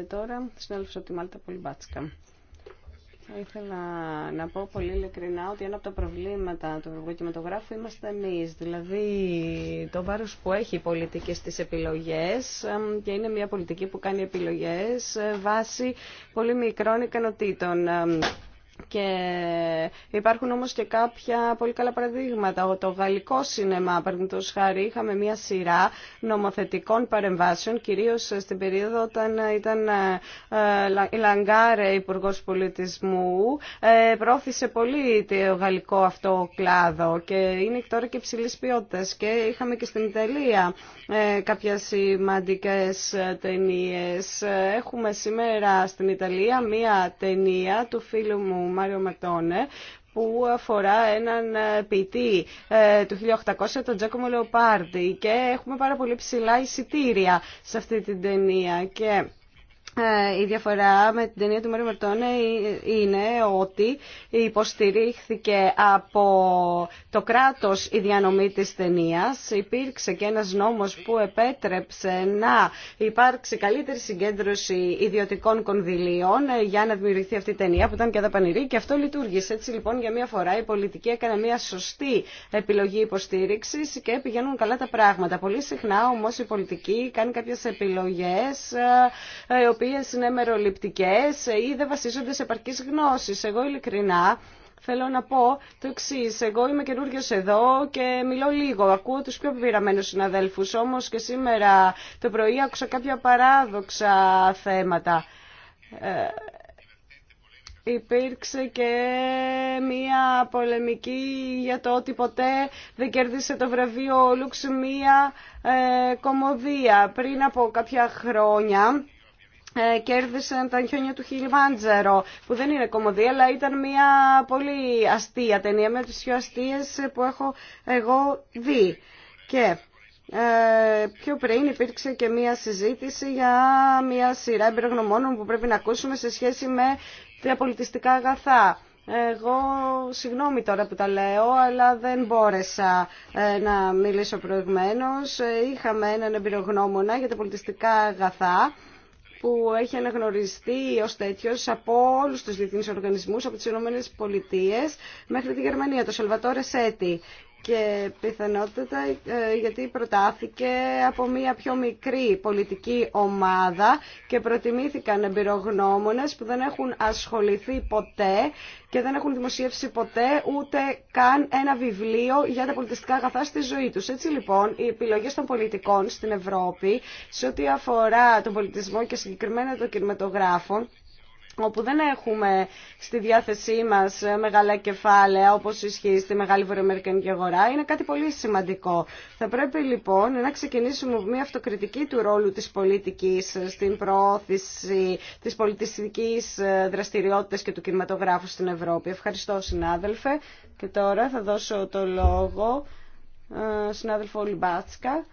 τώρα συνάδελφο από τη Μάλτα Πολυμπάτσικα. Θα ήθελα να πω πολύ ειλικρινά ότι ένα από τα προβλήματα του Ευρωπαϊκού είμαστε εμεί. Δηλαδή το βάρο που έχει η πολιτική στι επιλογέ και είναι μια πολιτική που κάνει επιλογέ ε, βάσει πολύ μικρών ικανοτήτων. Και υπάρχουν όμως και κάποια πολύ καλά παραδείγματα. Το γαλλικό σινεμά, παραδείγματος χάρη, είχαμε μια σειρά νομοθετικών παρεμβάσεων, κυρίως στην περίοδο όταν ήταν ε, η Λαγκάρε υπουργό πολιτισμού, ε, πρόθυσε πολύ το γαλλικό αυτό κλάδο και είναι τώρα και υψηλή ποιότητα. Και είχαμε και στην Ιταλία ε, κάποια σημαντικέ ταινίε. Έχουμε σήμερα στην Ιταλία μια ταινία του φίλου μου Μάριο Ματώνε που αφορά έναν ποιητή ε, του 1800, τον Τζέκομο Λεοπάρντι και έχουμε πάρα πολύ ψηλά εισιτήρια σε αυτή την ταινία και ε, η διαφορά με την ταινία του Μαριο Μερτώνε ε, είναι ότι υποστηρίχθηκε από το κράτος η διανομή της ταινία. Υπήρξε και ένας νόμος που επέτρεψε να υπάρξει καλύτερη συγκέντρωση ιδιωτικών κονδυλίων ε, για να δημιουργηθεί αυτή η ταινία που ήταν και δαπανηρή και αυτό λειτουργήσε. Έτσι λοιπόν για μια φορά η πολιτική έκανε μια σωστή επιλογή υποστήριξης και πηγαίνουν καλά τα πράγματα. Πολύ συχνά όμως η πολιτική κάνει κάποιες επιλογές οποίε είναι μεροληπτικέ ή δεν βασίζονται σε επαρκή γνώση. Εγώ ειλικρινά θέλω να πω το εξή. Εγώ είμαι καινούριο εδώ και μιλώ λίγο. Ακούω του πιο πειραμένου συναδέλφου. Όμω και σήμερα το πρωί άκουσα κάποια παράδοξα θέματα. Ε, υπήρξε και μία πολεμική για το ότι ποτέ δεν κέρδισε το βραβείο Λουξ μία ε, κομμωδία. Πριν από κάποια χρόνια ε, κέρδισαν τα χιόνια του Χιλιμάντζερο, που δεν είναι κομμωδία, αλλά ήταν μια πολύ αστεία ταινία, με τις πιο αστείες που έχω εγώ δει. Και ε, πιο πριν υπήρξε και μία συζήτηση για μία σειρά εμπειρογνωμόνων που πρέπει να ακούσουμε σε σχέση με τα πολιτιστικά αγαθά. Εγώ, συγγνώμη τώρα που τα λέω, αλλά δεν μπόρεσα ε, να μιλήσω προηγουμένως. Είχαμε έναν εμπειρογνώμονα για τα πολιτιστικά αγαθά που έχει αναγνωριστεί ω τέτοιο από όλους τους διεθνεί οργανισμούς, από τι Ηνωμένες Πολιτείες μέχρι τη Γερμανία, το Σαλβατόρε Σέτι και πιθανότητα ε, γιατί προτάθηκε από μια πιο μικρή πολιτική ομάδα και προτιμήθηκαν εμπειρογνώμονες που δεν έχουν ασχοληθεί ποτέ και δεν έχουν δημοσιεύσει ποτέ ούτε καν ένα βιβλίο για τα πολιτιστικά αγαθά στη ζωή τους. Έτσι λοιπόν οι επιλογές των πολιτικών στην Ευρώπη σε ό,τι αφορά τον πολιτισμό και συγκεκριμένα των κινηματογράφων όπου δεν έχουμε στη διάθεσή μας μεγάλα κεφάλαια όπως ισχύει στη Μεγάλη Βορειοαμερικανική αγορά είναι κάτι πολύ σημαντικό. Θα πρέπει λοιπόν να ξεκινήσουμε μια αυτοκριτική του ρόλου της πολιτικής στην προώθηση της πολιτιστικής δραστηριότητας και του κινηματογράφου στην Ευρώπη. Ευχαριστώ συνάδελφε και τώρα θα δώσω το λόγο ε, συνάδελφο Λιμπάτσκα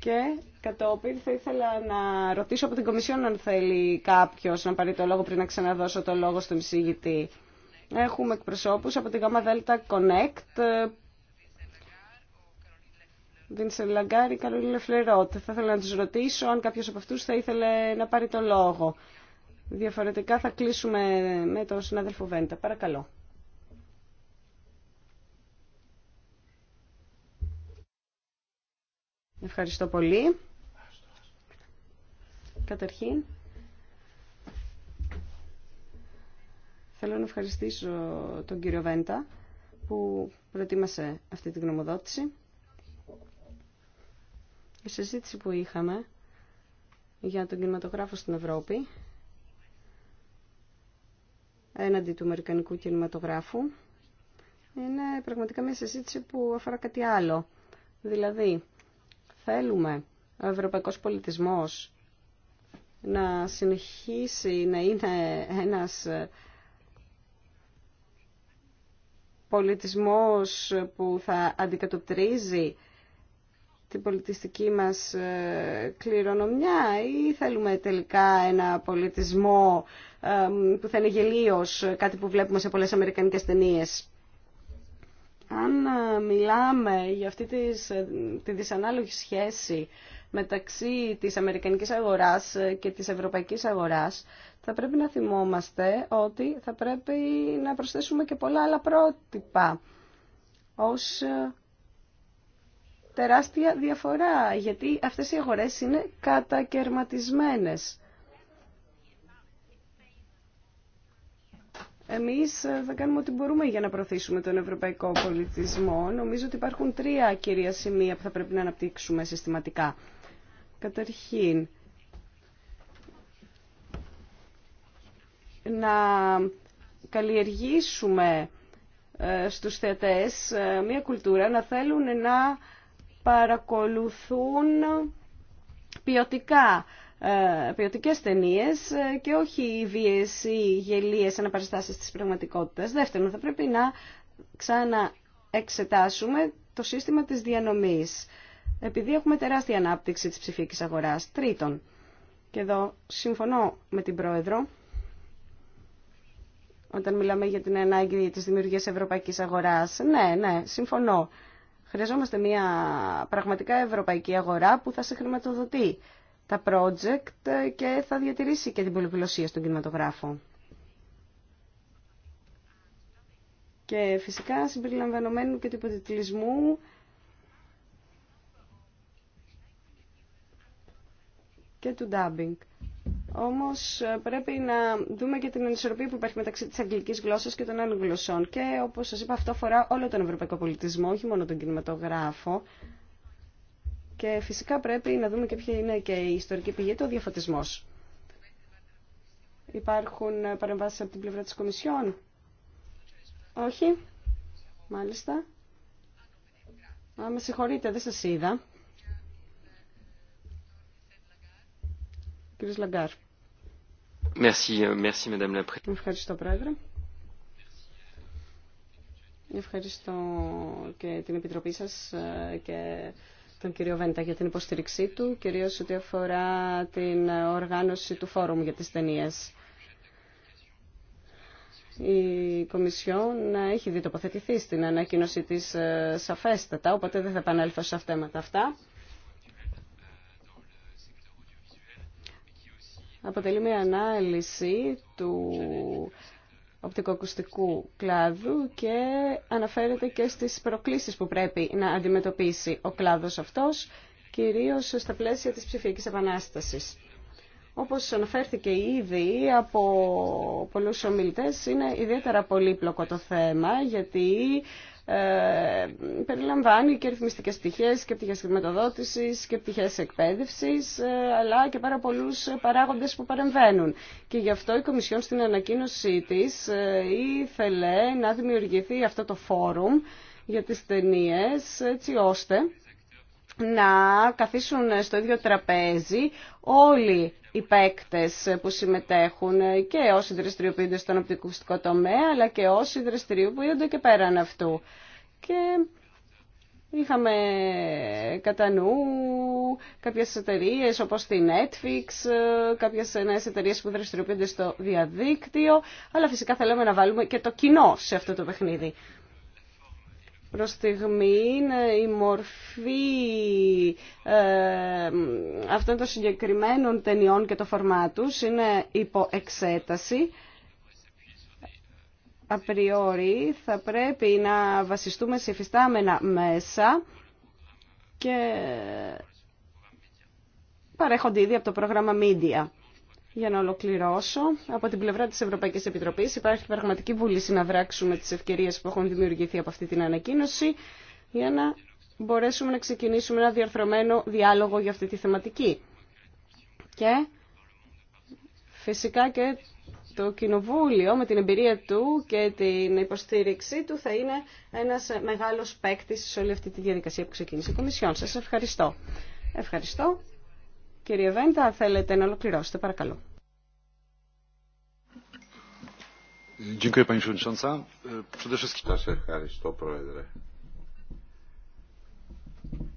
και κατόπιν θα ήθελα να ρωτήσω από την Κομισιόν αν θέλει κάποιο να πάρει το λόγο πριν να ξαναδώσω το λόγο στον εισηγητή. Έχουμε εκπροσώπους από την ΓΑΜΑ ΔΕΛΤΑ Connect, την Λαγκάρη, Καρολίλα Λεφλερότ. Θα ήθελα να τους ρωτήσω αν κάποιος από αυτούς θα ήθελε να πάρει το λόγο. Διαφορετικά θα κλείσουμε με τον συνάδελφο Βέντα. Παρακαλώ. Ευχαριστώ πολύ. Καταρχήν, θέλω να ευχαριστήσω τον κύριο Βέντα που προετοίμασε αυτή την γνωμοδότηση. Η συζήτηση που είχαμε για τον κινηματογράφο στην Ευρώπη έναντι του Αμερικανικού κινηματογράφου είναι πραγματικά μια συζήτηση που αφορά κάτι άλλο. Δηλαδή, θέλουμε ο ευρωπαϊκός πολιτισμός να συνεχίσει να είναι ένας πολιτισμός που θα αντικατοπτρίζει την πολιτιστική μας ε, κληρονομιά ή θέλουμε τελικά ένα πολιτισμό ε, που θα είναι γελίος, κάτι που βλέπουμε σε πολλές αμερικανικές ταινίες. Αν ε, μιλάμε για αυτή ε, τη δυσανάλογη σχέση μεταξύ της Αμερικανικής αγοράς ε, και της Ευρωπαϊκής αγοράς, θα πρέπει να θυμόμαστε ότι θα πρέπει να προσθέσουμε και πολλά άλλα πρότυπα ως τεράστια διαφορά, γιατί αυτές οι αγορές είναι κατακαιρματισμένες. Εμείς ε, θα κάνουμε ό,τι μπορούμε για να προωθήσουμε τον ευρωπαϊκό πολιτισμό. Νομίζω ότι υπάρχουν τρία κυρία σημεία που θα πρέπει να αναπτύξουμε συστηματικά. Καταρχήν, να καλλιεργήσουμε ε, στους θεατές ε, μια κουλτούρα να θέλουν να παρακολουθούν ποιοτικά ε, ποιοτικές ταινίε ε, και όχι βίαιες ή γελίες αναπαραστάσεις της πραγματικότητας. Δεύτερον, θα πρέπει να ξαναεξετάσουμε το σύστημα της διανομής, επειδή έχουμε τεράστια ανάπτυξη της ψηφιακή αγοράς. Τρίτον, και εδώ συμφωνώ με την Πρόεδρο, όταν μιλάμε για την ανάγκη της δημιουργίας ευρωπαϊκής αγοράς. Ναι, ναι, συμφωνώ. Χρειαζόμαστε μια πραγματικά ευρωπαϊκή αγορά που θα σε χρηματοδοτεί τα project και θα διατηρήσει και την πολυπλωσία στον κινηματογράφο. Και φυσικά συμπεριλαμβανομένου και του υποτιτλισμού και του dubbing. Όμως πρέπει να δούμε και την ανισορροπία που υπάρχει μεταξύ τη αγγλικής γλώσσα και των άλλων γλωσσών. Και όπως σας είπα αυτό αφορά όλο τον ευρωπαϊκό πολιτισμό, όχι μόνο τον κινηματογράφο. Και φυσικά πρέπει να δούμε και ποια είναι και η ιστορική πηγή του διαφωτισμό. Υπάρχουν παρεμβάσει από την πλευρά τη Κομισιόν. Όχι. Μάλιστα. Α, με συγχωρείτε, δεν σας είδα. Κύριος Λαγκάρ. Ευχαριστώ, Πρόεδρε. Ευχαριστώ και την Επιτροπή σας ε, και τον κύριο Βέντα για την υποστήριξή του, κυρίως ό,τι αφορά την οργάνωση του φόρουμ για τις ταινίε. Η Κομισιόν έχει δει τοποθετηθεί στην ανακοίνωση της ε, σαφέστατα, οπότε δεν θα επανέλθω σε αυτά τα αυτά. Αποτελεί μια ανάλυση του οπτικοακουστικού κλάδου και αναφέρεται και στις προκλήσεις που πρέπει να αντιμετωπίσει ο κλάδος αυτός, κυρίως στα πλαίσια της ψηφιακής επανάστασης. Όπως αναφέρθηκε ήδη από πολλούς ομιλητές, είναι ιδιαίτερα πολύπλοκο το θέμα, γιατί ε, περιλαμβάνει και ρυθμιστικές πτυχές και πτυχές χρηματοδότησης και πτυχές εκπαίδευσης ε, αλλά και πάρα πολλούς παράγοντες που παρεμβαίνουν. Και γι' αυτό η Κομισιόν στην ανακοίνωσή της ε, ήθελε να δημιουργηθεί αυτό το φόρουμ για τις ταινίε έτσι ώστε να καθίσουν στο ίδιο τραπέζι όλοι οι παίκτες που συμμετέχουν και όσοι δραστηριοποιούνται στον οπτικοφυστικό τομέα αλλά και όσοι δραστηριοποιούνται και πέραν αυτού. Και είχαμε κατά νου κάποιες εταιρείες όπως τη Netflix, κάποιες νέες εταιρείες που δραστηριοποιούνται στο διαδίκτυο, αλλά φυσικά θέλαμε να βάλουμε και το κοινό σε αυτό το παιχνίδι. Προς η μορφή ε, αυτών των συγκεκριμένων ταινιών και το φορμά τους είναι υπό εξέταση. Απριόρι θα πρέπει να βασιστούμε σε εφιστάμενα μέσα και παρέχονται ήδη από το πρόγραμμα Media. Για να ολοκληρώσω, από την πλευρά της Ευρωπαϊκής Επιτροπής υπάρχει πραγματική βούληση να βράξουμε τις ευκαιρίες που έχουν δημιουργηθεί από αυτή την ανακοίνωση για να μπορέσουμε να ξεκινήσουμε ένα διαρθρωμένο διάλογο για αυτή τη θεματική. Και φυσικά και το Κοινοβούλιο με την εμπειρία του και την υποστήριξή του θα είναι ένας μεγάλος παίκτη σε όλη αυτή τη διαδικασία που ξεκίνησε η Κομισιόν. Σας ευχαριστώ. Ευχαριστώ. Κύριε Βέντα, θέλετε να ολοκληρώσετε, παρακαλώ. E, Σας ευχαριστώ, Πρόεδρε.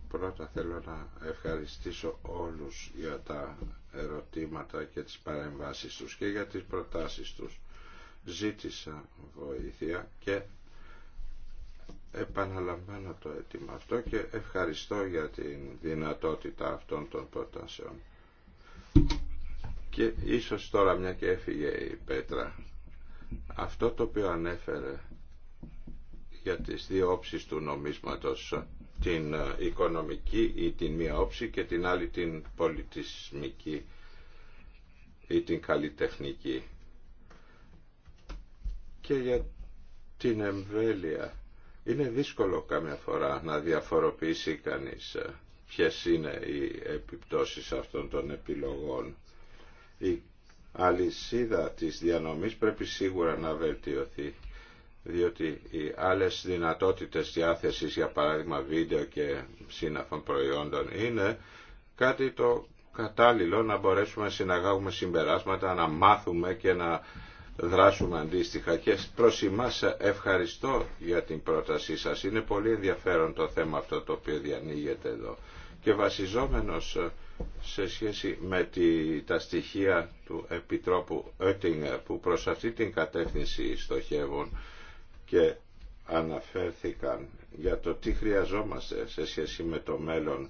Πρώτα θέλω να ευχαριστήσω όλους για τα ερωτήματα και τις παρεμβάσεις τους και για τις προτάσεις τους. Ζήτησα βοήθεια και Επαναλαμβάνω το αίτημα αυτό και ευχαριστώ για την δυνατότητα αυτών των προτάσεων. Και ίσως τώρα μια και έφυγε η Πέτρα. Αυτό το οποίο ανέφερε για τις δύο όψεις του νομίσματος, την οικονομική ή την μία όψη και την άλλη την πολιτισμική ή την καλλιτεχνική. Και για την εμβέλεια είναι δύσκολο καμιά φορά να διαφοροποιήσει κανείς ε, ποιες είναι οι επιπτώσεις αυτών των επιλογών. Η αλυσίδα της διανομής πρέπει σίγουρα να βελτιωθεί, διότι οι άλλες δυνατότητες διάθεσης, για παράδειγμα βίντεο και σύναφων προϊόντων, είναι κάτι το κατάλληλο να μπορέσουμε να συναγάγουμε συμπεράσματα, να μάθουμε και να δράσουμε αντίστοιχα και προς εμάς ευχαριστώ για την πρότασή σας. Είναι πολύ ενδιαφέρον το θέμα αυτό το οποίο διανοίγεται εδώ. Και βασιζόμενος σε σχέση με τη, τα στοιχεία του Επιτρόπου Oettinger που προς αυτή την κατεύθυνση στοχεύουν και αναφέρθηκαν για το τι χρειαζόμαστε σε σχέση με το μέλλον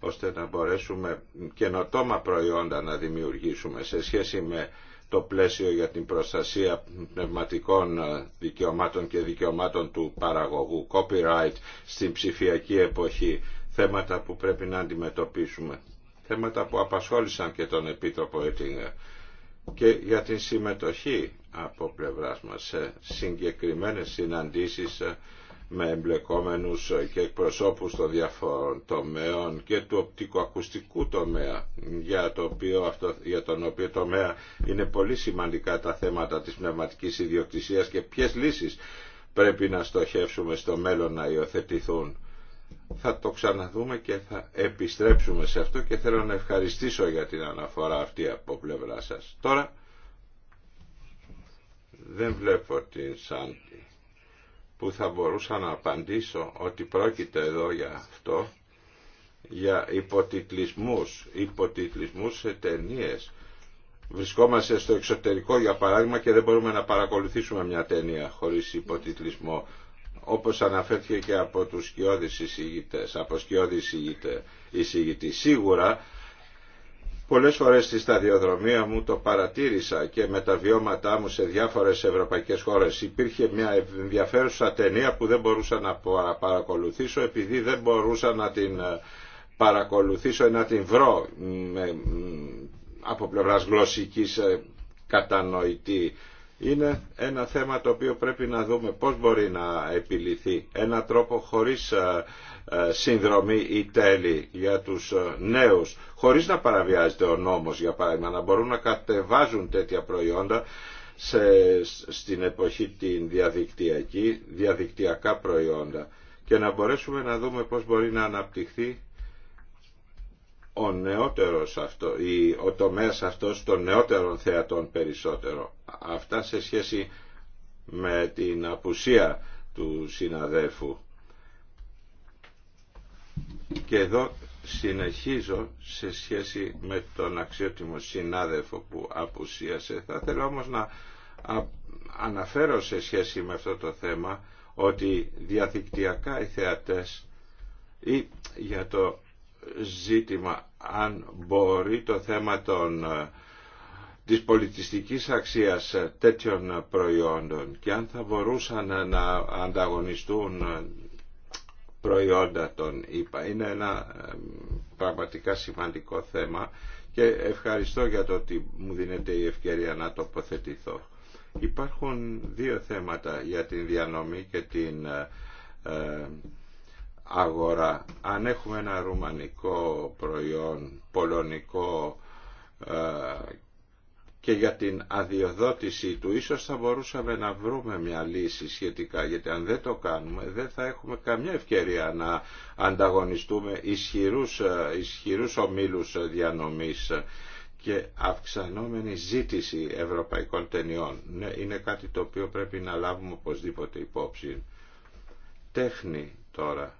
ώστε να μπορέσουμε καινοτόμα προϊόντα να δημιουργήσουμε σε σχέση με το πλαίσιο για την προστασία πνευματικών ε, δικαιωμάτων και δικαιωμάτων του παραγωγού, copyright στην ψηφιακή εποχή, θέματα που πρέπει να αντιμετωπίσουμε, θέματα που απασχόλησαν και τον Επίτροπο και για την συμμετοχή από πλευράς μας σε συγκεκριμένες συναντήσεις ε, με εμπλεκόμενους και εκπροσώπους των διαφορών τομέων και του οπτικοακουστικού τομέα για, το οποίο, αυτό, για τον οποίο τομέα είναι πολύ σημαντικά τα θέματα της πνευματικής ιδιοκτησίας και ποιες λύσεις πρέπει να στοχεύσουμε στο μέλλον να υιοθετηθούν. Θα το ξαναδούμε και θα επιστρέψουμε σε αυτό και θέλω να ευχαριστήσω για την αναφορά αυτή από πλευρά σας. Τώρα δεν βλέπω την Σάντι που θα μπορούσα να απαντήσω ότι πρόκειται εδώ για αυτό, για υποτιτλισμούς, υποτιτλισμούς σε ταινίε. Βρισκόμαστε στο εξωτερικό για παράδειγμα και δεν μπορούμε να παρακολουθήσουμε μια ταινία χωρίς υποτιτλισμό όπως αναφέρθηκε και από τους σκιώδεις εισηγητές, από σκιώδη εισηγητή. Σίγουρα Πολλές φορές στη σταδιοδρομία μου το παρατήρησα και με τα βιώματά μου σε διάφορες ευρωπαϊκές χώρες. Υπήρχε μια ενδιαφέρουσα ταινία που δεν μπορούσα να παρακολουθήσω επειδή δεν μπορούσα να την ε, παρακολουθήσω ή να την βρω από πλευράς γλωσσικής ε, κατανοητή. Είναι ένα θέμα το οποίο πρέπει να δούμε πώς μπορεί να επιληθεί. Ένα τρόπο χωρίς ε, ε, συνδρομή ή τέλη για τους ε, νέους χωρίς να παραβιάζεται ο νόμος για παράδειγμα να μπορούν να κατεβάζουν τέτοια προϊόντα σε, στην εποχή την διαδικτυακή, διαδικτυακά προϊόντα και να μπορέσουμε να δούμε πώς μπορεί να αναπτυχθεί ο νεότερος αυτό, η, ο τομέας αυτός των νεότερων θεατών περισσότερο. Αυτά σε σχέση με την απουσία του συναδέφου και εδώ συνεχίζω σε σχέση με τον αξιότιμο συνάδελφο που απουσίασε. Θα θέλω όμως να αναφέρω σε σχέση με αυτό το θέμα ότι διαδικτυακά οι θεατές ή για το ζήτημα αν μπορεί το θέμα των, ε, της πολιτιστικής αξίας τέτοιων προϊόντων και αν θα μπορούσαν να ανταγωνιστούν ε, προϊόντα των είπα, Είναι ένα πραγματικά σημαντικό θέμα και ευχαριστώ για το ότι μου δίνεται η ευκαιρία να τοποθετηθώ. Υπάρχουν δύο θέματα για την διανομή και την ε, ε, αγορά. Αν έχουμε ένα ρουμανικό προϊόν, πολωνικό ε, και για την αδειοδότησή του ίσως θα μπορούσαμε να βρούμε μια λύση σχετικά γιατί αν δεν το κάνουμε δεν θα έχουμε καμιά ευκαιρία να ανταγωνιστούμε ισχυρούς, ε, ισχυρούς ομίλους ε, διανομής ε, και αυξανόμενη ζήτηση ευρωπαϊκών ταινιών. Ναι, είναι κάτι το οποίο πρέπει να λάβουμε οπωσδήποτε υπόψη. Τέχνη τώρα,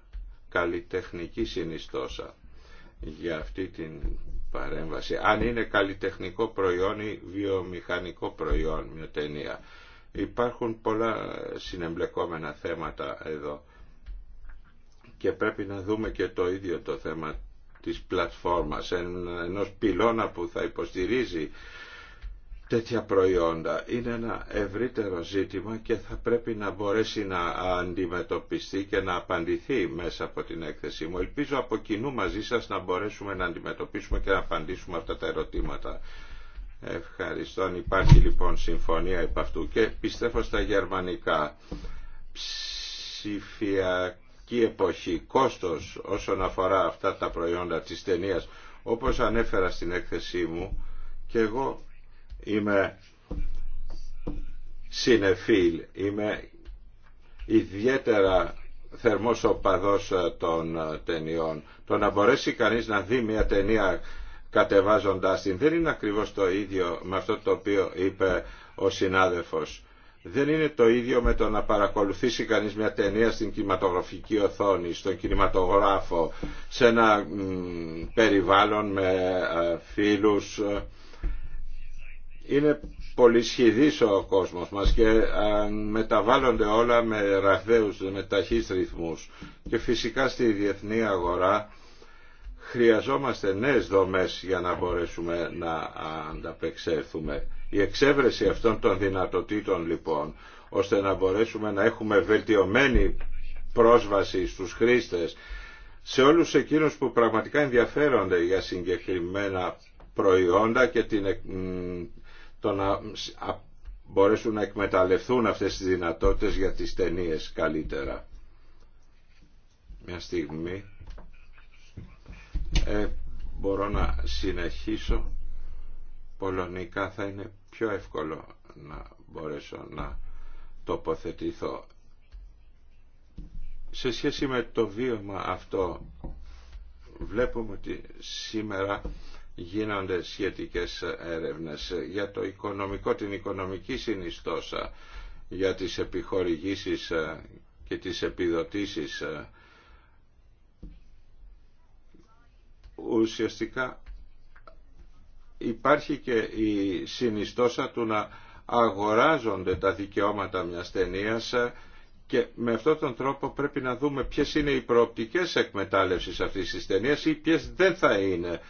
καλλιτεχνική συνιστόσα για αυτή την παρέμβαση αν είναι καλλιτεχνικό προϊόν ή βιομηχανικό προϊόν μια ταινία. Υπάρχουν πολλά συνεμπλεκόμενα θέματα εδώ και πρέπει να δούμε και το ίδιο το θέμα της πλατφόρμας, ενός πυλώνα που θα υποστηρίζει τέτοια προϊόντα είναι ένα ευρύτερο ζήτημα και θα πρέπει να μπορέσει να αντιμετωπιστεί και να απαντηθεί μέσα από την έκθεσή μου. Ελπίζω από κοινού μαζί σας να μπορέσουμε να αντιμετωπίσουμε και να απαντήσουμε αυτά τα ερωτήματα. Ευχαριστώ. Υπάρχει λοιπόν συμφωνία επ' αυτού και πιστεύω στα γερμανικά. Ψηφιακή εποχή, κόστος όσον αφορά αυτά τα προϊόντα της ταινία, όπως ανέφερα στην έκθεσή μου και εγώ Είμαι συνεφίλ, είμαι ιδιαίτερα θερμός οπαδός των ταινιών. Το να μπορέσει κανείς να δει μια ταινία κατεβάζοντάς την δεν είναι ακριβώς το ίδιο με αυτό το οποίο είπε ο συνάδελφος. Δεν είναι το ίδιο με το να παρακολουθήσει κανείς μια ταινία στην κινηματογραφική οθόνη, στον κινηματογράφο, σε ένα περιβάλλον με ε, φίλους ε, είναι πολυσχηδής ο κόσμος μας και μεταβάλλονται όλα με ραχδαίους, με ταχύς ρυθμούς. Και φυσικά στη διεθνή αγορά χρειαζόμαστε νέες δομές για να μπορέσουμε να ανταπεξέλθουμε. Η εξέβρεση αυτών των δυνατοτήτων λοιπόν, ώστε να μπορέσουμε να έχουμε βελτιωμένη πρόσβαση στους χρήστες, σε όλους εκείνους που πραγματικά ενδιαφέρονται για συγκεκριμένα προϊόντα και την ε, το να μπορέσουν να εκμεταλλευτούν αυτές τις δυνατότητες για τις ταινίε καλύτερα. Μια στιγμή. Ε, μπορώ να συνεχίσω. Πολωνικά θα είναι πιο εύκολο να μπορέσω να τοποθετηθώ. Σε σχέση με το βίωμα αυτό βλέπουμε ότι σήμερα γίνονται σχετικές έρευνες για το οικονομικό, την οικονομική συνιστόσα για τις επιχορηγήσεις και τις επιδοτήσεις ουσιαστικά υπάρχει και η συνιστόσα του να αγοράζονται τα δικαιώματα μιας ταινίας και με αυτόν τον τρόπο πρέπει να δούμε ποιες είναι οι προοπτικές εκμετάλλευσης αυτής της ταινίας ή ποιες δεν θα είναι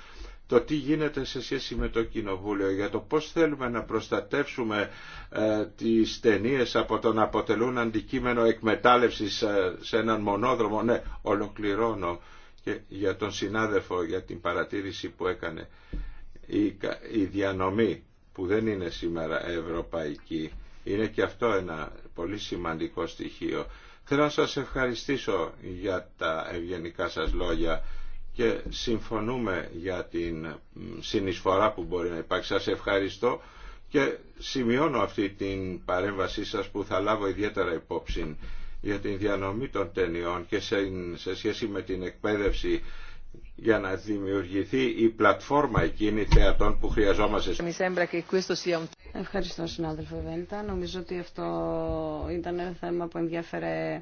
το τι γίνεται σε σχέση με το Κοινοβούλιο για το πώς θέλουμε να προστατεύσουμε ε, τις ταινίε από το να αποτελούν αντικείμενο εκμετάλλευσης ε, σε έναν μονόδρομο. Ναι, ολοκληρώνω και για τον συνάδελφο για την παρατήρηση που έκανε η, η διανομή που δεν είναι σήμερα ευρωπαϊκή. Είναι και αυτό ένα πολύ σημαντικό στοιχείο. Θέλω να σας ευχαριστήσω για τα ευγενικά σας λόγια και συμφωνούμε για την συνεισφορά που μπορεί να υπάρξει. Σας ευχαριστώ και σημειώνω αυτή την παρέμβασή σας που θα λάβω ιδιαίτερα υπόψη για την διανομή των ταινιών και σε σχέση με την εκπαίδευση για να δημιουργηθεί η πλατφόρμα εκείνη θεατών που χρειαζόμαστε. Ευχαριστώ συνάδελφε Βέντα. Νομίζω ότι αυτό ήταν ένα θέμα που ενδιαφέρε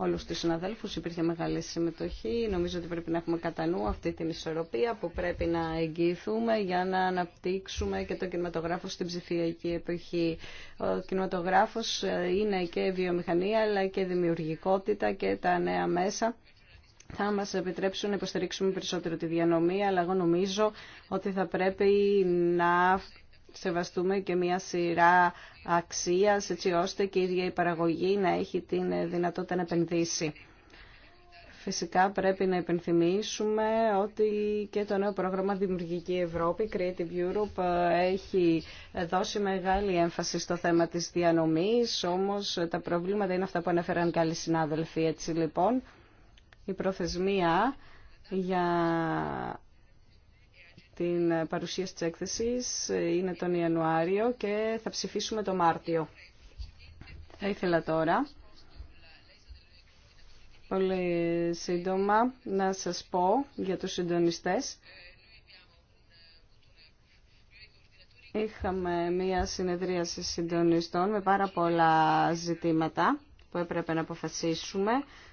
όλους τους συναδέλφους. Υπήρχε μεγάλη συμμετοχή. Νομίζω ότι πρέπει να έχουμε κατά νου αυτή την ισορροπία που πρέπει να εγγυηθούμε για να αναπτύξουμε και το κινηματογράφο στην ψηφιακή εποχή. Ο κινηματογράφος ε, είναι και βιομηχανία αλλά και δημιουργικότητα και τα νέα μέσα θα μας επιτρέψουν να υποστηρίξουμε περισσότερο τη διανομή, αλλά εγώ νομίζω ότι θα πρέπει να σεβαστούμε και μια σειρά αξίας έτσι ώστε και η ίδια η παραγωγή να έχει την δυνατότητα να επενδύσει. Φυσικά πρέπει να υπενθυμίσουμε ότι και το νέο πρόγραμμα Δημιουργική Ευρώπη, Creative Europe, έχει δώσει μεγάλη έμφαση στο θέμα της διανομής, όμως τα προβλήματα είναι αυτά που ανέφεραν και άλλοι συνάδελφοι. Έτσι λοιπόν, η προθεσμία για την παρουσίαση της έκθεσης είναι τον Ιανουάριο και θα ψηφίσουμε τον Μάρτιο. Θα ήθελα τώρα, πολύ σύντομα, να σας πω για τους συντονιστές. Είχαμε μία συνεδρίαση συντονιστών με πάρα πολλά ζητήματα που έπρεπε να αποφασίσουμε.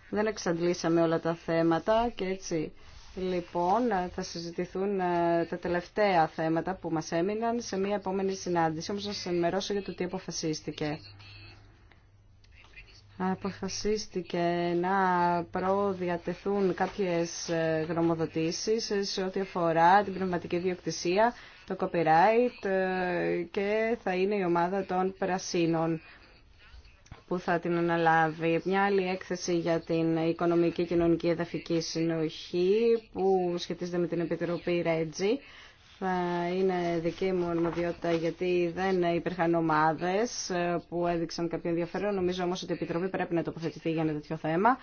Δεν εξαντλήσαμε όλα τα θέματα και έτσι Λοιπόν, θα συζητηθούν ε, τα τελευταία θέματα που μας έμειναν σε μια επόμενη συνάντηση, όμως να σας ενημερώσω για το τι αποφασίστηκε. Αποφασίστηκε να προδιατεθούν κάποιες ε, γνωμοδοτήσεις σε ό,τι αφορά την πνευματική διοκτησία, το copyright ε, και θα είναι η ομάδα των πρασίνων που θα την αναλάβει. Μια άλλη έκθεση για την οικονομική, και κοινωνική, εδαφική συνοχή που σχετίζεται με την Επιτροπή Ρέτζη. Θα είναι δική μου αρμοδιότητα γιατί δεν υπήρχαν ομάδε που έδειξαν κάποιο ενδιαφέρον. Νομίζω όμω ότι η Επιτροπή πρέπει να τοποθετηθεί για ένα τέτοιο θέμα.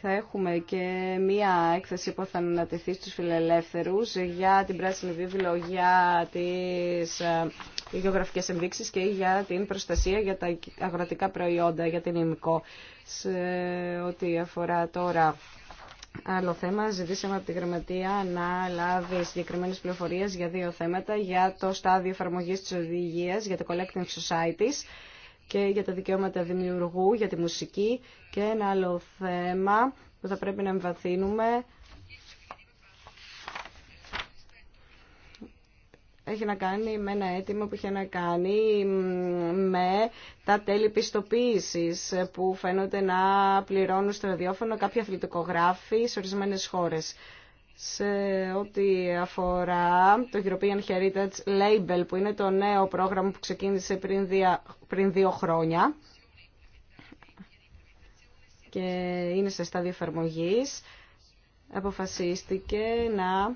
Θα έχουμε και μία έκθεση που θα ανατεθεί στους φιλελεύθερους για την πράσινη βίβλο, για ε, οι γεωγραφικέ ενδείξει και για την προστασία για τα αγροτικά προϊόντα, για την ημικό. Σε ό,τι αφορά τώρα Άλλο θέμα, ζητήσαμε από τη Γραμματεία να λάβει συγκεκριμένε πληροφορίε για δύο θέματα. Για το στάδιο εφαρμογή τη οδηγία για το Collecting Societies και για τα δικαιώματα δημιουργού, για τη μουσική. Και ένα άλλο θέμα που θα πρέπει να εμβαθύνουμε έχει να κάνει με ένα αίτημα που είχε να κάνει με τα τέλη πιστοποίησης που φαίνονται να πληρώνουν στο ραδιόφωνο κάποια αθλητικογράφοι σε ορισμένες χώρες. Σε ό,τι αφορά το European Heritage Label που είναι το νέο πρόγραμμα που ξεκίνησε πριν, δια, πριν δύο χρόνια και είναι σε στάδιο εφαρμογής, αποφασίστηκε να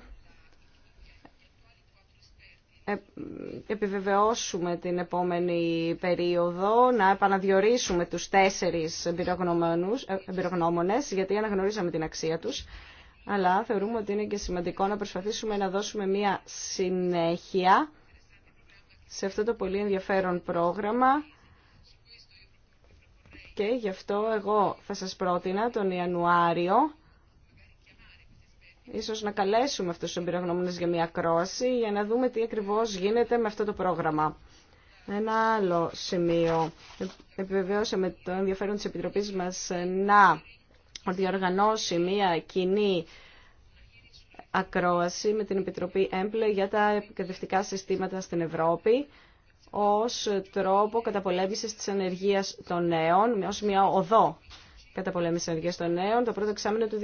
ε, επιβεβαιώσουμε την επόμενη περίοδο, να επαναδιορίσουμε τους τέσσερις ε, εμπειρογνώμονες, γιατί αναγνωρίζαμε την αξία τους, αλλά θεωρούμε ότι είναι και σημαντικό να προσπαθήσουμε να δώσουμε μία συνέχεια σε αυτό το πολύ ενδιαφέρον πρόγραμμα και γι' αυτό εγώ θα σας πρότεινα τον Ιανουάριο Ίσως να καλέσουμε αυτούς τους εμπειρογνώμονες για μια ακρόαση για να δούμε τι ακριβώς γίνεται με αυτό το πρόγραμμα. Ένα άλλο σημείο. Ε, Επιβεβαίωσαμε το ενδιαφέρον της Επιτροπής μας ε, να διοργανώσει μια κοινή ακρόαση με την Επιτροπή ΕΜΠΛΕ για τα επικαιδευτικά συστήματα στην Ευρώπη ως τρόπο καταπολέμησης της ανεργίας των νέων, ως μια οδό κατά πολέμηση ενεργείας των νέων το πρώτο εξάμεινο του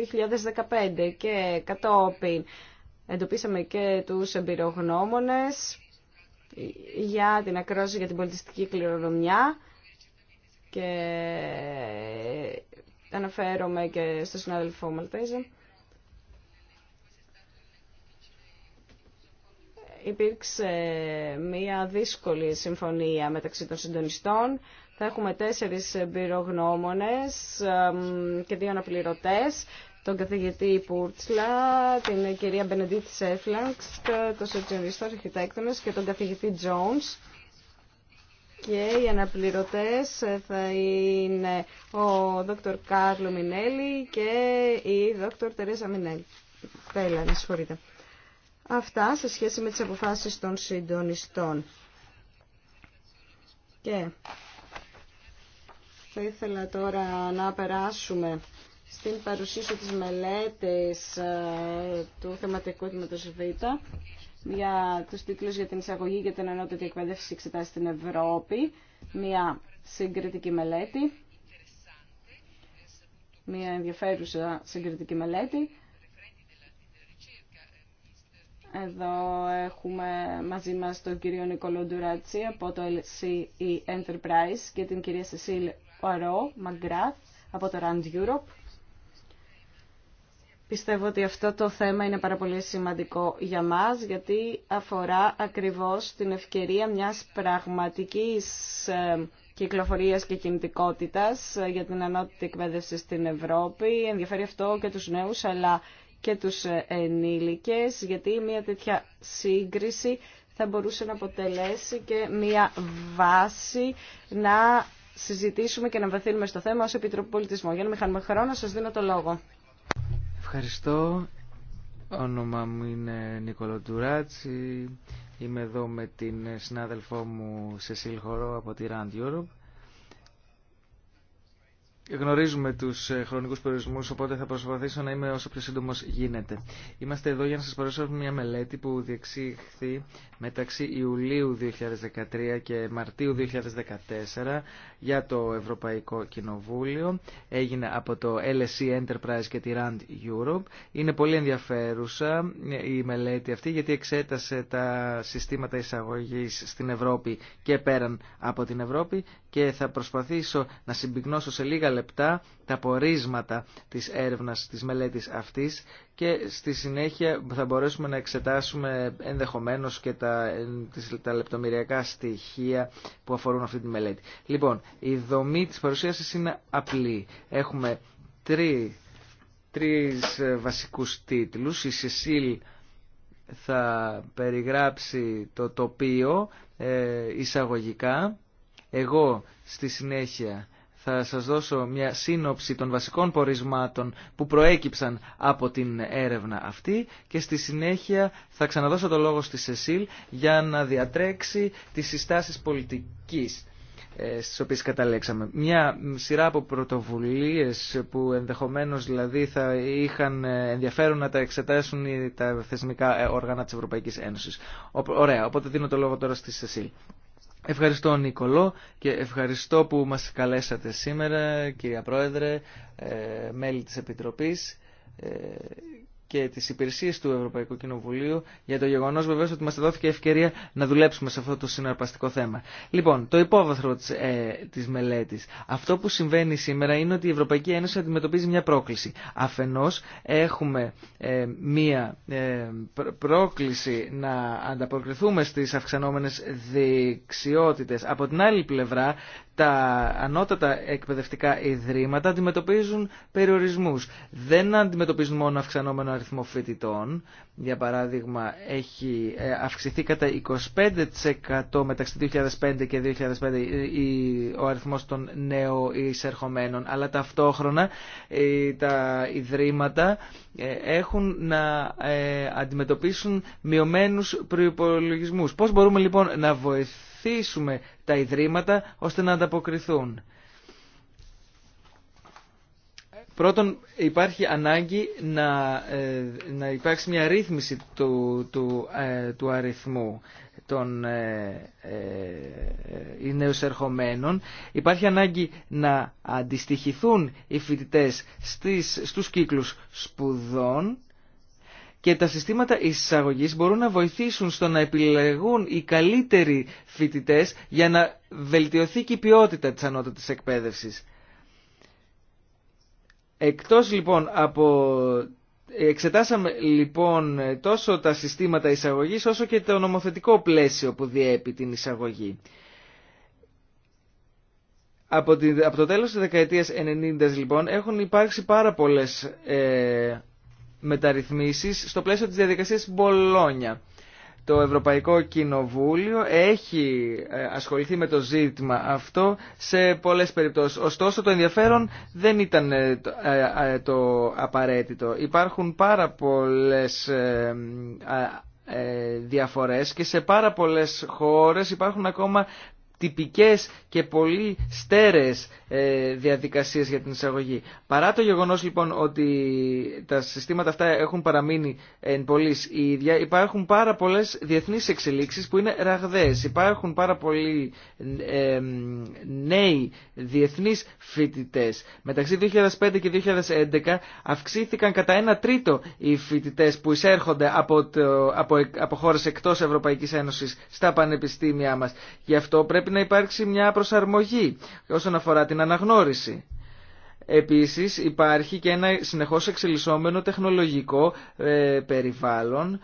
2015 και κατόπιν εντοπίσαμε και τους εμπειρογνώμονες για την ακρόαση για την πολιτιστική κληρονομιά και αναφέρομαι και στο συνάδελφο Μαλτέζα. Υπήρξε μία δύσκολη συμφωνία μεταξύ των συντονιστών θα έχουμε τέσσερις εμπειρογνώμονες και δύο αναπληρωτές τον καθηγητή Πούρτσλα, την κυρία Μπενεντίτ Σέφλανξ, τον σοσιαλιστό αρχιτέκτονα και τον καθηγητή Τζόνς. Και οι αναπληρωτές θα είναι ο δόκτωρ Κάρλο Μινέλη και η δόκτωρ Τερέζα Μινέλη. Τέλα, να συγχωρείτε. Αυτά σε σχέση με τις αποφάσεις των συντονιστών. Και θα ήθελα τώρα να περάσουμε στην παρουσίαση της μελέτης ε, του θεματικού τμήματος Β για τους τίτλους για την εισαγωγή και την ενότητα εκπαίδευση εξετάσεις στην Ευρώπη. Μια συγκριτική μελέτη, μια ενδιαφέρουσα συγκριτική μελέτη. Εδώ έχουμε μαζί μας τον κύριο Νικολό Ντουράτσι από το LCE Enterprise και την κυρία Σεσίλ Παρό, Μαγκράθ από το Rand Europe. Πιστεύω ότι αυτό το θέμα είναι πάρα πολύ σημαντικό για μας γιατί αφορά ακριβώς την ευκαιρία μιας πραγματικής ε, κυκλοφορίας και κινητικότητας ε, για την ανώτητη εκπαίδευση στην Ευρώπη. Ενδιαφέρει αυτό και τους νέους αλλά και τους ε, ενήλικες γιατί μια τέτοια σύγκριση θα μπορούσε να αποτελέσει και μια βάση να συζητήσουμε και να βαθύνουμε στο θέμα ως Επιτροπή Πολιτισμού. Για να μην χάνουμε χρόνο, σας δίνω το λόγο. Ευχαριστώ. Όνομα μου είναι Νικόλο Ντουράτσι. Είμαι εδώ με την συνάδελφό μου Σεσίλ Χορό από τη Rand Europe Γνωρίζουμε του ε, χρονικού περιορισμού, οπότε θα προσπαθήσω να είμαι όσο πιο σύντομο γίνεται. Είμαστε εδώ για να σα παρουσιάσουμε μια μελέτη που διεξήχθη μεταξύ Ιουλίου 2013 και Μαρτίου 2014 για το Ευρωπαϊκό Κοινοβούλιο. Έγινε από το LSE Enterprise και τη RAND Europe. Είναι πολύ ενδιαφέρουσα ε, η μελέτη αυτή γιατί εξέτασε τα συστήματα εισαγωγή στην Ευρώπη και πέραν από την Ευρώπη και θα προσπαθήσω να συμπυκνώσω σε λίγα λεπτά τα πορίσματα της έρευνας, της μελέτης αυτής και στη συνέχεια θα μπορέσουμε να εξετάσουμε ενδεχομένως και τα, τα λεπτομεριακά στοιχεία που αφορούν αυτή τη μελέτη. Λοιπόν, η δομή της παρουσίασης είναι απλή. Έχουμε τρει, τρεις ε, βασικούς τίτλους. Η Σεσίλ θα περιγράψει το τοπίο ε, εισαγωγικά εγώ στη συνέχεια θα σας δώσω μια σύνοψη των βασικών πορισμάτων που προέκυψαν από την έρευνα αυτή και στη συνέχεια θα ξαναδώσω το λόγο στη Σεσίλ για να διατρέξει τις συστάσεις πολιτικής ε, στις οποίες καταλέξαμε. Μια σειρά από πρωτοβουλίες που ενδεχομένως δηλαδή θα είχαν ε, ενδιαφέρον να τα εξετάσουν τα θεσμικά ε, όργανα της Ευρωπαϊκής Ένωσης. Ωραία, οπότε δίνω το λόγο τώρα στη Σεσίλ. Ευχαριστώ Νικολό και ευχαριστώ που μας καλέσατε σήμερα, κυρία Πρόεδρε, ε, μέλη της Επιτροπής. Ε, και τις υπηρεσίες του Ευρωπαϊκού Κοινοβουλίου για το γεγονός βεβαίως ότι μας δόθηκε ευκαιρία να δουλέψουμε σε αυτό το συναρπαστικό θέμα. Λοιπόν, το υπόβαθρο της, ε, μελέτης. Αυτό που συμβαίνει σήμερα είναι ότι η Ευρωπαϊκή Ένωση αντιμετωπίζει μια πρόκληση. Αφενός έχουμε ε, μια ε, πρόκληση να ανταποκριθούμε στις αυξανόμενες δεξιότητες. Από την άλλη πλευρά τα ανώτατα εκπαιδευτικά ιδρύματα αντιμετωπίζουν περιορισμούς. Δεν αντιμετωπίζουν μόνο αυξανόμενο αριθμό φοιτητών. Για παράδειγμα, έχει ε, αυξηθεί κατά 25% μεταξύ 2005 και 2005 ο αριθμός των νέων εισερχομένων. Αλλά ταυτόχρονα ε, τα ιδρύματα ε, έχουν να αντιμετωπίσουν μειωμένους προϋπολογισμούς. Πώς μπορούμε λοιπόν να βοηθήσουμε βοηθήσουμε τα Ιδρύματα ώστε να ανταποκριθούν. Πρώτον, υπάρχει ανάγκη να, ε, να υπάρξει μια ρύθμιση του, του, ε, του αριθμού των ε, ε, ε Υπάρχει ανάγκη να αντιστοιχηθούν οι φοιτητές στις, στους κύκλους σπουδών και τα συστήματα εισαγωγή μπορούν να βοηθήσουν στο να επιλεγούν οι καλύτεροι φοιτητέ για να βελτιωθεί και η ποιότητα της ανώτατη εκπαίδευση. Εκτός λοιπόν από... Εξετάσαμε λοιπόν τόσο τα συστήματα εισαγωγής όσο και το νομοθετικό πλαίσιο που διέπει την εισαγωγή. Από, το τέλος της δεκαετίας 90 λοιπόν έχουν υπάρξει πάρα πολλές ε, μεταρρυθμίσεις στο πλαίσιο της διαδικασίας Μπολόνια. Το Ευρωπαϊκό Κοινοβούλιο έχει ε, ασχοληθεί με το ζήτημα αυτό σε πολλές περιπτώσεις. Ωστόσο το ενδιαφέρον δεν ήταν ε, ε, το απαραίτητο. Υπάρχουν πάρα πολλές διαφορές και σε πάρα πολλές χώρες υπάρχουν ακόμα τυπικές και πολύ στέρεες ε, διαδικασίες για την εισαγωγή. Παρά το γεγονός λοιπόν ότι τα συστήματα αυτά έχουν παραμείνει εν πολλής η ίδια, υπάρχουν πάρα πολλές διεθνείς εξελίξεις που είναι ραγδαίες. Υπάρχουν πάρα πολλοί ε, νέοι διεθνείς φοιτητέ. Μεταξύ 2005 και 2011 αυξήθηκαν κατά ένα τρίτο οι φοιτητέ που εισέρχονται από, το, από, από χώρες εκτός Ευρωπαϊκής Ένωσης στα πανεπιστήμια μας. Γι' αυτό πρέπει πρέπει να υπάρξει μια προσαρμογή όσον αφορά την αναγνώριση. Επίσης υπάρχει και ένα συνεχώς εξελισσόμενο τεχνολογικό ε, περιβάλλον.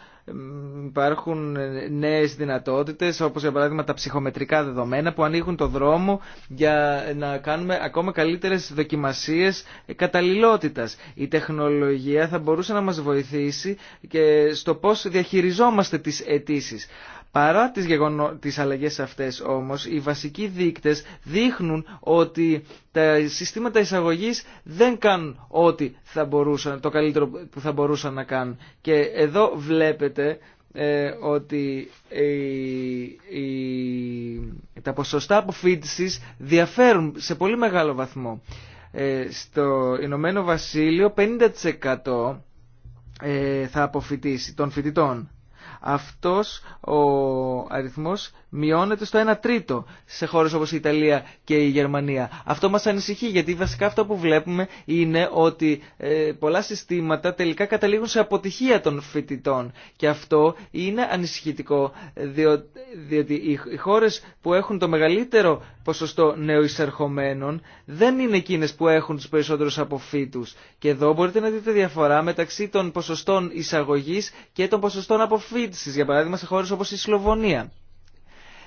Υπάρχουν ε, νέες δυνατότητες όπως για παράδειγμα τα ψυχομετρικά δεδομένα που ανοίγουν το δρόμο για να κάνουμε ακόμα καλύτερες δοκιμασίες ε, καταλληλότητας. Η τεχνολογία θα μπορούσε να μας βοηθήσει και στο πώς διαχειριζόμαστε τις αιτήσει. Παρά τις, γεγονο... τις αλλαγές αυτές όμως, οι βασικοί δείκτες δείχνουν ότι τα συστήματα εισαγωγής δεν κάνουν ό,τι θα μπορούσαν, το καλύτερο που θα μπορούσαν να κάνουν. Και εδώ βλέπετε ε, ότι τα ποσοστά αποφύτησης διαφέρουν σε πολύ μεγάλο βαθμό. Ε, στο Ηνωμένο Βασίλειο 50% ε, θα αποφυτίσει των φοιτητών αυτός ο αριθμός μειώνεται στο 1 τρίτο σε χώρες όπως η Ιταλία και η Γερμανία. Αυτό μας ανησυχεί γιατί βασικά αυτό που βλέπουμε είναι ότι ε, πολλά συστήματα τελικά καταλήγουν σε αποτυχία των φοιτητών και αυτό είναι ανησυχητικό διότι, οι χώρες που έχουν το μεγαλύτερο ποσοστό νεοεισερχομένων δεν είναι εκείνες που έχουν τους περισσότερους αποφύτους και εδώ μπορείτε να δείτε διαφορά μεταξύ των ποσοστών εισαγωγής και των ποσοστών αποφύτου συζήτηση, για παράδειγμα σε χώρες όπως η Σλοβονία.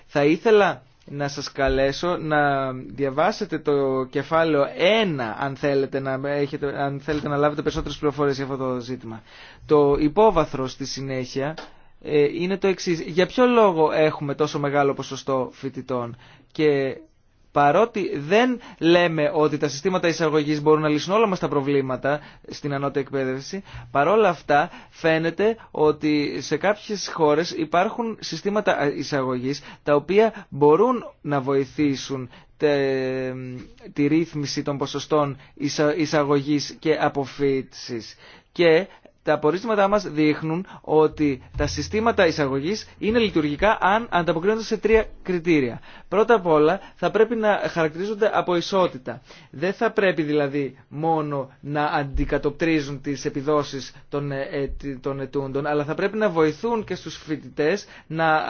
Θα ήθελα να σας καλέσω να διαβάσετε το κεφάλαιο 1 αν θέλετε να, έχετε, αν θέλετε να λάβετε περισσότερες πληροφορίες για αυτό το ζήτημα. Το υπόβαθρο στη συνέχεια ε, είναι το εξής. Για ποιο λόγο έχουμε τόσο μεγάλο ποσοστό φοιτητών και παρότι δεν λέμε ότι τα συστήματα εισαγωγής μπορούν να λύσουν όλα μας τα προβλήματα στην ανώτερη εκπαίδευση, παρόλα αυτά φαίνεται ότι σε κάποιες χώρες υπάρχουν συστήματα εισαγωγής τα οποία μπορούν να βοηθήσουν τη ρύθμιση των ποσοστών εισαγωγής και αποφύτησης. Και τα απορρίσματα μας δείχνουν ότι τα συστήματα εισαγωγής είναι λειτουργικά αν ανταποκρίνονται σε τρία κριτήρια. Πρώτα απ' όλα θα πρέπει να χαρακτηρίζονται από ισότητα. Δεν θα πρέπει δηλαδή μόνο να αντικατοπτρίζουν τις επιδόσεις των, ε, ε των ετούντων, αλλά θα πρέπει να βοηθούν και στους φοιτητές να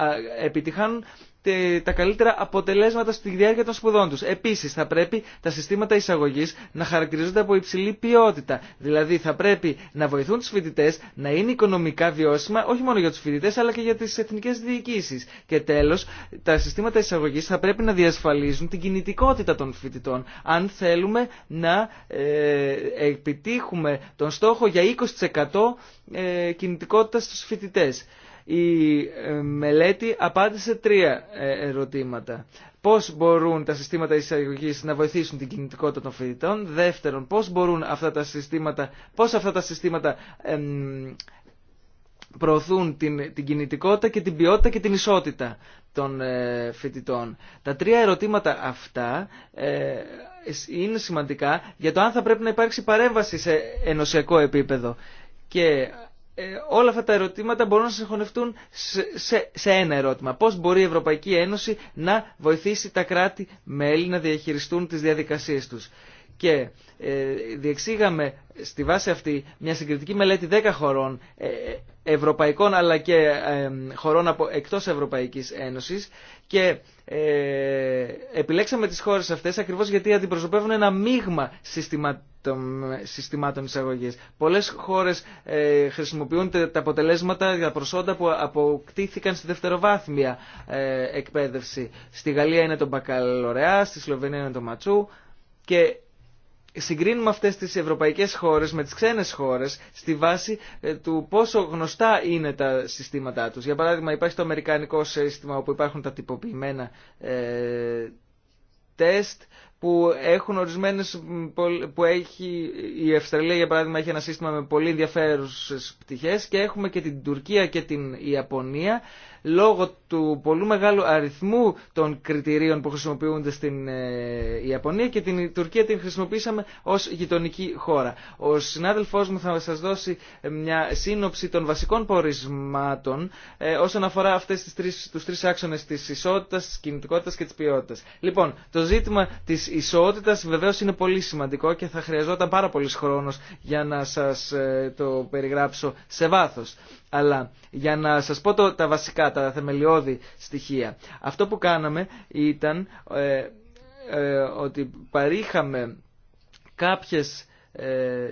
επιτυχάνουν ε, τα καλύτερα αποτελέσματα στη διάρκεια των σπουδών τους. Επίσης θα πρέπει τα συστήματα εισαγωγής να χαρακτηρίζονται από υψηλή ποιότητα. Δηλαδή θα πρέπει να βοηθούν τους φοιτητές να είναι οικονομικά βιώσιμα όχι μόνο για τους φοιτητές αλλά και για τις εθνικές διοικήσεις. Και τέλος τα συστήματα εισαγωγής θα πρέπει να διασφαλίζουν την κινητικότητα των φοιτητών. Αν θέλουμε να ε, επιτύχουμε τον στόχο για 20% ε, κινητικότητα στους φοιτητές. Η ε, μελέτη απάντησε τρία ε, ερωτήματα. Πώς μπορούν τα συστήματα εισαγωγής να βοηθήσουν την κινητικότητα των φοιτητών. Δεύτερον, πώς μπορούν αυτά τα συστήματα, πώς αυτά τα συστήματα προωθούν την, την κινητικότητα και την ποιότητα και την ισότητα των ε, φοιτητών. Τα τρία ερωτήματα αυτά ε, είναι σημαντικά για το αν θα πρέπει να υπάρξει παρέμβαση σε ενωσιακό επίπεδο. Ε, όλα αυτά τα ερωτήματα μπορούν να συγχωνευτούν σε, σε ένα ερώτημα. Πώς μπορεί η Ευρωπαϊκή Ένωση να βοηθήσει τα κράτη-μέλη να διαχειριστούν τις διαδικασίες τους και ε, διεξήγαμε στη βάση αυτή μια συγκριτική μελέτη 10 χωρών ε, ευρωπαϊκών αλλά και χωρών από εκτός Ευρωπαϊκής Ένωσης και ε, επιλέξαμε τις χώρες αυτές ακριβώς γιατί αντιπροσωπεύουν ένα μείγμα συστημάτων εισαγωγής. Πολλές χώρες χρησιμοποιούν τα αποτελέσματα, για προσόντα που αποκτήθηκαν στη δευτεροβάθμια εκπαίδευση. Στη Γαλλία είναι το μπακαλωρεά, στη Σλοβενία είναι το ματσού και συγκρίνουμε αυτές τις ευρωπαϊκές χώρες με τις ξένες χώρες στη βάση ε, του πόσο γνωστά είναι τα συστήματά τους. Για παράδειγμα υπάρχει το αμερικανικό σύστημα όπου υπάρχουν τα τυποποιημένα ε, τεστ που έχουν ορισμένες, που έχει η Αυστραλία για παράδειγμα έχει ένα σύστημα με πολύ ενδιαφέρουσες πτυχές και έχουμε και την Τουρκία και την Ιαπωνία λόγω του πολύ μεγάλου αριθμού των κριτηρίων που χρησιμοποιούνται στην ε, Ιαπωνία και την Τουρκία την χρησιμοποίησαμε ως γειτονική χώρα. Ο συνάδελφός μου θα σας δώσει ε, μια σύνοψη των βασικών πορισμάτων ε, όσον αφορά αυτές τις τρεις, τους τρεις άξονες της ισότητας, της κινητικότητας και της ποιότητας. Λοιπόν, το ζήτημα της ισότητας βεβαίως είναι πολύ σημαντικό και θα χρειαζόταν πάρα πολλής χρόνος για να σας το περιγράψω σε βάθος. Αλλά για να σας πω το, τα βασικά, τα θεμελιώδη στοιχεία. Αυτό που κάναμε ήταν ε, ε, ότι παρήχαμε κάποιες ε,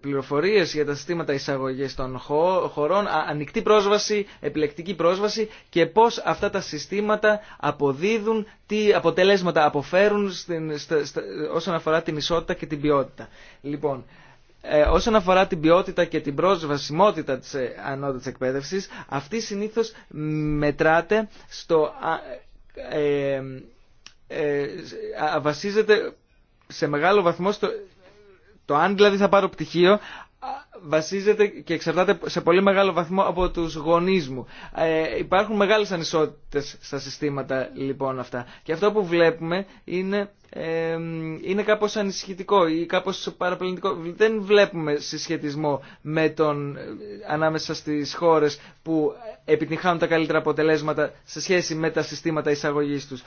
πληροφορίες για τα συστήματα εισαγωγής των χωρών, ανοιχτή πρόσβαση, επιλεκτική πρόσβαση και πώς αυτά τα συστήματα αποδίδουν, τι αποτελέσματα αποφέρουν στην, στα, στα, όσον αφορά την ισότητα και την ποιότητα. Λοιπόν, ε, όσον αφορά την ποιότητα και την πρόσβασιμότητα της ε, ανώτατης εκπαίδευσης, αυτή συνήθως μετράται στο... Ε, ε, ε βασίζεται σε μεγάλο βαθμό στο, το αν δηλαδή θα πάρω πτυχίο βασίζεται και εξαρτάται σε πολύ μεγάλο βαθμό από τους γονείς μου. Ε, υπάρχουν μεγάλες ανισότητες στα συστήματα λοιπόν αυτά. Και αυτό που βλέπουμε είναι, ε, είναι κάπως ανησυχητικό ή κάπως παραπλανητικό. Δεν βλέπουμε συσχετισμό με τον, ε, ανάμεσα στις χώρες που επιτυχάνουν τα καλύτερα αποτελέσματα σε σχέση με τα συστήματα εισαγωγής τους.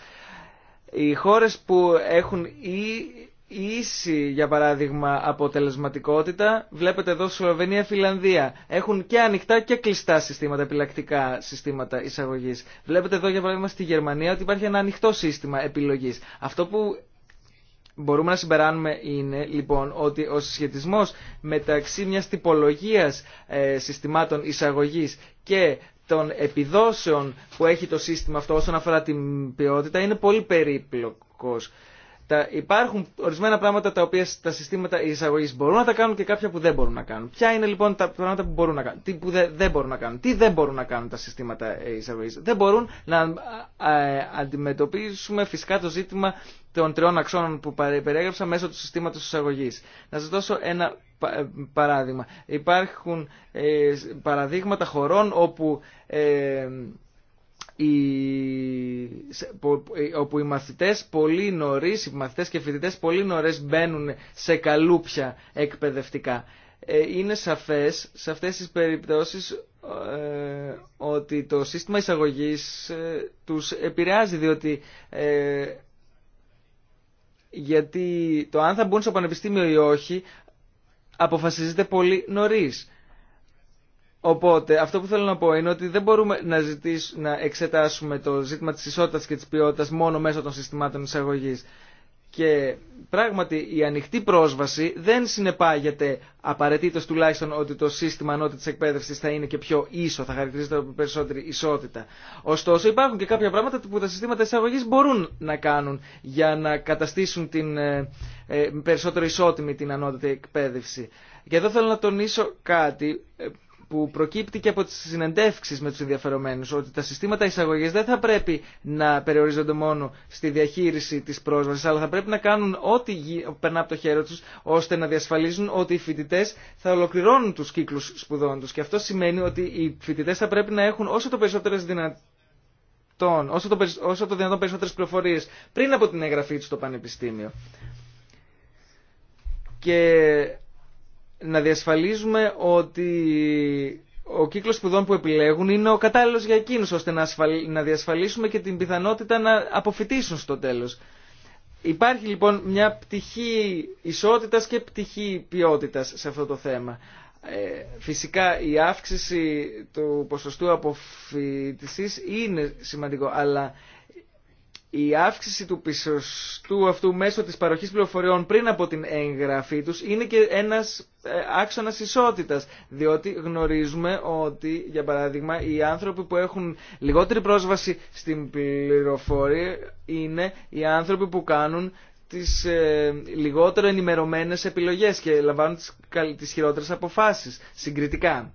Οι χώρες που έχουν ή η ίση, για παράδειγμα, αποτελεσματικότητα, βλέπετε εδώ Σλοβενία, Φιλανδία, έχουν και ανοιχτά και κλειστά συστήματα, επιλακτικά συστήματα εισαγωγή. Βλέπετε εδώ, για παράδειγμα, στη Γερμανία ότι υπάρχει ένα ανοιχτό σύστημα επιλογή. Αυτό που μπορούμε να συμπεράνουμε είναι, λοιπόν, ότι ο συσχετισμό μεταξύ μια τυπολογία ε, συστημάτων εισαγωγή και των επιδόσεων που έχει το σύστημα αυτό όσον αφορά την ποιότητα είναι πολύ περίπλοκος τα, υπάρχουν ορισμένα πράγματα τα οποία τα συστήματα εισαγωγή μπορούν να τα κάνουν και κάποια που δεν μπορούν να κάνουν. Ποια είναι λοιπόν τα πράγματα που μπορούν να κάνουν, τι που δεν, δεν μπορούν να κάνουν, τι δεν μπορούν να κάνουν τα συστήματα εισαγωγή. Δεν μπορούν να ε, αντιμετωπίσουμε φυσικά το ζήτημα των τριών αξώνων που περιέγραψα μέσω του συστήματο εισαγωγή. Να σα δώσω ένα ε, παράδειγμα. Υπάρχουν ε, παραδείγματα χωρών όπου ε, όπου οι μαθητές πολύ νωρίς, οι μαθητές και φοιτητές πολύ νωρίς μπαίνουν σε καλούπια εκπαιδευτικά. Ε, είναι σαφές σε αυτές τις περιπτώσεις ε, ότι το σύστημα εισαγωγής τους επηρεάζει διότι γιατί το αν θα μπουν στο πανεπιστήμιο ή όχι αποφασίζεται πολύ νωρίς. Οπότε αυτό που θέλω να πω είναι ότι δεν μπορούμε να, να εξετάσουμε το ζήτημα της ισότητας και της ποιότητας μόνο μέσω των συστημάτων εισαγωγής. Και πράγματι η ανοιχτή πρόσβαση δεν συνεπάγεται απαραίτητο τουλάχιστον ότι το σύστημα ανώτητη εκπαίδευση θα είναι και πιο ίσο, θα χαρακτηρίζεται από περισσότερη ισότητα. Ωστόσο υπάρχουν και κάποια πράγματα που τα συστήματα εισαγωγή μπορούν να κάνουν για να καταστήσουν την ε, ε περισσότερο ισότιμη την ανώτητη εκπαίδευση. Και εδώ θέλω να τονίσω κάτι ε, που προκύπτει και από τις συνεντεύξεις με τους ενδιαφερομένους, ότι τα συστήματα εισαγωγής δεν θα πρέπει να περιορίζονται μόνο στη διαχείριση της πρόσβασης, αλλά θα πρέπει να κάνουν ό,τι περνά από το χέρι τους, ώστε να διασφαλίζουν ότι οι φοιτητέ θα ολοκληρώνουν τους κύκλους σπουδών τους. Και αυτό σημαίνει ότι οι φοιτητέ θα πρέπει να έχουν όσο το περισσότερες δυνατόν, όσο το, όσο το δυνατόν περισσότερες πληροφορίες πριν από την εγγραφή του στο πανεπιστήμιο. Και να διασφαλίζουμε ότι ο κύκλος σπουδών που επιλέγουν είναι ο κατάλληλος για εκείνους, ώστε να διασφαλίσουμε και την πιθανότητα να αποφυτίσουν στο τέλος. Υπάρχει λοιπόν μια πτυχή ισότητας και πτυχή ποιότητας σε αυτό το θέμα. Ε, φυσικά η αύξηση του ποσοστού αποφυτισής είναι σημαντικό, αλλά η αύξηση του ποσοστού αυτού μέσω της παροχής πληροφοριών πριν από την εγγραφή τους είναι και ένας ε, άξονας ισότητας, διότι γνωρίζουμε ότι, για παράδειγμα, οι άνθρωποι που έχουν λιγότερη πρόσβαση στην πληροφορία είναι οι άνθρωποι που κάνουν τις ε, λιγότερο ενημερωμένες επιλογές και λαμβάνουν τις, τις χειρότερες αποφάσεις συγκριτικά.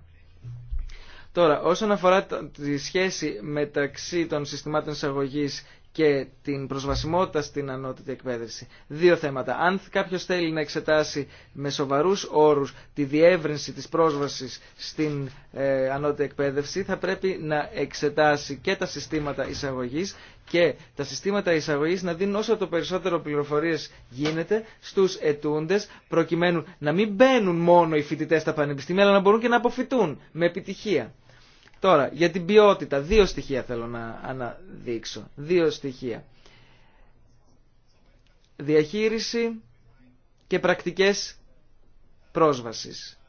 Τώρα, όσον αφορά τη σχέση μεταξύ των συστημάτων εισαγωγή και την προσβασιμότητα στην ανώτερη εκπαίδευση. Δύο θέματα. Αν κάποιο θέλει να εξετάσει με σοβαρού όρου τη διεύρυνση τη πρόσβαση στην ε, ανώτερη εκπαίδευση, θα πρέπει να εξετάσει και τα συστήματα εισαγωγή και τα συστήματα εισαγωγή να δίνουν όσο το περισσότερο πληροφορίε γίνεται στου ετούντε, προκειμένου να μην μπαίνουν μόνο οι φοιτητέ στα πανεπιστήμια, αλλά να μπορούν και να αποφυτούν με επιτυχία. Τώρα, για την ποιότητα, δύο στοιχεία θέλω να αναδείξω. Δύο στοιχεία. Διαχείριση και πρακτικές πρόσβασης.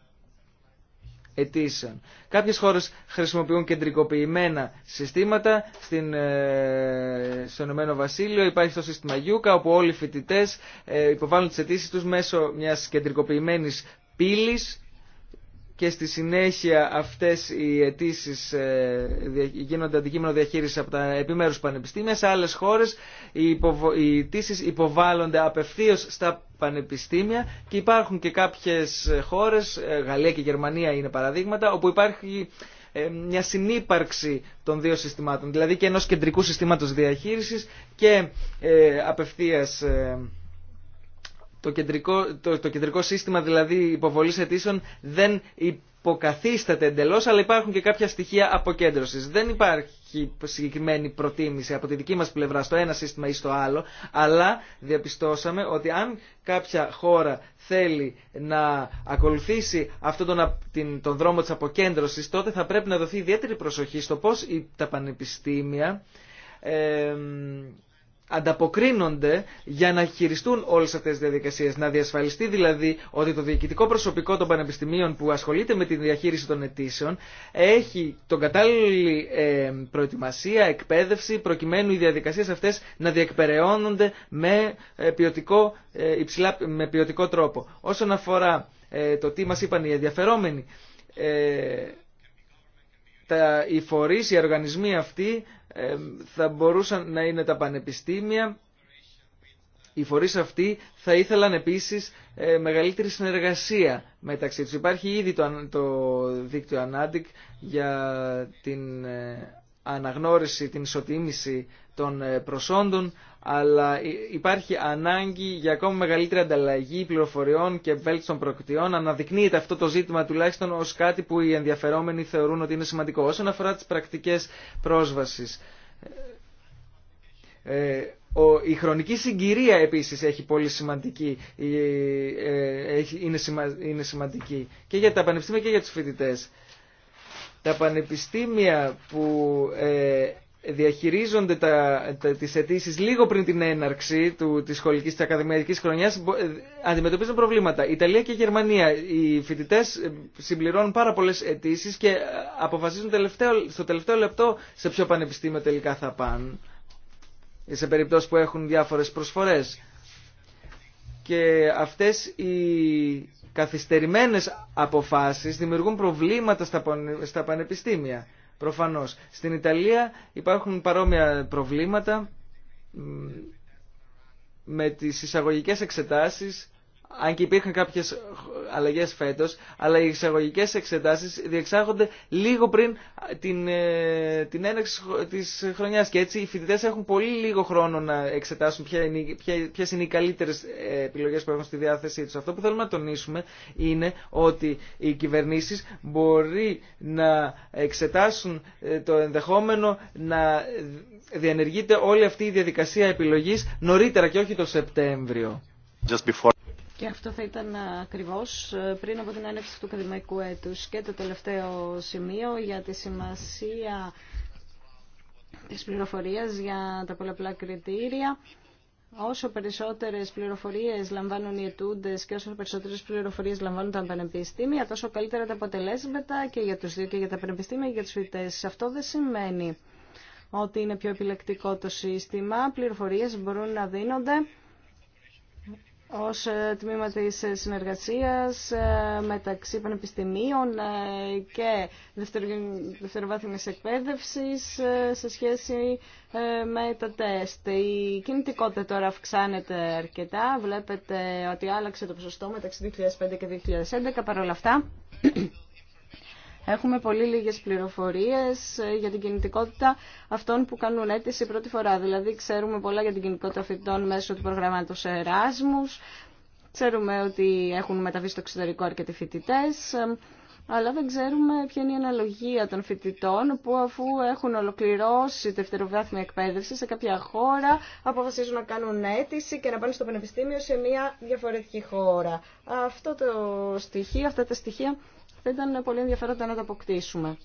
Ετήσεων. Κάποιες χώρες χρησιμοποιούν κεντρικοποιημένα συστήματα. Στην, ε, στο Ηνωμένο Βασίλειο υπάρχει το σύστημα Γιούκα, όπου όλοι οι φοιτητές ε, υποβάλλουν τις αιτήσει τους μέσω μιας κεντρικοποιημένης πύλης και στη συνέχεια αυτές οι αιτήσει ε, γίνονται αντικείμενο διαχείριση από τα επιμέρους πανεπιστήμια. Σε άλλες χώρες οι αιτήσει υποβάλλονται απευθείας στα πανεπιστήμια και υπάρχουν και κάποιες χώρες, ε, Γαλλία και Γερμανία είναι παραδείγματα, όπου υπάρχει ε, μια συνύπαρξη των δύο συστημάτων, δηλαδή και ενός κεντρικού συστήματος διαχείρισης και απευθείας το κεντρικό, το, κεντρικό σύστημα δηλαδή υποβολής αιτήσεων δεν υποκαθίσταται εντελώ, αλλά υπάρχουν και κάποια στοιχεία αποκέντρωση. Δεν υπάρχει συγκεκριμένη προτίμηση από τη δική μας πλευρά στο ένα σύστημα ή στο άλλο, αλλά διαπιστώσαμε ότι αν κάποια χώρα θέλει να ακολουθήσει αυτόν τον, τον δρόμο τη αποκέντρωση, τότε θα πρέπει να δοθεί ιδιαίτερη προσοχή στο πώ τα πανεπιστήμια ανταποκρίνονται για να χειριστούν όλε αυτέ τι διαδικασίε. Να διασφαλιστεί δηλαδή ότι το διοικητικό προσωπικό των πανεπιστημίων που ασχολείται με τη διαχείριση των αιτήσεων έχει τον κατάλληλη ε, προετοιμασία, εκπαίδευση, προκειμένου οι διαδικασίε αυτέ να διεκπεραιώνονται με ε, ποιοτικό, ε, υψηλά, με ποιοτικό τρόπο. Όσον αφορά το τι μα είπαν οι ενδιαφερόμενοι, τα, οι φορείς, οι οργανισμοί αυτοί θα μπορούσαν να είναι τα πανεπιστήμια. Οι φορείς αυτοί θα ήθελαν επίσης ε, μεγαλύτερη συνεργασία μεταξύ τους. Υπάρχει ήδη το, το δίκτυο Ανάντικ για την ε, αναγνώριση, την ισοτίμηση των ε, προσόντων, αλλά υπάρχει ανάγκη για ακόμα μεγαλύτερη ανταλλαγή πληροφοριών και βέλτιστων προκτιών. Αναδεικνύεται αυτό το ζήτημα τουλάχιστον ως κάτι που οι ενδιαφερόμενοι θεωρούν ότι είναι σημαντικό. Όσον αφορά τις πρακτικές πρόσβασης, ε, η χρονική συγκυρία επίσης έχει πολύ σημαντική, ε, είναι σημαντική και για τα πανεπιστήμια και για τους φοιτητές τα πανεπιστήμια που ε, διαχειρίζονται τα, τις αιτήσει λίγο πριν την έναρξη του, της σχολικής, της ακαδημαϊκής χρονιάς ε, αντιμετωπίζουν προβλήματα. Ιταλία και Γερμανία. Οι φοιτητές ε, συμπληρώνουν πάρα πολλές αιτήσει και αποφασίζουν τελευταίο, στο τελευταίο λεπτό σε ποιο πανεπιστήμιο τελικά θα πάνε. Σε περιπτώσεις που έχουν διάφορες προσφορές. Και αυτές οι καθυστερημένες αποφάσεις δημιουργούν προβλήματα στα πανεπιστήμια. Προφανώς. Στην Ιταλία υπάρχουν παρόμοια προβλήματα με τις εισαγωγικές εξετάσεις αν και υπήρχαν κάποιε αλλαγέ φέτο, αλλά οι εισαγωγικέ εξετάσει διεξάγονται λίγο πριν την, ε, την έναρξη της χρονιάς και έτσι οι φοιτητέ έχουν πολύ λίγο χρόνο να εξετάσουν ποιε είναι, είναι οι καλύτερε επιλογέ που έχουν στη διάθεσή του. Αυτό που θέλουμε να τονίσουμε είναι ότι οι κυβερνήσει μπορεί να εξετάσουν ε, το ενδεχόμενο να διενεργείται όλη αυτή η διαδικασία επιλογή νωρίτερα και όχι το Σεπτέμβριο. Just before... Και αυτό θα ήταν ακριβώς ε, πριν από την έναρξη του ακαδημαϊκού έτους. Και το τελευταίο σημείο για τη σημασία της πληροφορίας για τα πολλαπλά κριτήρια. Όσο περισσότερες πληροφορίες λαμβάνουν οι ετούντες και όσο περισσότερες πληροφορίες λαμβάνουν τα πανεπιστήμια, τόσο καλύτερα τα αποτελέσματα και για τους δύο και για τα πανεπιστήμια και για τους φοιτές. Αυτό δεν σημαίνει ότι είναι πιο επιλεκτικό το σύστημα. Πληροφορίες μπορούν να δίνονται ως ε, τμήμα της ε, συνεργασίας ε, μεταξύ πανεπιστημίων και δευτεροβάθμιας εκπαίδευσης σε σχέση με τα τεστ. Η κινητικότητα τώρα αυξάνεται αρκετά. Βλέπετε ότι άλλαξε το ποσοστό μεταξύ 2005 και 2011. Παρ' όλα αυτά, Έχουμε πολύ λίγες πληροφορίες ε, για την κινητικότητα αυτών που κάνουν αίτηση πρώτη φορά. Δηλαδή ξέρουμε πολλά για την κινητικότητα φοιτών μέσω του προγράμματος Εράσμους. Ξέρουμε ότι έχουν μεταβεί στο εξωτερικό αρκετοί φοιτητέ, ε, αλλά δεν ξέρουμε ποια είναι η αναλογία των φοιτητών που αφού έχουν ολοκληρώσει δευτεροβάθμια εκπαίδευση σε κάποια χώρα αποφασίζουν να κάνουν αίτηση και να πάνε στο πανεπιστήμιο σε μια διαφορετική χώρα. Αυτό το στοιχείο, αυτά τα στοιχεία θα ήταν πολύ ενδιαφέροντα να το αποκτήσουμε.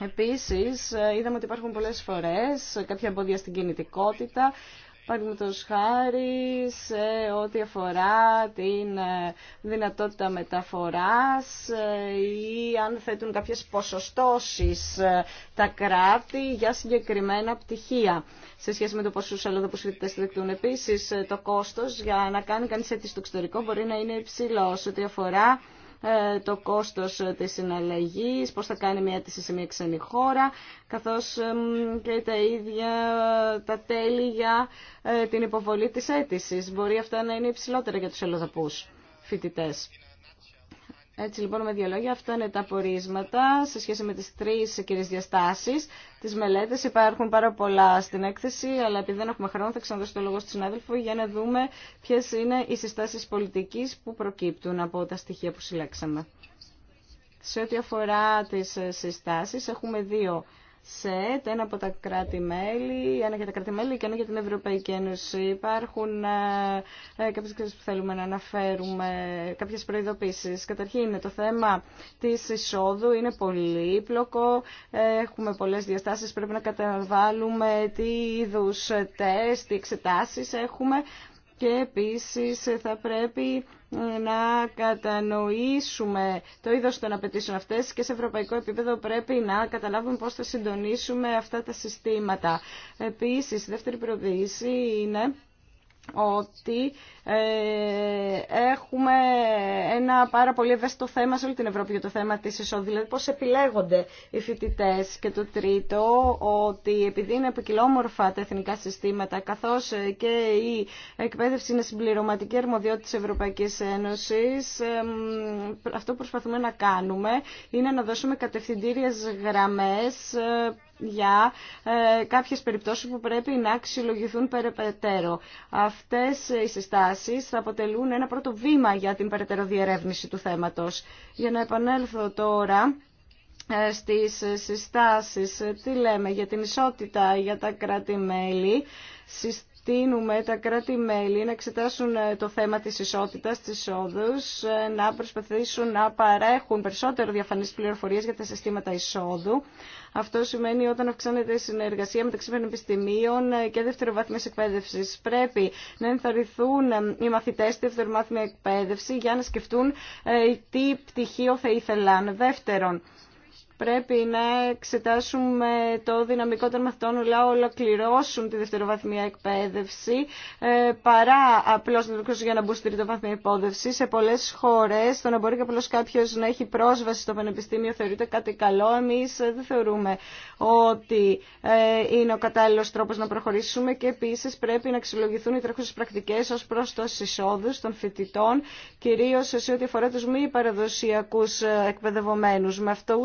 Επίσης, ε, είδαμε ότι υπάρχουν πολλές φορές ε, κάποια εμπόδια στην κινητικότητα, Παραδείγματο χάρη σε ό,τι αφορά την ε, δυνατότητα μεταφοράς ή αν θέτουν κάποιες ποσοστώσεις τα κράτη για συγκεκριμένα πτυχία σε σχέση με το πόσο που φοιτητές δεκτούν. Επίσης, το κόστος για να κάνει κανείς αίτηση στο εξωτερικό μπορεί να είναι υψηλό σε ό,τι αφορά ε, το κόστος ε, της συναλλαγής, πώς θα κάνει μια αίτηση σε μια ξένη χώρα, καθώς και τα ίδια ε, τα τέλη για την υποβολή της αίτησης. Μπορεί αυτά να είναι υψηλότερα για τους ελλοδαπούς φοιτητές. Έτσι λοιπόν με δύο λόγια, αυτά είναι τα πορίσματα σε σχέση με τις τρεις κυρίες διαστάσεις της μελέτες Υπάρχουν πάρα πολλά στην έκθεση, αλλά επειδή δεν έχουμε χρόνο θα ξαναδώσω το λόγο στον συνάδελφο για να δούμε ποιες είναι οι συστάσεις πολιτικής που προκύπτουν από τα στοιχεία που συλλέξαμε. Σε ό,τι αφορά τις συστάσεις έχουμε δύο σε ένα από τα κράτη-μέλη, ένα για τα κράτη-μέλη και ένα για την Ευρωπαϊκή Ένωση. Υπάρχουν ε, ε κάποιες που θέλουμε να αναφέρουμε, κάποιες προειδοποίησεις. Καταρχήν, το θέμα της εισόδου είναι πολύπλοκο, έχουμε πολλές διαστάσεις, πρέπει να καταβάλουμε τι είδους τεστ, τι εξετάσεις έχουμε και επίσης θα πρέπει να κατανοήσουμε το είδος των απαιτήσεων αυτές και σε ευρωπαϊκό επίπεδο πρέπει να καταλάβουμε πώς θα συντονίσουμε αυτά τα συστήματα. Επίσης, η δεύτερη προβλήση είναι ότι ε, έχουμε ένα πάρα πολύ ευαίσθητο θέμα σε όλη την Ευρώπη για το θέμα της εισόδου, δηλαδή πώς επιλέγονται οι φοιτητέ. Και το τρίτο, ότι επειδή είναι επικοινόμορφα τα εθνικά συστήματα, καθώς και η εκπαίδευση είναι συμπληρωματική αρμοδιότητα της Ευρωπαϊκής Ένωσης, αυτό που προσπαθούμε να κάνουμε είναι να δώσουμε κατευθυντήριες γραμμές ε, για ε, κάποιες περιπτώσεις που πρέπει να αξιολογηθούν περαιτέρω. Αυτές οι συστάσεις θα αποτελούν ένα πρώτο βήμα για την περαιτέρω διερεύνηση του θέματος. Για να επανέλθω τώρα ε, στις συστάσεις, ε, τι λέμε για την ισότητα για τα κράτη-μέλη, Τίνουμε τα κράτη-μέλη να εξετάσουν ε, το θέμα της ισότητας, της εισόδου, ε, να προσπαθήσουν να παρέχουν περισσότερο διαφανείς πληροφορίες για τα συστήματα εισόδου. Αυτό σημαίνει όταν αυξάνεται η συνεργασία μεταξύ πανεπιστημίων ε, και δευτεροβάθμια εκπαίδευση. Πρέπει να ενθαρρυνθούν οι μαθητέ στη δευτεροβάθμια εκπαίδευση για να σκεφτούν τι πτυχίο θα ήθελαν. Δεύτερον, πρέπει να εξετάσουμε το δυναμικό των μαθητών να ολοκληρώσουν τη δευτεροβαθμία εκπαίδευση ε, παρά απλώ να το για να μπουν στη τριτοβαθμία υπόδευση. Σε πολλέ χώρε το να μπορεί απλώ κάποιο να έχει πρόσβαση στο πανεπιστήμιο θεωρείται κάτι καλό. Εμεί δεν θεωρούμε ότι ε, είναι ο κατάλληλο τρόπο να προχωρήσουμε και επίση πρέπει να αξιολογηθούν οι τρέχουσε πρακτικέ ω προ το εισόδου των φοιτητών, κυρίω σε ό,τι αφορά του μη παραδοσιακού ε, εκπαιδευμένου Με αυτού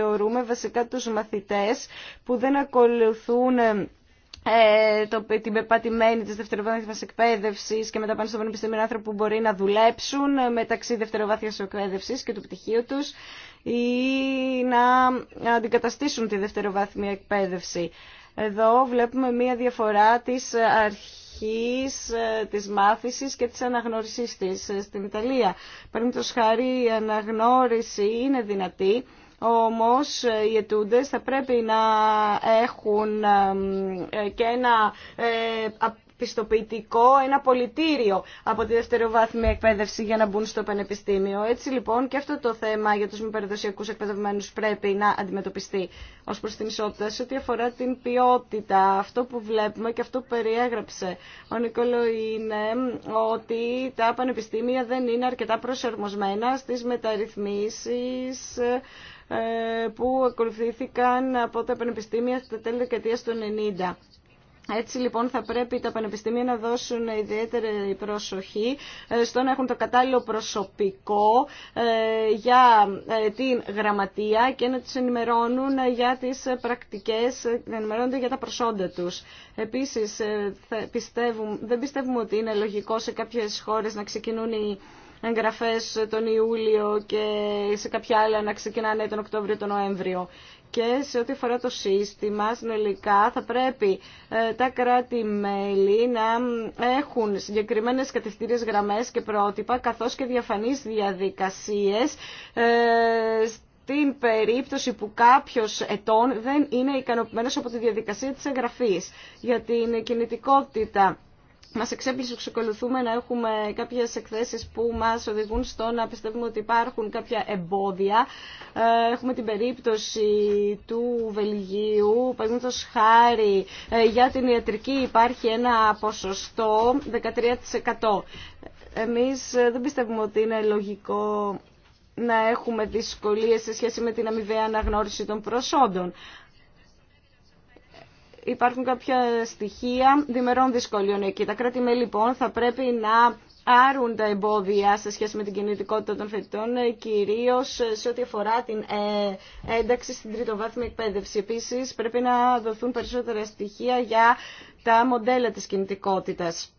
θεωρούμε βασικά τους μαθητές που δεν ακολουθούν ε, το, την πεπατημένη της δευτεροβάθμιας εκπαίδευσης και μετά πάνε στο πανεπιστήμιο άνθρωποι που μπορεί να δουλέψουν ε, μεταξύ δευτεροβάθμιας εκπαίδευσης και του πτυχίου τους ή να αντικαταστήσουν τη δευτεροβάθμια εκπαίδευση. Εδώ βλέπουμε μία διαφορά της αρχής ε, της μάθησης και της αναγνώρισής της ε, στην Ιταλία. Παραδείγματος χάρη η αναγνώριση είναι δυνατή όμως οι ετούντες θα πρέπει να έχουν και ένα ε, πιστοποιητικό, ένα πολιτήριο από τη δευτεροβάθμια εκπαίδευση για να μπουν στο πανεπιστήμιο. Έτσι λοιπόν και αυτό το θέμα για τους μη παραδοσιακούς εκπαιδευμένους πρέπει να αντιμετωπιστεί ως προς την ισότητα σε ό,τι αφορά την ποιότητα. Αυτό που βλέπουμε και αυτό που περιέγραψε ο Νικόλο είναι ότι τα πανεπιστήμια δεν είναι αρκετά προσαρμοσμένα στις μεταρρυθμίσεις ε, που ακολουθήθηκαν από τα πανεπιστήμια στα τέλη δεκαετία του 90. Έτσι λοιπόν θα πρέπει τα πανεπιστήμια να δώσουν ιδιαίτερη προσοχή ε, στο να έχουν το κατάλληλο προσωπικό ε, για την γραμματεία και να τους ενημερώνουν για τις πρακτικές, να ενημερώνονται για τα προσόντα τους. Επίσης δεν πιστεύουμε ότι είναι λογικό σε κάποιες χώρες να ξεκινούν οι εγγραφές τον Ιούλιο και σε κάποια άλλα να ξεκινάνε τον Οκτώβριο, τον Νοέμβριο. Και σε ό,τι αφορά το σύστημα, συνολικά θα πρέπει ε, τα κράτη-μέλη να έχουν συγκεκριμένες κατευθύνες γραμμές και πρότυπα, καθώς και διαφανείς διαδικασίες ε, στην περίπτωση που κάποιο ετών δεν είναι ικανοποιημένος από τη διαδικασία της εγγραφής για την κινητικότητα μας εξέπλησε εξακολουθούμε να έχουμε κάποιες εκθέσεις που μας οδηγούν στο να πιστεύουμε ότι υπάρχουν κάποια εμπόδια. Ε, έχουμε την περίπτωση του Βελγίου, παραδείγματος χάρη, ε, για την ιατρική υπάρχει ένα ποσοστό 13%. Εμείς ε, δεν πιστεύουμε ότι είναι λογικό να έχουμε δυσκολίες σε σχέση με την αμοιβαία αναγνώριση των προσόντων υπάρχουν κάποια στοιχεία διμερών δυσκολίων εκεί. Τα κράτη-μέλη λοιπόν θα πρέπει να άρουν τα εμπόδια σε σχέση με την κινητικότητα των φοιτητών, ε, κυρίως σε ό,τι αφορά την ε, ένταξη στην τριτοβάθμια εκπαίδευση. Επίσης, πρέπει να δοθούν περισσότερα στοιχεία για τα μοντέλα της κινητικότητας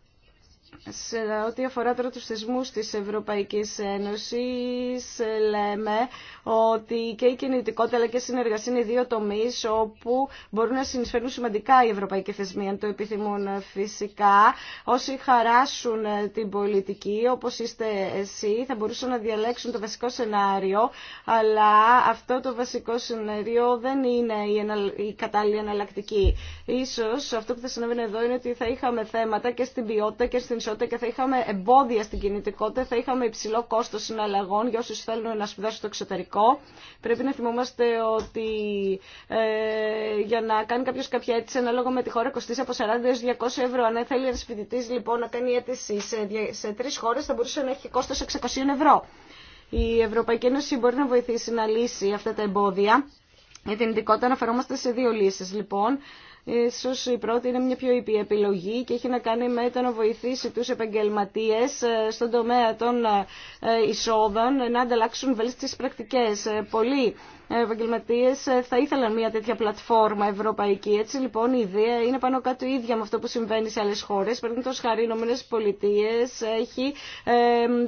σε ό,τι αφορά τώρα τους θεσμούς της Ευρωπαϊκής Ένωσης λέμε ότι και η κινητικότητα αλλά και η συνεργασία είναι δύο τομείς όπου μπορούν να συνεισφέρουν σημαντικά οι ευρωπαϊκοί θεσμοί αν το επιθυμούν φυσικά. Όσοι χαράσουν την πολιτική όπως είστε εσύ θα μπορούσαν να διαλέξουν το βασικό σενάριο αλλά αυτό το βασικό σενάριο δεν είναι η κατάλληλη εναλλακτική. Ίσως αυτό που θα συνέβαινε εδώ είναι ότι θα είχαμε θέματα και στην ποιότητα και στην ισότητα και θα είχαμε εμπόδια στην κινητικότητα, θα είχαμε υψηλό κόστο συναλλαγών για όσου θέλουν να σπουδάσουν στο εξωτερικό. Πρέπει να θυμόμαστε ότι ε, για να κάνει κάποιο κάποια αίτηση ανάλογα με τη χώρα κοστίζει από 40 έω 200 ευρώ. Αν θέλει ένα φοιτητή λοιπόν να κάνει αίτηση σε, σε τρει χώρε θα μπορούσε να έχει κόστο 600 ευρώ. Η Ευρωπαϊκή Ένωση μπορεί να βοηθήσει να λύσει αυτά τα εμπόδια. Για την ειδικότητα αναφερόμαστε σε δύο λύσεις λοιπόν. Ίσως η πρώτη είναι μια πιο ήπια επιλογή και έχει να κάνει με το να βοηθήσει τους επαγγελματίε ε, στον τομέα των ε, ε, εισόδων να ανταλλάξουν βέλτιστε πρακτικέ. Πολλοί Επαγγελματίε, ε, θα ήθελαν μια τέτοια πλατφόρμα ευρωπαϊκή. Έτσι λοιπόν η ιδέα είναι πάνω κάτω ίδια με αυτό που συμβαίνει σε άλλε χώρε, Παραδείγματο χάρη οι Πολιτείε Πολιτείε έχει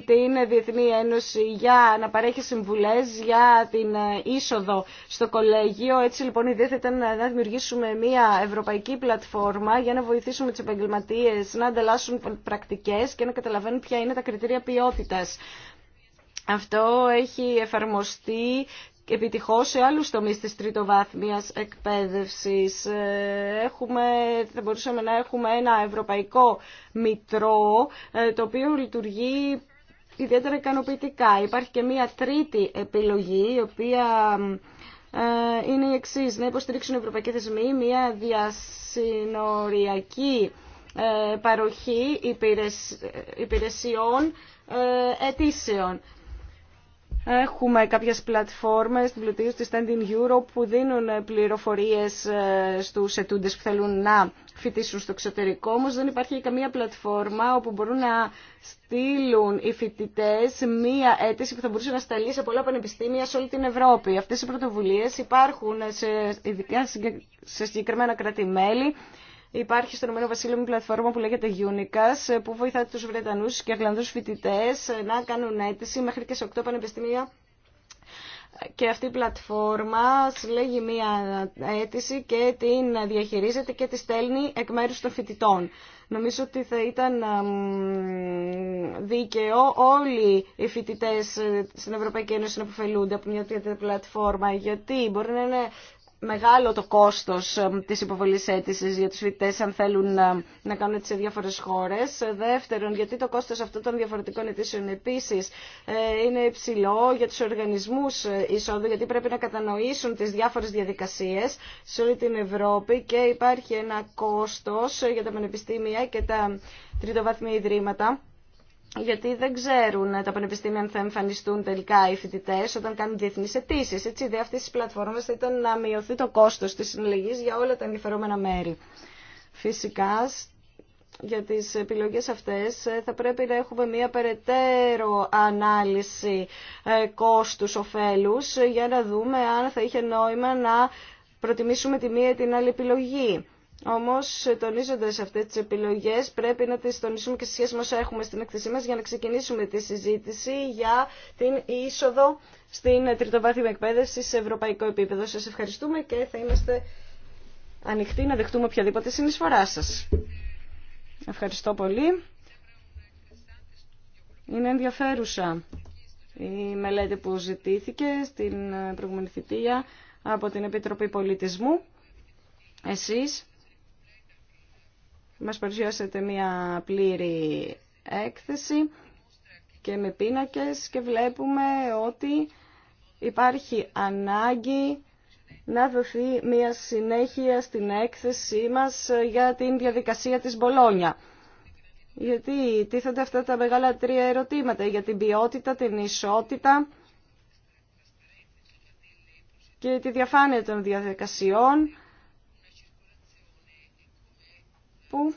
την Διεθνή Ένωση για να παρέχει συμβουλέ για την ε, είσοδο στο κολέγιο. Έτσι λοιπόν η ιδέα θα ήταν να δημιουργήσουμε μια ευρωπαϊκή πλατφόρμα για να βοηθήσουμε τι επαγγελματίε, να ανταλλάσσουν πρακτικέ και να καταλαβαίνουν ποια είναι τα κριτήρια ποιότητα. Αυτό έχει εφαρμοστεί επιτυχώ σε άλλου τομεί της τρίτοβάθμια εκπαίδευση, ε, Έχουμε, θα μπορούσαμε να έχουμε ένα ευρωπαϊκό μητρό ε, το οποίο λειτουργεί ιδιαίτερα ικανοποιητικά. Υπάρχει και μία τρίτη επιλογή η οποία ε, είναι η εξή να υποστηρίξουν οι ευρωπαϊκοί θεσμοί μία διασυνοριακή παροχή υπηρεσιών αιτήσεων. Έχουμε κάποιες πλατφόρμες στην πλουτίωση της Standing Europe που δίνουν πληροφορίες ε, στους ετούντες που θέλουν να φοιτήσουν στο εξωτερικό. Όμως δεν υπάρχει καμία πλατφόρμα όπου μπορούν να στείλουν οι φοιτητέ μία αίτηση που θα μπορούσε να σταλεί σε πολλά πανεπιστήμια σε όλη την Ευρώπη. Αυτές οι πρωτοβουλίες υπάρχουν σε, ειδικά σε συγκεκριμένα κράτη-μέλη Υπάρχει στο Ηνωμένο Βασίλειο μια πλατφόρμα που λέγεται Unicas ε, που βοηθάει τους Βρετανούς και Αγγλανδούς φοιτητές ε, να κάνουν αίτηση μέχρι και σε οκτώ πανεπιστήμια και αυτή η πλατφόρμα συλλέγει μία αίτηση και την διαχειρίζεται και τη στέλνει εκ μέρους των φοιτητών. Νομίζω ότι θα ήταν δίκαιο όλοι οι φοιτητέ ε, στην Ευρωπαϊκή Ένωση να αποφελούνται από μια τέτοια πλατφόρμα, γιατί μπορεί να είναι μεγάλο το κόστος ε, της υποβολής αίτησης για τους φοιτητές αν θέλουν ε, να κάνουν τις σε διάφορες χώρες. Δεύτερον, γιατί το κόστος αυτών των διαφορετικών αιτήσεων επίσης ε, είναι υψηλό για τους οργανισμούς εισόδου, γιατί πρέπει να κατανοήσουν τις διάφορες διαδικασίες σε όλη την Ευρώπη και υπάρχει ένα κόστος για τα πανεπιστήμια και τα τριτοβάθμια ιδρύματα γιατί δεν ξέρουν τα πανεπιστήμια αν θα εμφανιστούν τελικά οι φοιτητέ όταν κάνουν διεθνεί αιτήσει. Έτσι, η ιδέα αυτή τη πλατφόρμα θα ήταν να μειωθεί το κόστο τη συλλογή για όλα τα ενδιαφερόμενα μέρη. Φυσικά, για τις επιλογές αυτές ε, θα πρέπει να έχουμε μία περαιτέρω ανάλυση ε, κόστους κόστους-οφέλους, ε, για να δούμε αν θα είχε νόημα να προτιμήσουμε τη μία ή την άλλη επιλογή. Όμως, τονίζοντας αυτές τις επιλογές, πρέπει να τις τονίσουμε και σε σχέση με όσα έχουμε στην εκθεσή μας για να ξεκινήσουμε τη συζήτηση για την είσοδο στην τριτοβάθμια εκπαίδευση σε ευρωπαϊκό επίπεδο. Σας ευχαριστούμε και θα είμαστε ανοιχτοί να δεχτούμε οποιαδήποτε συνεισφορά σας. Ευχαριστώ πολύ. Είναι ενδιαφέρουσα η μελέτη που ζητήθηκε στην προηγούμενη θητεία από την Επιτροπή Πολιτισμού. Εσείς μας παρουσιάσετε μια πλήρη έκθεση και με πίνακες και βλέπουμε ότι υπάρχει ανάγκη να δοθεί μια συνέχεια στην έκθεσή μας για την διαδικασία της Μπολόνια. Γιατί τίθενται αυτά τα μεγάλα τρία ερωτήματα για την ποιότητα, την ισότητα και τη διαφάνεια των διαδικασιών που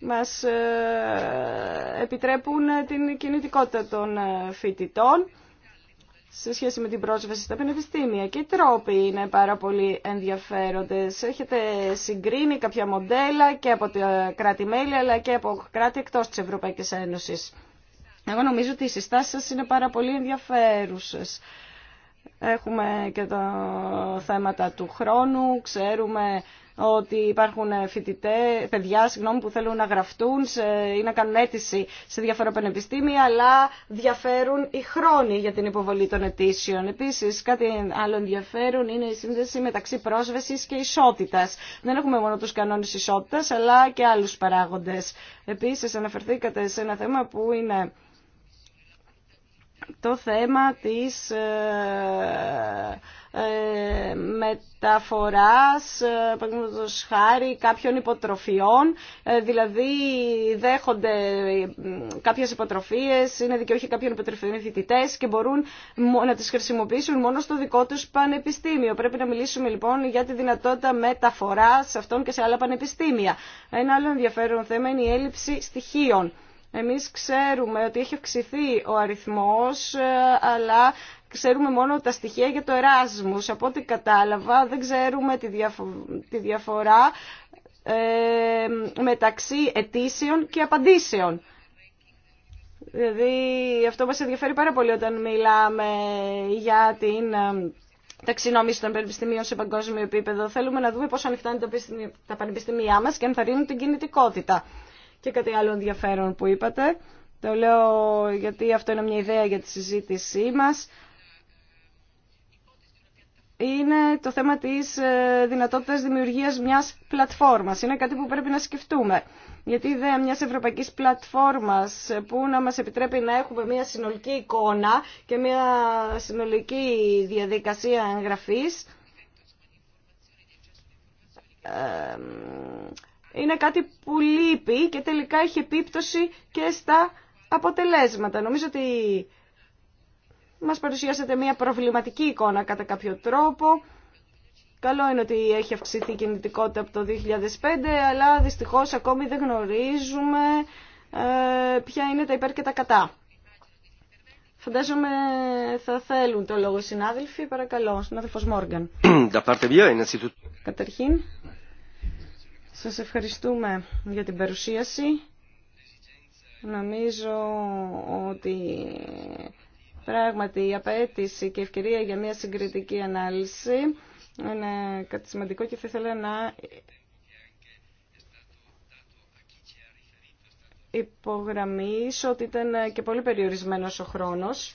μας ε, επιτρέπουν την κινητικότητα των ε, φοιτητών σε σχέση με την πρόσβαση στα πανεπιστήμια και οι τρόποι είναι πάρα πολύ ενδιαφέροντες. Έχετε συγκρίνει κάποια μοντέλα και από τα κράτη-μέλη αλλά και από κράτη εκτός της Ευρωπαϊκής Ένωσης. Εγώ νομίζω ότι οι συστάσεις σας είναι πάρα πολύ ενδιαφέρουσες. Έχουμε και τα θέματα του χρόνου, ξέρουμε ότι υπάρχουν φοιτητέ, παιδιά συγγνώμη, που θέλουν να γραφτούν ή να κάνουν αίτηση σε διάφορα πανεπιστήμια, αλλά διαφέρουν οι χρόνοι για την υποβολή των αιτήσεων. Επίση, κάτι άλλο ενδιαφέρον είναι η σύνδεση μεταξύ πρόσβαση και ισότητα. Δεν έχουμε μόνο του κανόνε ισότητα, αλλά και άλλου παράγοντε. Επίση, αναφερθήκατε σε ένα θέμα που είναι το θέμα της ε, ε, μεταφοράς, ε, χάρη, κάποιων υποτροφιών, ε, δηλαδή δέχονται κάποιες υποτροφίες, είναι δικαιούχοι κάποιων υποτροφιών οι και μπορούν να τις χρησιμοποιήσουν μόνο στο δικό τους πανεπιστήμιο. Πρέπει να μιλήσουμε λοιπόν για τη δυνατότητα μεταφοράς αυτών και σε άλλα πανεπιστήμια. Ένα άλλο ενδιαφέρον θέμα είναι η έλλειψη στοιχείων. Εμείς ξέρουμε ότι έχει αυξηθεί ο αριθμός, ε, αλλά ξέρουμε μόνο τα στοιχεία για το Εράσμους. Από ό,τι κατάλαβα δεν ξέρουμε τη διαφορά ε, μεταξύ αιτήσεων και απαντήσεων. Δηλαδή αυτό μας ενδιαφέρει πάρα πολύ όταν μιλάμε για την ε, ταξινόμηση των πανεπιστημίων σε παγκόσμιο επίπεδο. Θέλουμε να δούμε πόσο ανοιχτά είναι τα πανεπιστημιά μας και αν θα ρίνουν την κινητικότητα και κάτι άλλο ενδιαφέρον που είπατε. Το λέω γιατί αυτό είναι μια ιδέα για τη συζήτησή μας. Είναι το θέμα της ε, δυνατότητας δημιουργίας μιας πλατφόρμας. Είναι κάτι που πρέπει να σκεφτούμε. Γιατί η ιδέα μιας ευρωπαϊκής πλατφόρμας ε, που να μας επιτρέπει να έχουμε μια συνολική εικόνα και μια συνολική διαδικασία εγγραφής ε, είναι κάτι που λείπει και τελικά έχει επίπτωση και στα αποτελέσματα. Νομίζω ότι μας παρουσιάσατε μια προβληματική εικόνα κατά κάποιο τρόπο. Καλό είναι ότι έχει αυξηθεί η κινητικότητα από το 2005, αλλά δυστυχώς ακόμη δεν γνωρίζουμε ε, ποια είναι τα υπέρ και τα κατά. Φαντάζομαι θα θέλουν το λόγο συνάδελφοι. Παρακαλώ, συνάδελφος Μόργαν. Καταρχήν, σας ευχαριστούμε για την παρουσίαση. Νομίζω ότι πράγματι η απέτηση και η ευκαιρία για μια συγκριτική ανάλυση είναι κάτι σημαντικό και θα ήθελα να υπογραμμίσω ότι ήταν και πολύ περιορισμένος ο χρόνος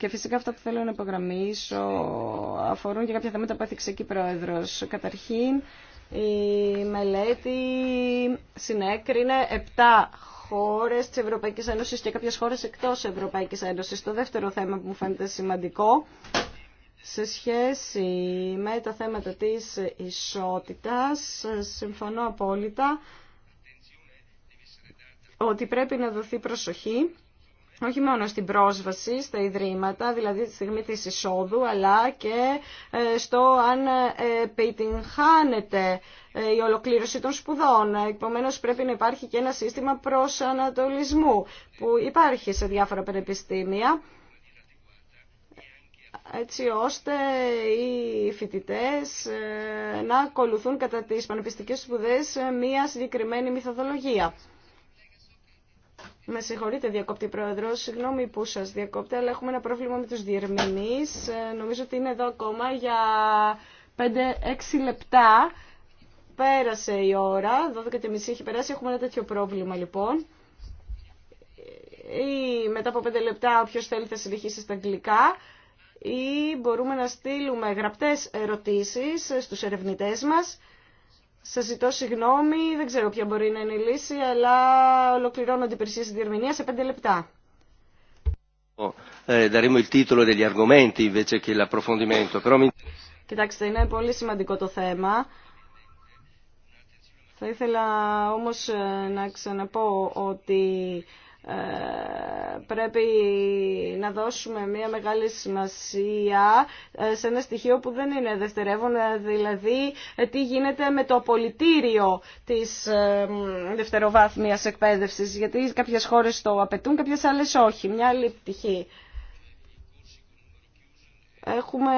Και φυσικά αυτά που θέλω να υπογραμμίσω αφορούν και κάποια θέματα που έθιξε εκεί πρόεδρος. Καταρχήν, η μελέτη συνέκρινε 7 χώρες τη Ευρωπαϊκής Ένωση και κάποιε χώρες εκτός Ευρωπαϊκής Ένωση. Το δεύτερο θέμα που μου φαίνεται σημαντικό σε σχέση με τα θέματα της ισότητας, συμφωνώ απόλυτα ότι πρέπει να δοθεί προσοχή όχι μόνο στην πρόσβαση στα ιδρύματα, δηλαδή τη στιγμή της εισόδου, αλλά και ε, στο αν ε, επιτυγχάνεται ε, η ολοκλήρωση των σπουδών. Επομένως πρέπει να υπάρχει και ένα σύστημα προσανατολισμού που υπάρχει σε διάφορα πανεπιστήμια έτσι ώστε οι φοιτητές να ακολουθούν κατά τις πανεπιστικές σπουδές μία συγκεκριμένη μυθοδολογία. Με συγχωρείτε, διακόπτη πρόεδρο. Συγγνώμη που σα διακόπτε, αλλά έχουμε ένα πρόβλημα με του διερμηνεί. Ε, νομίζω ότι είναι εδώ ακόμα για 5-6 λεπτά. Πέρασε η ώρα, 12.30 έχει περάσει. Έχουμε ένα τέτοιο πρόβλημα λοιπόν. Ή μετά από 5 λεπτά, όποιο θέλει θα συνεχίσει στα αγγλικά. Ή μπορούμε να στείλουμε γραπτές ερωτήσεις στους ερευνητές μας Σα ζητώ συγγνώμη, δεν ξέρω ποια μπορεί να είναι η λύση, αλλά ολοκληρώνω την υπηρεσία στη διερμηνία σε πέντε λεπτά. Ε, Κοιτάξτε, είναι πολύ σημαντικό το θέμα. Θα ήθελα όμως ε, να ξαναπώ ότι ε, πρέπει να δώσουμε μια μεγάλη σημασία ε, σε ένα στοιχείο που δεν είναι δευτερεύον, ε, δηλαδή τι γίνεται με το απολυτήριο της δευτεροβάθμιας εκπαίδευσης, γιατί κάποιες χώρες το απαιτούν, κάποιες άλλες όχι. Μια άλλη πτυχή. Έχουμε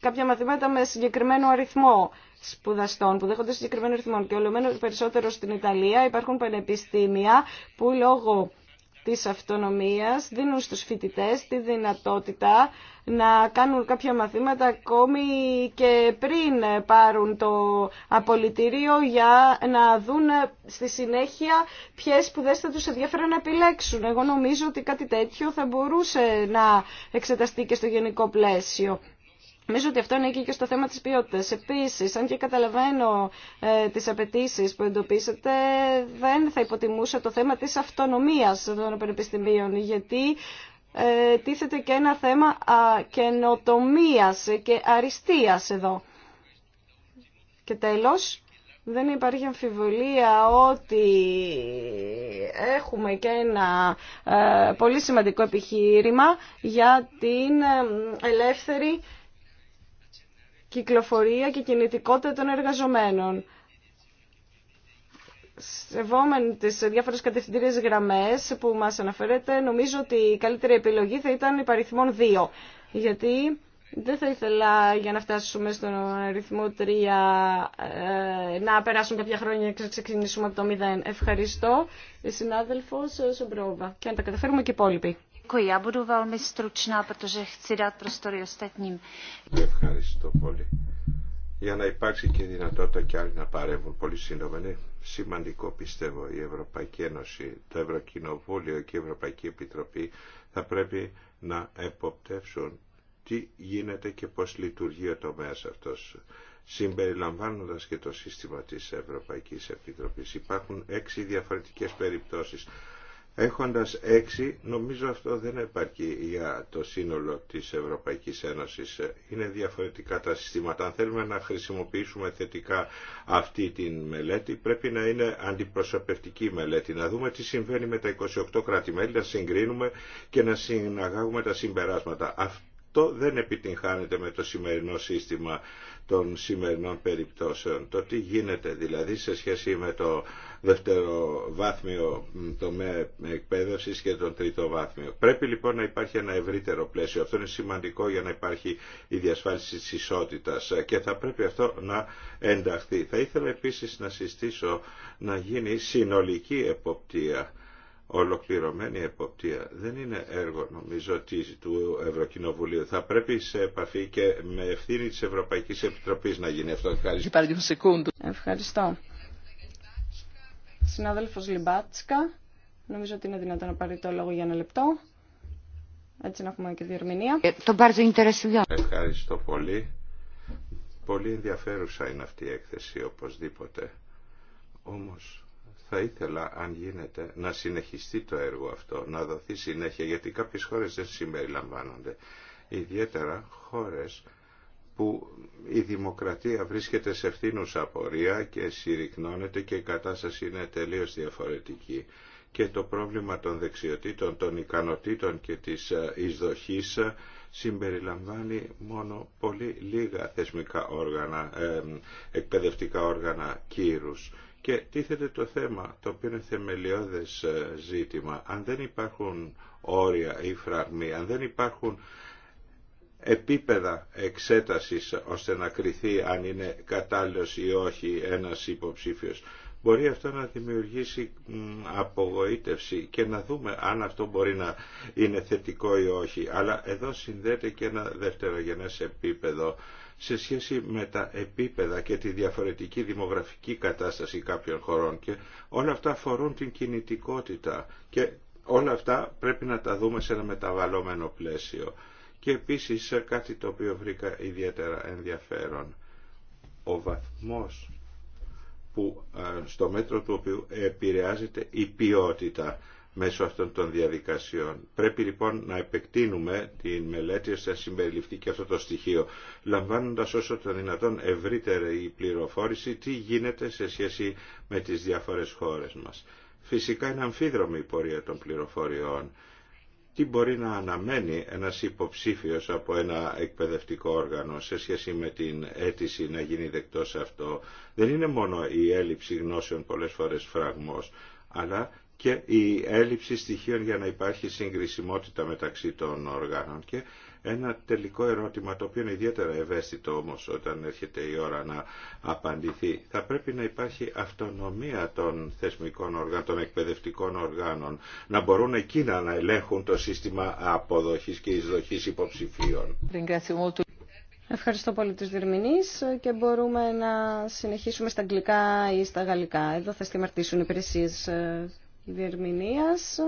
κάποια μαθήματα με συγκεκριμένο αριθμό σπουδαστών που δέχονται συγκεκριμένο ρυθμό. και ολομένω περισσότερο στην Ιταλία υπάρχουν πανεπιστήμια που λόγω της αυτονομίας δίνουν στους φοιτητές τη δυνατότητα να κάνουν κάποια μαθήματα ακόμη και πριν πάρουν το απολυτήριο για να δουν στη συνέχεια ποιες δεν θα τους ενδιαφέρουν να επιλέξουν. Εγώ νομίζω ότι κάτι τέτοιο θα μπορούσε να εξεταστεί και στο γενικό πλαίσιο. Νομίζω ότι αυτό είναι και στο θέμα της ποιότητας. Επίσης, αν και καταλαβαίνω ε, τις απαιτήσει που εντοπίσατε, δεν θα υποτιμούσα το θέμα της αυτονομίας των πανεπιστημίων, γιατί ε, τίθεται και ένα θέμα α, καινοτομίας και αριστείας εδώ. Και τέλος, δεν υπάρχει αμφιβολία ότι έχουμε και ένα ε, πολύ σημαντικό επιχείρημα για την ε, ελεύθερη κυκλοφορία και κινητικότητα των εργαζομένων. Σεβόμενοι τι διάφορες κατευθυντήριε γραμμές που μας αναφέρετε, νομίζω ότι η καλύτερη επιλογή θα ήταν παριθμόν 2. Γιατί δεν θα ήθελα για να φτάσουμε στον αριθμό 3 ε, να περάσουν κάποια χρόνια και να ξεκινήσουμε από το 0. Ευχαριστώ, Συνάδελφο Σομπρόβα. Και αν τα καταφέρουμε και οι υπόλοιποι. Děkuji. Já budu velmi stručná, protože chci Ευχαριστώ πολύ. Για να υπάρξει και δυνατότητα και άλλοι να παρεύουν πολύ σύντομα, είναι σημαντικό πιστεύω η Ευρωπαϊκή Ένωση, το Ευρωκοινοβούλιο και η Ευρωπαϊκή Επιτροπή θα πρέπει να εποπτεύσουν τι γίνεται και πώς λειτουργεί ο τομέας αυτός συμπεριλαμβάνοντας και το σύστημα της Ευρωπαϊκής Επιτροπής. Υπάρχουν έξι διαφορετικές περιπτώσεις έχοντας έξι, νομίζω αυτό δεν επαρκεί για το σύνολο της Ευρωπαϊκής Ένωσης. Είναι διαφορετικά τα συστήματα. Αν θέλουμε να χρησιμοποιήσουμε θετικά αυτή τη μελέτη, πρέπει να είναι αντιπροσωπευτική μελέτη. Να δούμε τι συμβαίνει με τα 28 κράτη-μέλη, να συγκρίνουμε και να συναγάγουμε τα συμπεράσματα. Αυτό δεν επιτυγχάνεται με το σημερινό σύστημα των σημερινών περιπτώσεων. Το τι γίνεται δηλαδή σε σχέση με το δεύτερο βάθμιο τομέα εκπαίδευση και τον τρίτο βάθμιο. Πρέπει λοιπόν να υπάρχει ένα ευρύτερο πλαίσιο. Αυτό είναι σημαντικό για να υπάρχει η διασφάλιση της ισότητα και θα πρέπει αυτό να ενταχθεί. Θα ήθελα επίσης να συστήσω να γίνει συνολική εποπτεία ολοκληρωμένη εποπτεία δεν είναι έργο νομίζω του Ευρωκοινοβουλίου. Θα πρέπει σε επαφή και με ευθύνη της Ευρωπαϊκής Επιτροπής να γίνει αυτό. Ευχαριστώ. Ευχαριστώ. Συνάδελφος Λιμπάτσκα, νομίζω ότι είναι δυνατόν να πάρει το λόγο για ένα λεπτό. Έτσι να έχουμε και διερμηνία. Ευχαριστώ πολύ. Πολύ ενδιαφέρουσα είναι αυτή η έκθεση οπωσδήποτε. Όμως θα ήθελα, αν γίνεται, να συνεχιστεί το έργο αυτό, να δοθεί συνέχεια, γιατί κάποιες χώρες δεν συμπεριλαμβάνονται. Ιδιαίτερα χώρες που η δημοκρατία βρίσκεται σε φθήνουσα απορία και συρρυκνώνεται και η κατάσταση είναι τελείως διαφορετική. Και το πρόβλημα των δεξιοτήτων, των ικανοτήτων και της ε, εισδοχής ε, συμπεριλαμβάνει μόνο πολύ λίγα θεσμικά όργανα, ε, εκπαιδευτικά όργανα κύρους και τίθεται το θέμα, το οποίο είναι θεμελιώδες ε, ζήτημα. Αν δεν υπάρχουν όρια ή φραγμοί, αν δεν υπάρχουν επίπεδα εξέτασης ώστε να κριθεί αν είναι κατάλληλος ή όχι ένας υποψήφιος, μπορεί αυτό να δημιουργήσει απογοήτευση και να δούμε αν αυτό μπορεί να είναι θετικό ή όχι. Αλλά εδώ συνδέεται και ένα δευτερογενές επίπεδο σε σχέση με τα επίπεδα και τη διαφορετική δημογραφική κατάσταση κάποιων χωρών και όλα αυτά αφορούν την κινητικότητα και όλα αυτά πρέπει να τα δούμε σε ένα μεταβαλλόμενο πλαίσιο. Και επίσης κάτι το οποίο βρήκα ιδιαίτερα ενδιαφέρον, ο βαθμός που ε, στο μέτρο του οποίου επηρεάζεται η ποιότητα μέσω αυτών των διαδικασιών. Πρέπει λοιπόν να επεκτείνουμε τη μελέτη ώστε να συμπεριληφθεί και αυτό το στοιχείο, λαμβάνοντας όσο το δυνατόν ευρύτερη η πληροφόρηση τι γίνεται σε σχέση με τις διάφορες χώρες μας. Φυσικά είναι αμφίδρομη η πορεία των πληροφοριών. Τι μπορεί να αναμένει ένας υποψήφιος από ένα εκπαιδευτικό όργανο σε σχέση με την αίτηση να γίνει δεκτός αυτό. Δεν είναι μόνο η έλλειψη γνώσεων πολλές φορές φραγμός, αλλά και η έλλειψη στοιχείων για να υπάρχει συγκρισιμότητα μεταξύ των οργάνων. Και ένα τελικό ερώτημα το οποίο είναι ιδιαίτερα ευαίσθητο όμως όταν έρχεται η ώρα να απαντηθεί. Θα πρέπει να υπάρχει αυτονομία των θεσμικών οργάνων, των εκπαιδευτικών οργάνων, να μπορούν εκείνα να ελέγχουν το σύστημα αποδοχής και εισδοχής υποψηφίων. Ευχαριστώ πολύ τους Δερμηνείς και μπορούμε να συνεχίσουμε στα αγγλικά ή στα γαλλικά. Εδώ θα στημαρτήσουν οι υπηρεσίες ε, διερμηνίας.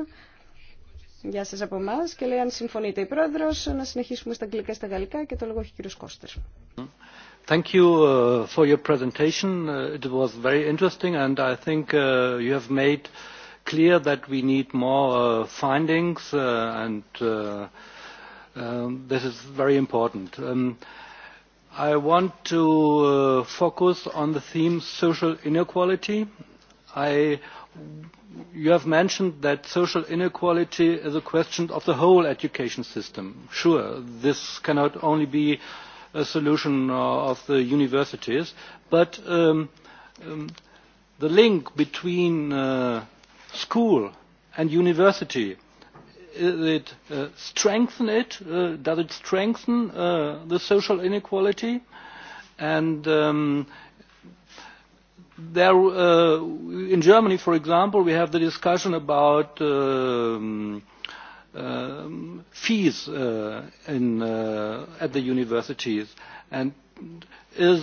Γεια σας από εμά και λέει αν συμφωνείτε η Πρόεδρος να συνεχίσουμε στα αγγλικά στα γαλλικά και το λόγο έχει ο κύριος Κώστερ. Thank you for your presentation. It was very interesting and I think you have made clear that we need more findings and this is very important. I want to focus on the theme social inequality. I You have mentioned that social inequality is a question of the whole education system. Sure, this cannot only be a solution of the universities, but the link between school and university, it strengthen it? Does it strengthen the social inequality? And there in germany for example we have the discussion about fees in at the universities and is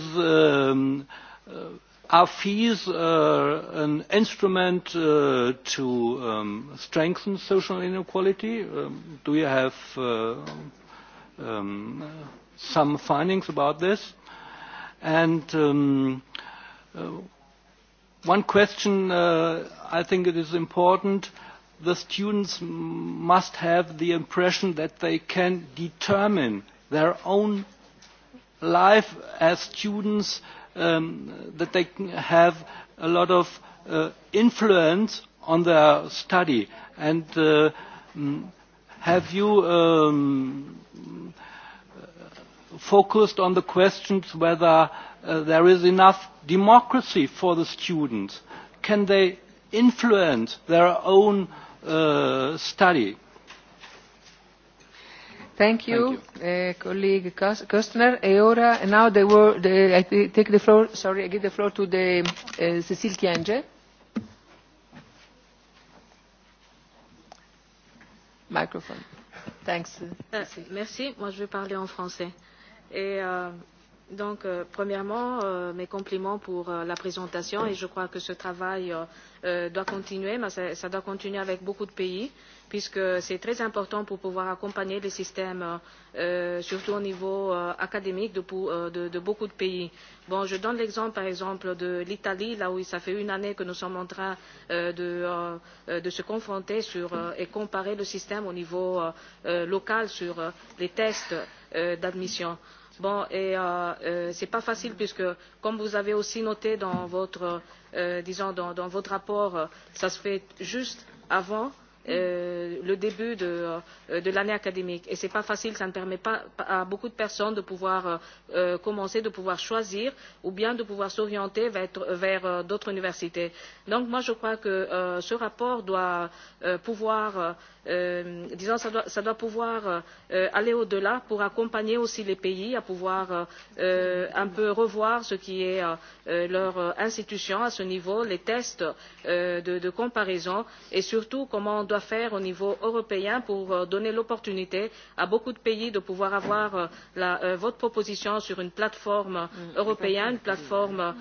are fees an instrument to strengthen social inequality do you have some findings about this and One question I think it is important the students must have the impression that they can determine their own life as students, that they have a lot of influence on their study. And have you focused on the questions whether there is enough democracy for the students? Can they influence their own study? Thank you, colleague Kostner. Eora, and now they were, I take the floor, sorry, I give the floor to the Cecile Kienge. Microphone. Thanks. Merci. Moi, je vais parler en français. Et Donc, premièrement, mes compliments pour la présentation et je crois que ce travail doit continuer, mais ça doit continuer avec beaucoup de pays, puisque c'est très important pour pouvoir accompagner les systèmes, surtout au niveau académique, de beaucoup de pays. Bon, je donne l'exemple, par exemple, de l'Italie, là où ça fait une année que nous sommes en train de se confronter sur et comparer le système au niveau local sur les tests d'admission. Bon, et ce n'est pas facile puisque, comme vous avez aussi noté dans votre, disons, dans votre rapport, ça se fait juste avant le début de l'année académique. Et ce n'est pas facile, ça ne permet pas à beaucoup de personnes de pouvoir commencer, de pouvoir choisir ou bien de pouvoir s'orienter vers d'autres universités. Donc moi je crois que ce rapport doit pouvoir disons ça doit pouvoir aller au-delà pour accompagner aussi les pays à pouvoir un peu revoir ce qui est leur institution à ce niveau, les tests de comparaison et surtout comment on doit faire au niveau européen pour donner l'opportunité à beaucoup de pays de pouvoir avoir votre proposition sur une plateforme européenne, une plateforme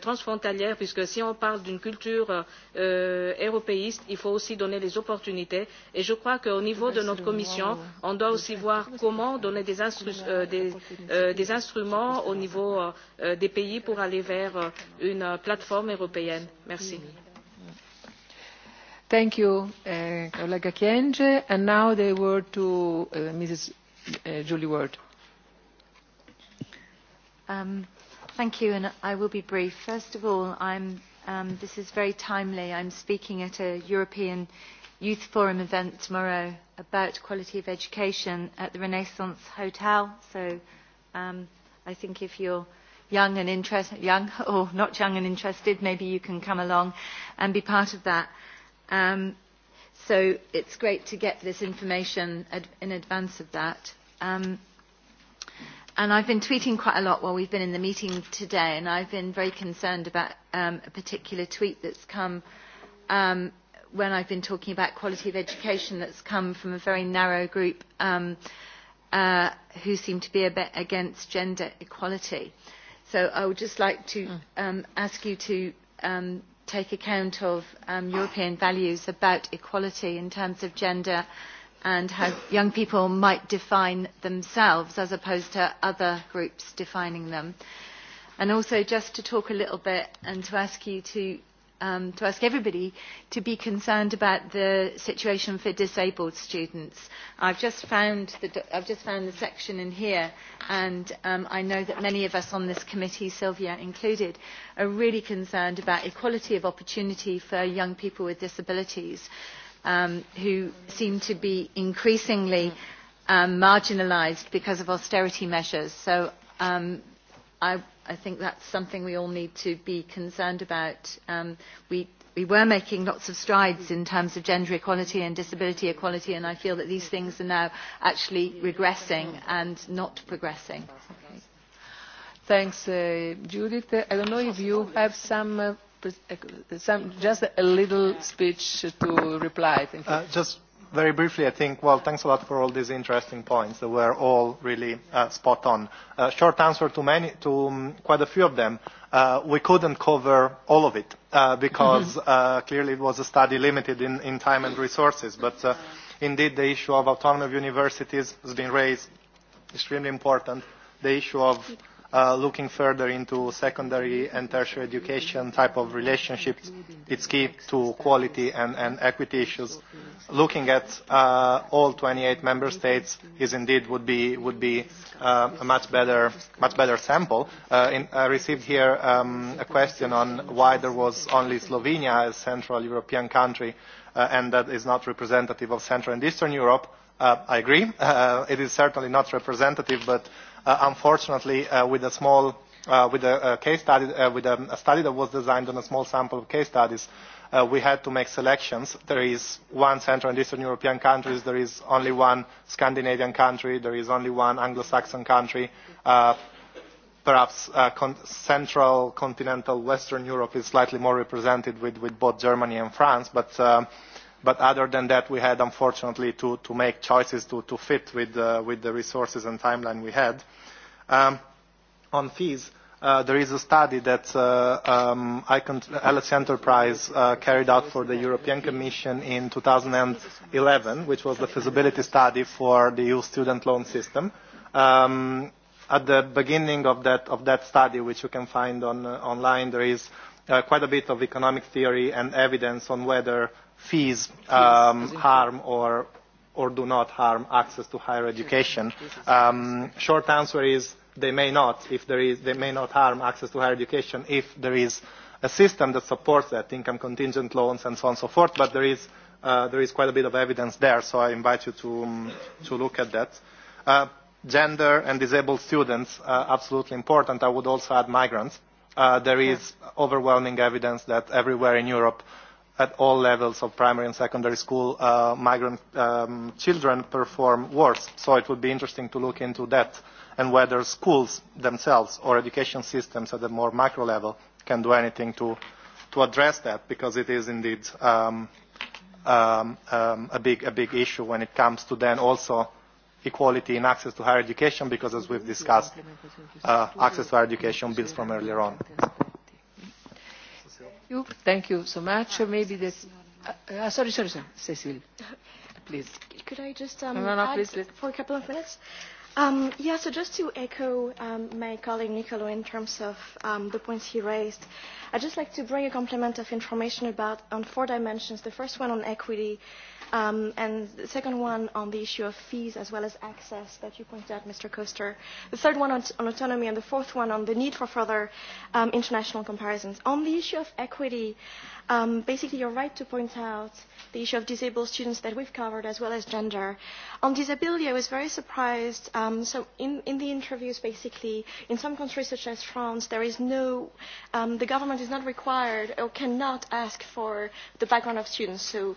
transfrontalière puisque si on parle d'une culture européiste, il faut aussi donner les opportunités je crois qu'au niveau de notre commission, on doit aussi voir comment donner des des, instruments au niveau des pays pour aller vers une plateforme européenne. Merci. Thank you, collega Kienge. And now the word to Mrs. Julie Ward. Um, Thank you, and I will be brief. First of all, I'm, um, this is very timely. I'm speaking at a European youth forum event tomorrow about quality of education at the Renaissance Hotel. So um, I think if you're young and interested, young or not young and interested, maybe you can come along and be part of that. Um, so it's great to get this information in advance of that. Um, and I've been tweeting quite a lot while we've been in the meeting today, and I've been very concerned about um, a particular tweet that's come um, when I've been talking about quality of education that's come from a very narrow group who seem to be a bit against gender equality. So I would just like to ask you to take account of European values about equality in terms of gender and how young people might define themselves as opposed to other groups defining them. And also just to talk a little bit and to ask you to to ask everybody to be concerned about the situation for disabled students. I've just found the, I've just found the section in here, and I know that many of us on this committee, Sylvia included, are really concerned about equality of opportunity for young people with disabilities who seem to be increasingly marginalised because of austerity measures. So I think that's something we all need to be concerned about. We were making lots of strides in terms of gender equality and disability equality, and I feel that these things are now actually regressing and not progressing. Thanks, Judith. I don't know if you have some, just a little speech to reply very briefly, I think, well, thanks a lot for all these interesting points that were all really spot on. Short answer to many, to quite a few of them. We couldn't cover all of it because clearly it was a study limited in in time and resources. But indeed, the issue of autonomy of universities has been raised, extremely important. The issue of looking further into secondary and tertiary education type of relationships, it's key to quality and equity issues. Looking at all 28 member states is indeed would be would be a much better much better sample. I received here a question on why there was only Slovenia as Central European country and that is not representative of Central and Eastern Europe. I agree. It is certainly not representative, but unfortunately, with a small with a case study, with a study that was designed on a small sample of case studies, we had to make selections. There is one Central and Eastern European countries, there is only one Scandinavian country, there is only one Anglo-Saxon country. Perhaps Central, Continental, Western Europe is slightly more represented with both Germany and France, but other than that, we had, unfortunately, to make choices to fit with the resources and timeline we had. On fees, there is a study that Alex Enterprise carried out for the European Commission in 2011, which was the feasibility study for the EU student loan system. At the beginning of that study, which you can find online, there is quite a bit of economic theory and evidence on whether fees harm or do not harm access to higher education. Short answer is they may not if there is they may not harm access to higher education if there is a system that supports that income contingent loans and so on and so forth but there is there is quite a bit of evidence there so i invite you to to look at that gender and disabled students absolutely important i would also add migrants there is overwhelming evidence that everywhere in europe at all levels of primary and secondary school migrant children perform worse so it would be interesting to look into that and whether schools themselves or education systems at a more macro level can do anything to address that because it is indeed a big issue when it comes to then also equality in access to higher education because as we've discussed access to higher education builds from earlier on. Thank you so much. Maybe sorry sorry Cecil please. Could I just um for a couple of minutes? Um, yeah, so just to echo my colleague Nicolo in terms of the points he raised, I'd just like to bring a complement of information about on four dimensions. The first one on equity, and the second one on the issue of fees as well as access that you pointed out, Mr. Coaster. The third one on, autonomy, and the fourth one on the need for further international comparisons. On the issue of equity, um, basically you're right to point out the issue of disabled students that we've covered as well as gender. On disability, I was very surprised. So in the interviews, basically, in some countries such as France, there is no, um the government is not required or cannot ask for the background of students. So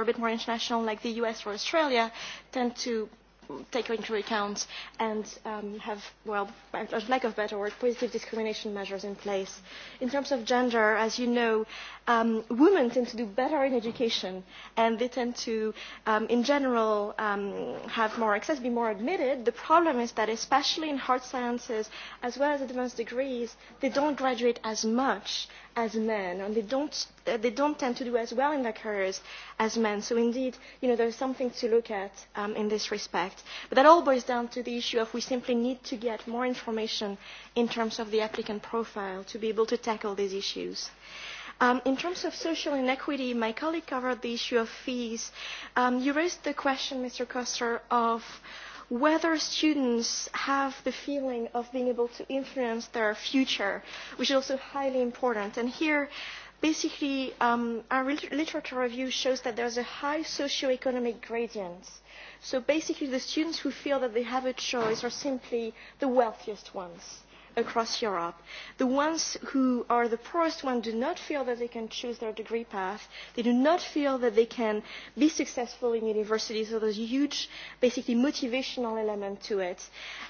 a bit more international, like the US or Australia, tend to take into account and have, well, lack of better word, positive discrimination measures in place. In terms of gender, as you know, women tend to do better in education and they tend to, in general, have more access, be more admitted. The problem is that especially in hard sciences, as well as advanced degrees, they don't graduate as much as men and they don't they don't tend to do as well in their careers as men so indeed you know there's something to look at in this respect But that all boils down to the issue of we simply need to get more information in terms of the applicant profile to be able to tackle these issues. In terms of social inequity, my colleague covered the issue of fees. You raised the question, Mr. Koster, of whether students have the feeling of being able to influence their future, which is also highly important. And here, Basically, our literature review shows that there is a high socio-economic gradient. So basically, the students who feel that they have a choice are simply the wealthiest ones across Europe. The ones who are the poorest ones do not feel that they can choose their degree path. They do not feel that they can be successful in universities, So there's a huge, basically, motivational element to it.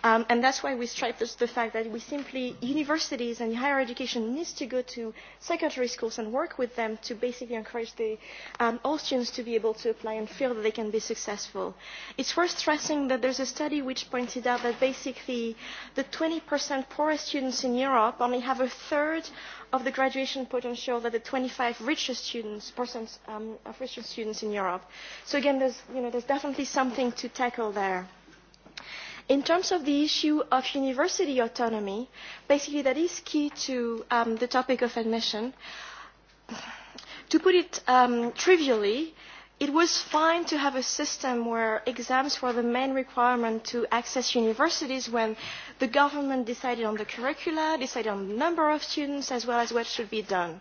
And that's why we strive the fact that we simply, universities and higher education needs to go to secondary schools and work with them to basically encourage the all students to be able to apply and feel that they can be successful. It's worth stressing that there's a study which pointed out that basically the 20% poorest students in Europe only have a third of the graduation potential that the 25 richest students, percent of richest students in Europe. So again, there's, you there's definitely something to tackle there. In terms of the issue of university autonomy, basically that is key to the topic of admission. To put it trivially, it was fine to have a system where exams were the main requirement to access universities when the government decided on the curricula, decided on the number of students, as well as what should be done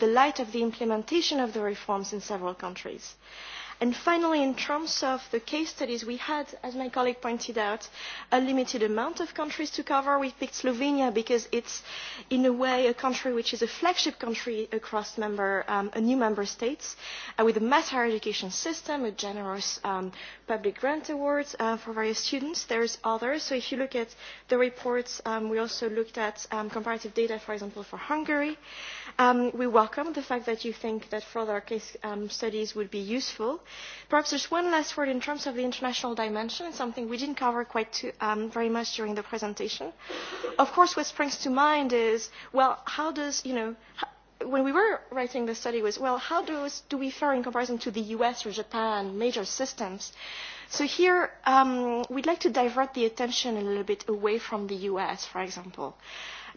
the light of the implementation of the reforms in several countries. And finally, in terms of the case studies, we had, as my colleague pointed out, a limited amount of countries to cover. We picked Slovenia because it's, in a way, a country which is a flagship country across member, a new member states, with a mass higher education system, a generous public grant awards for various students. There's others. So if you look at the reports, we also looked at comparative data, for example, for Hungary. We welcome the fact that you think that further case studies would be useful Perhaps just one last word in terms of the international dimension, something we didn't cover quite very much during the presentation. Of course, what springs to mind is, well, how does, you know, when we were writing the study was, well, how does, do we fare in comparison to the US or Japan, major systems? So here, we'd like to divert the attention a little bit away from the US, for example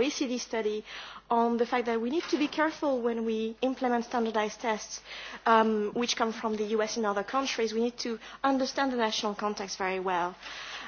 OECD study on the fact that we need to be careful when we implement standardized tests which come from the US and other countries. We need to understand the national context very well.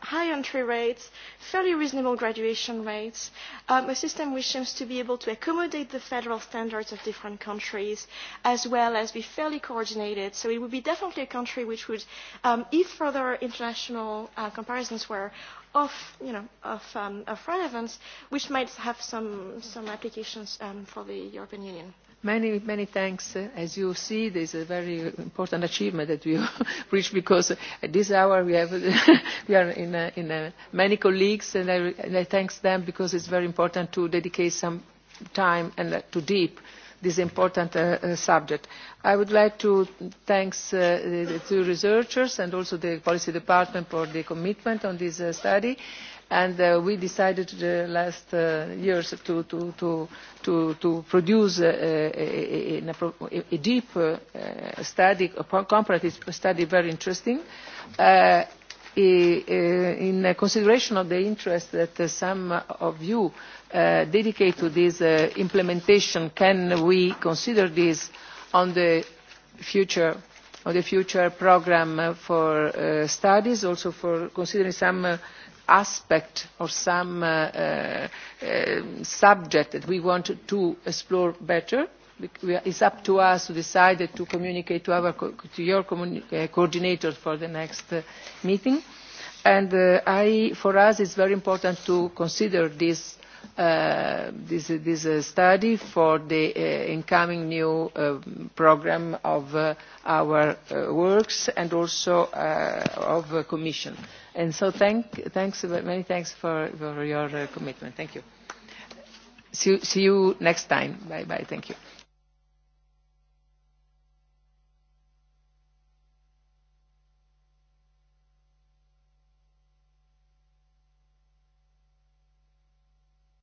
high entry rates, fairly reasonable graduation rates, a system which seems to be able to accommodate the federal standards of different countries, as well as be fairly coordinated. So it would be definitely a country which would, if further international comparisons were of, you know, of, relevance, which might have some, some applications for the European Union. Many, many thanks. As you see, this is a very important achievement that we reached because at this hour we have we are in in many colleagues and I thank them because it's very important to dedicate some time and to deep this important subject. I would like to thank the two researchers and also the policy department for the commitment on this study and we decided the last years to to to to produce a deep study a comparative study very interesting in consideration of the interest that some of you dedicate to this implementation can we consider this on the future on the future program for studies also for considering some aspect or some subject that we want to explore better. is up to us to decide to communicate to your coordinators for the next meeting. And for us it is very important to consider this this study for the incoming new programme of our works and also of the Commission. And so thanks, many thanks for your commitment. Thank you. See you next time. Bye-bye. Thank you.